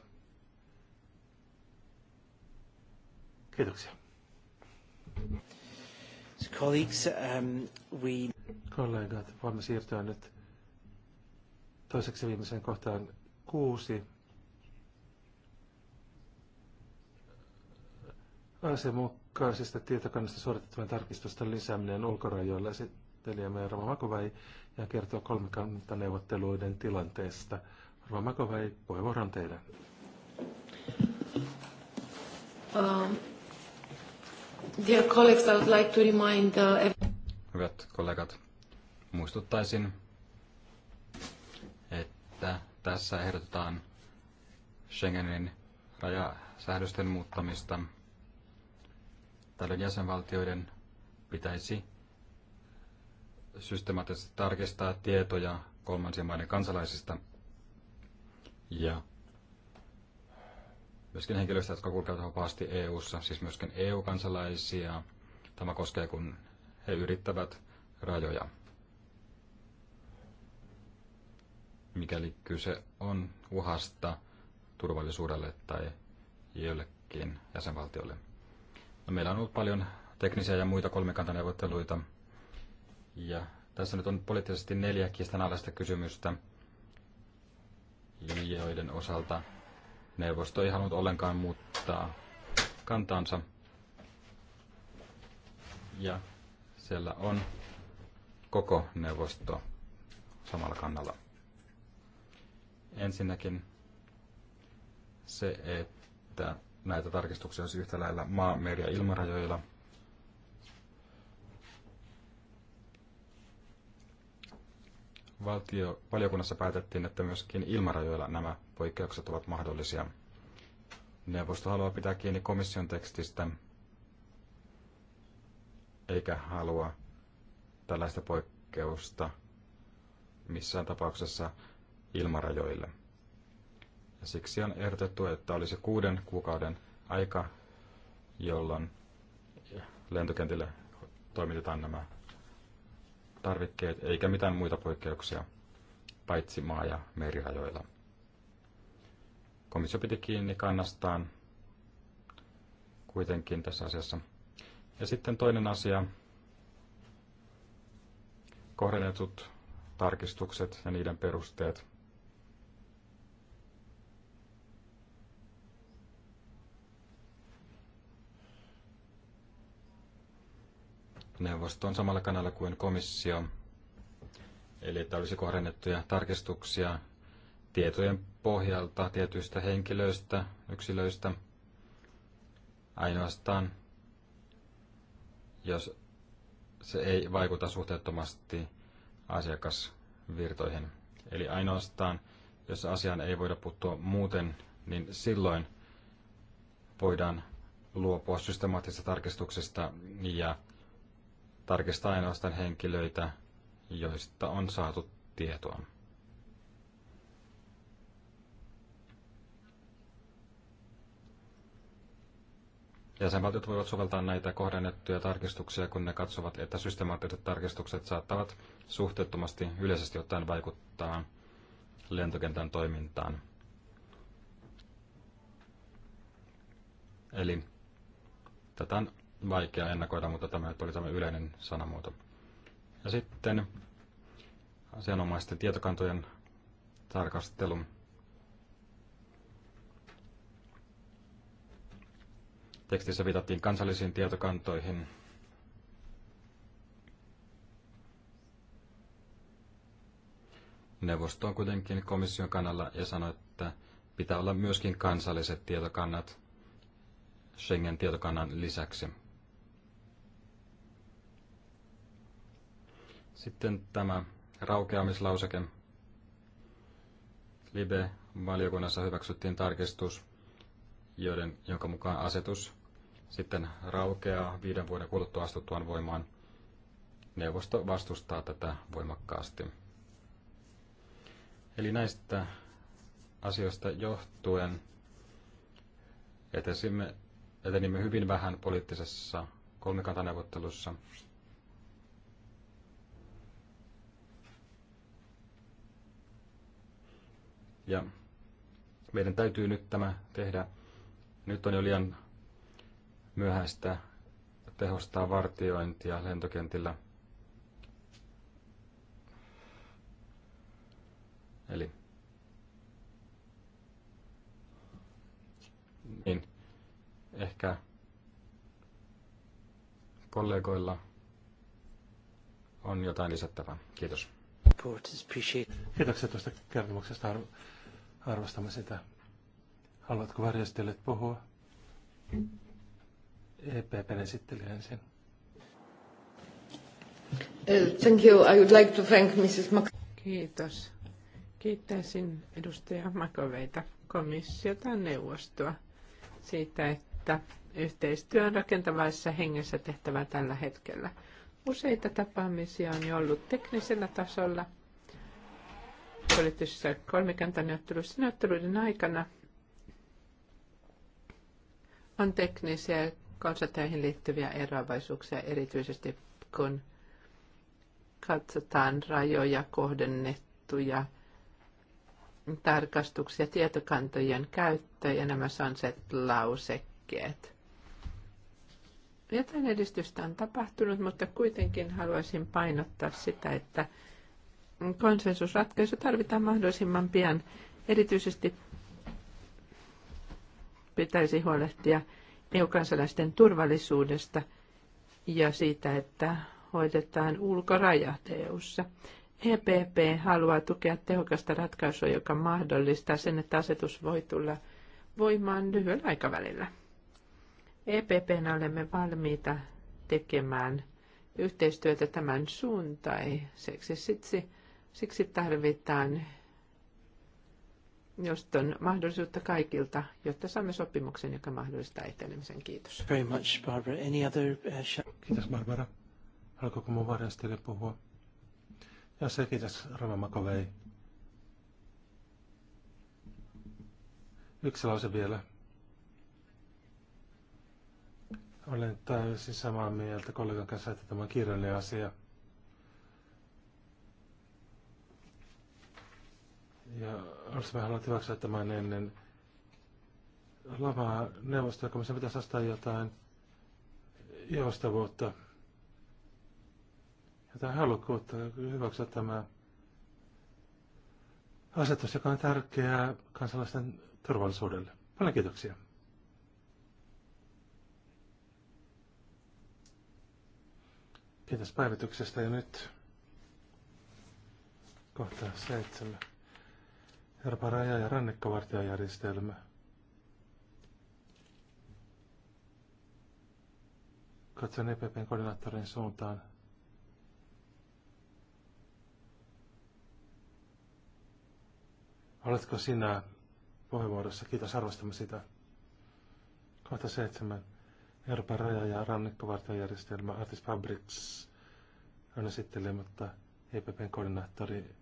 Kiitoksia. So colleagues, um, we... Kollegat, voimme siirtyä nyt toiseksi viimeiseen kohtaan kuusi. Asianmukaisesta tietokannasta suoritettavan tarkistusten lisääminen ulkorajoilla. Sitten esittelijämme Rova Makovai ja kertoo kolmikantaneuvotteluiden tilanteesta. Rova Makovai, puheenvuoron teille. Um, dear colleagues, I would like to remind, uh, Hyvät kollegat, muistuttaisin, että tässä ehdotetaan Schengenin rajasäädösten muuttamista. Tällöin jäsenvaltioiden pitäisi systemaattisesti tarkistaa tietoja kolmansien maiden kansalaisista ja myöskin henkilöistä, jotka kulkevat vapaasti EU-ssa, siis myöskin EU-kansalaisia. Tämä koskee, kun he yrittävät rajoja. Mikäli kyse on uhasta turvallisuudelle tai jollekin jäsenvaltiolle. No, meillä on ollut paljon teknisiä ja muita kolmikantaneuvotteluita ja tässä nyt on poliittisesti neljä kiistanalaista kysymystä, joiden osalta neuvosto ei halunnut ollenkaan muuttaa kantaansa. Ja siellä on koko neuvosto samalla kannalla. Ensinnäkin se, että näitä tarkistuksia olisi yhtä lailla maa, meri ja ilmarajoilla – valtio, valiokunnassa päätettiin, että myöskin ilmarajoilla nämä poikkeukset ovat mahdollisia. Neuvosto haluaa pitää kiinni komission tekstistä, eikä halua tällaista poikkeusta missään tapauksessa ilmarajoille. Ja siksi on ehdotettu, että olisi kuuden kuukauden aika, jolloin lentokentille toimitetaan nämä tarvikkeet eikä mitään muita poikkeuksia, paitsi maa- ja merirajoilla. Komissio piti kiinni kannastaan kuitenkin tässä asiassa. Ja sitten toinen asia, kohdennetut tarkistukset ja niiden perusteet. neuvosto on samalla kanalla kuin komissio, eli että olisi kohdennettuja tarkistuksia tietojen pohjalta tietyistä henkilöistä, yksilöistä, ainoastaan jos se ei vaikuta suhteettomasti asiakasvirtoihin. Eli ainoastaan, jos asiaan ei voida puuttua muuten, niin silloin voidaan luopua systemaattisesta tarkistuksesta ja tarkistaa ainoastaan henkilöitä, joista on saatu tietoa. Jäsenvaltiot voivat soveltaa näitä kohdennettuja tarkistuksia, kun ne katsovat, että systemaattiset tarkistukset saattavat suhteettomasti yleisesti ottaen vaikuttaa lentokentän toimintaan. Eli tätä on vaikea ennakoida, mutta tämä nyt oli tämä yleinen sanamuoto. Ja sitten asianomaisten tietokantojen tarkastelu. Tekstissä viitattiin kansallisiin tietokantoihin. Neuvosto on kuitenkin komission kannalla ja sanoi, että pitää olla myöskin kansalliset tietokannat Schengen-tietokannan lisäksi. Sitten tämä raukeamislauseke. Libe-valiokunnassa hyväksyttiin tarkistus, joiden, jonka mukaan asetus sitten raukeaa viiden vuoden kuluttua astuttuaan voimaan. Neuvosto vastustaa tätä voimakkaasti. Eli näistä asioista johtuen etesimme, etenimme hyvin vähän poliittisessa kolmikantaneuvottelussa. Ja meidän täytyy nyt tämä tehdä. Nyt on jo liian myöhäistä tehostaa vartiointia lentokentillä. Eli niin ehkä kollegoilla on jotain lisättävää. Kiitos. Kiitoksia tuosta kertomuksesta. Arvostamme sitä. Haluatko varjastelijat puhua? EPP esitteli ensin. Uh, thank you. I would like to thank Mrs. Mac- Kiitos. Kiittäisin edustaja Makoveita, komissiota ja neuvostoa siitä, että yhteistyö on rakentavaisessa hengessä tehtävä tällä hetkellä. Useita tapaamisia on jo ollut teknisellä tasolla – poliittisissa kolmikantaneuvotteluissa neuvotteluiden aikana on teknisiä konsepteihin liittyviä eroavaisuuksia, erityisesti kun katsotaan rajoja kohdennettuja tarkastuksia, tietokantojen käyttö ja nämä sunset-lausekkeet. Jotain edistystä on tapahtunut, mutta kuitenkin haluaisin painottaa sitä, että konsensusratkaisu tarvitaan mahdollisimman pian. Erityisesti pitäisi huolehtia EU-kansalaisten turvallisuudesta ja siitä, että hoidetaan ulkorajat EU-ssa. EPP haluaa tukea tehokasta ratkaisua, joka mahdollistaa sen, että asetus voi tulla voimaan lyhyellä aikavälillä. EPPnä olemme valmiita tekemään yhteistyötä tämän suuntaiseksi. Siksi Siksi tarvitaan joston mahdollisuutta kaikilta, jotta saamme sopimuksen, joka mahdollistaa etenemisen. Kiitos. Very much, Barbara. Any other, uh, kiitos, Barbara. Alkoiko mun varjastille puhua? Ja se kiitos, Rava Makovei. Yksi lause vielä. Olen täysin samaa mieltä kollegan kanssa, että tämä on kirjallinen asia – Ja vähän halunneet hyväksyä tämän ennen lamaa neuvostoa, kun se pitäisi ostaa jotain joustavuutta, jotain halukkuutta hyväksyä tämä asetus, joka on tärkeää kansalaisten turvallisuudelle. Paljon kiitoksia. Kiitos päivityksestä ja nyt kohta seitsemän. Euroopan raja- ja rannikkovartijajärjestelmä. Katson EPPn koordinaattorin suuntaan. Oletko sinä puheenvuorossa? Kiitos, arvostamme sitä. Kohta seitsemän. Euroopan raja- ja rannikkovartijajärjestelmä Artis Fabrics on esittelemättä EPPn koordinaattori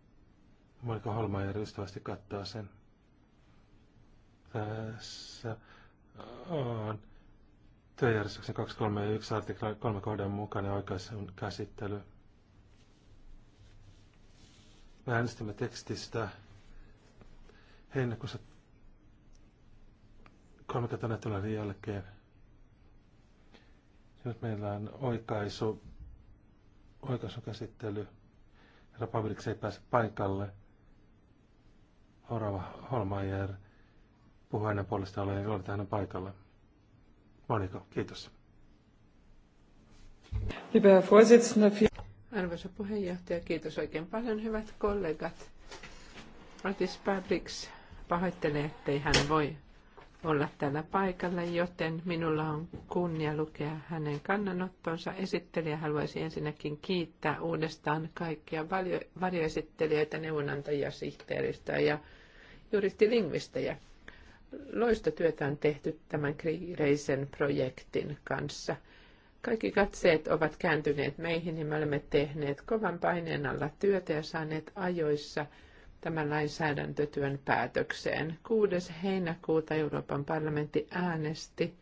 Monika Holmaier ystävästi kattaa sen. Tässä on työjärjestyksen 231 artikla 3 kohdan mukainen oikeusun käsittely. Me äänestimme tekstistä heinäkuussa kolmikantanäyttelyn jälkeen. Nyt meillä on oikaisu, oikaisun käsittely. Herra Pavliksi ei pääse paikalle. Orava Holmeyer puhuu hänen puolestaan, olen iloinen, tähän hän paikalla. Monika, kiitos. Arvoisa puheenjohtaja, kiitos oikein paljon hyvät kollegat. Artis Pabriks pahoittelee, ettei hän voi olla täällä paikalla, joten minulla on kunnia lukea hänen kannanottonsa. Esittelijä haluaisi ensinnäkin kiittää uudestaan kaikkia varjoesittelijöitä, neuvonantajia, sihteeristöä ja ja juristilingvistejä. Loista työtä on tehty tämän kriireisen projektin kanssa. Kaikki katseet ovat kääntyneet meihin ja me olemme tehneet kovan paineen alla työtä ja saaneet ajoissa tämän lainsäädäntötyön päätökseen. 6. heinäkuuta Euroopan parlamentti äänesti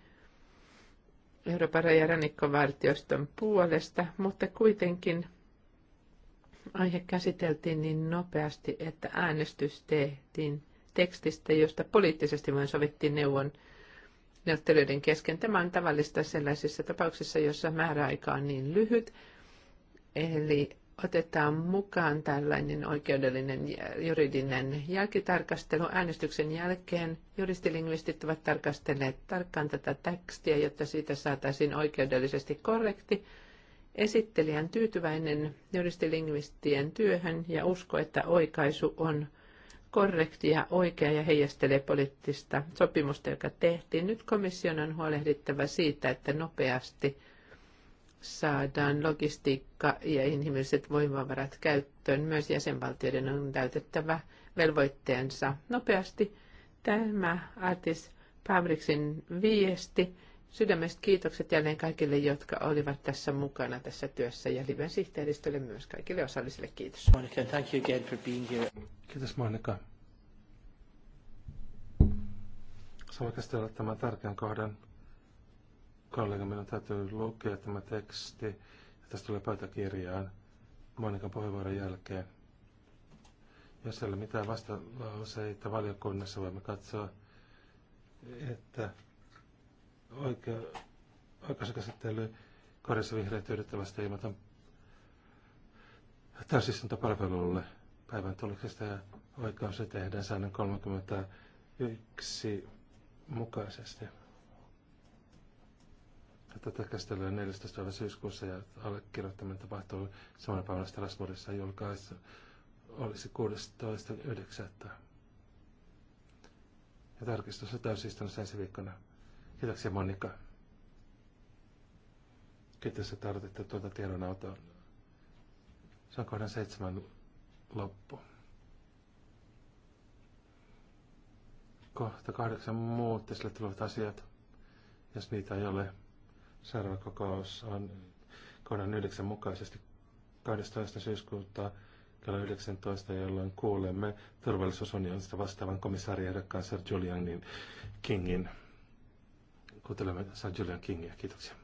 Euroopan rajarannikkovartioston puolesta, mutta kuitenkin aihe käsiteltiin niin nopeasti, että äänestys tehtiin tekstistä, josta poliittisesti vain sovittiin neuvon neuvottelijoiden kesken. Tämä on tavallista sellaisissa tapauksissa, jossa määräaika on niin lyhyt, eli otetaan mukaan tällainen oikeudellinen juridinen jälkitarkastelu. Äänestyksen jälkeen juristilingvistit ovat tarkastelleet tarkkaan tätä tekstiä, jotta siitä saataisiin oikeudellisesti korrekti. Esittelijän tyytyväinen juristilingvistien työhön ja usko, että oikaisu on korrekti ja oikea ja heijastelee poliittista sopimusta, joka tehtiin. Nyt komission on huolehdittava siitä, että nopeasti saadaan logistiikka ja inhimilliset voimavarat käyttöön. Myös jäsenvaltioiden on täytettävä velvoitteensa nopeasti. Tämä Artis Fabriksin viesti Sydämestä kiitokset jälleen kaikille, jotka olivat tässä mukana tässä työssä ja liven sihteeristölle myös kaikille osallisille. Kiitos. Monica, thank you again for being here. Kiitos Monika. Saamme käsitellä tämän tärkeän kohdan. Kollega, minun täytyy lukea tämä teksti ja tästä tulee pöytäkirjaan Monikan puheenvuoron jälkeen. Jos ei ole mitään vastalauseita valiokunnassa, voimme katsoa, että oikea, käsittely korjassa vihreä yrittävästä ilmoitan täysistuntopalvelulle päivän tuloksesta ja oikeus tehdään säännön 31 mukaisesti. Tätä käsitellään 14. syyskuussa ja allekirjoittaminen tapahtuu samana päivänä Strasbourgissa julkaisu olisi 16.9. Ja tarkistus on täysistunnossa ensi viikkona. Kiitoksia Monika. Ketä sä tarvitset tuota tiedonautoa. Se on kohdan seitsemän loppu. Kohta kahdeksan muut esille tulevat asiat. Jos niitä ei ole, seuraava kokous on kohdan yhdeksän mukaisesti 12. syyskuuta kello 19, jolloin kuulemme turvallisuusunionista vastaavan komissaariehdokkaan Sir Julianin Kingin kuuntelemme San Julian Kingia. Kiitoksia.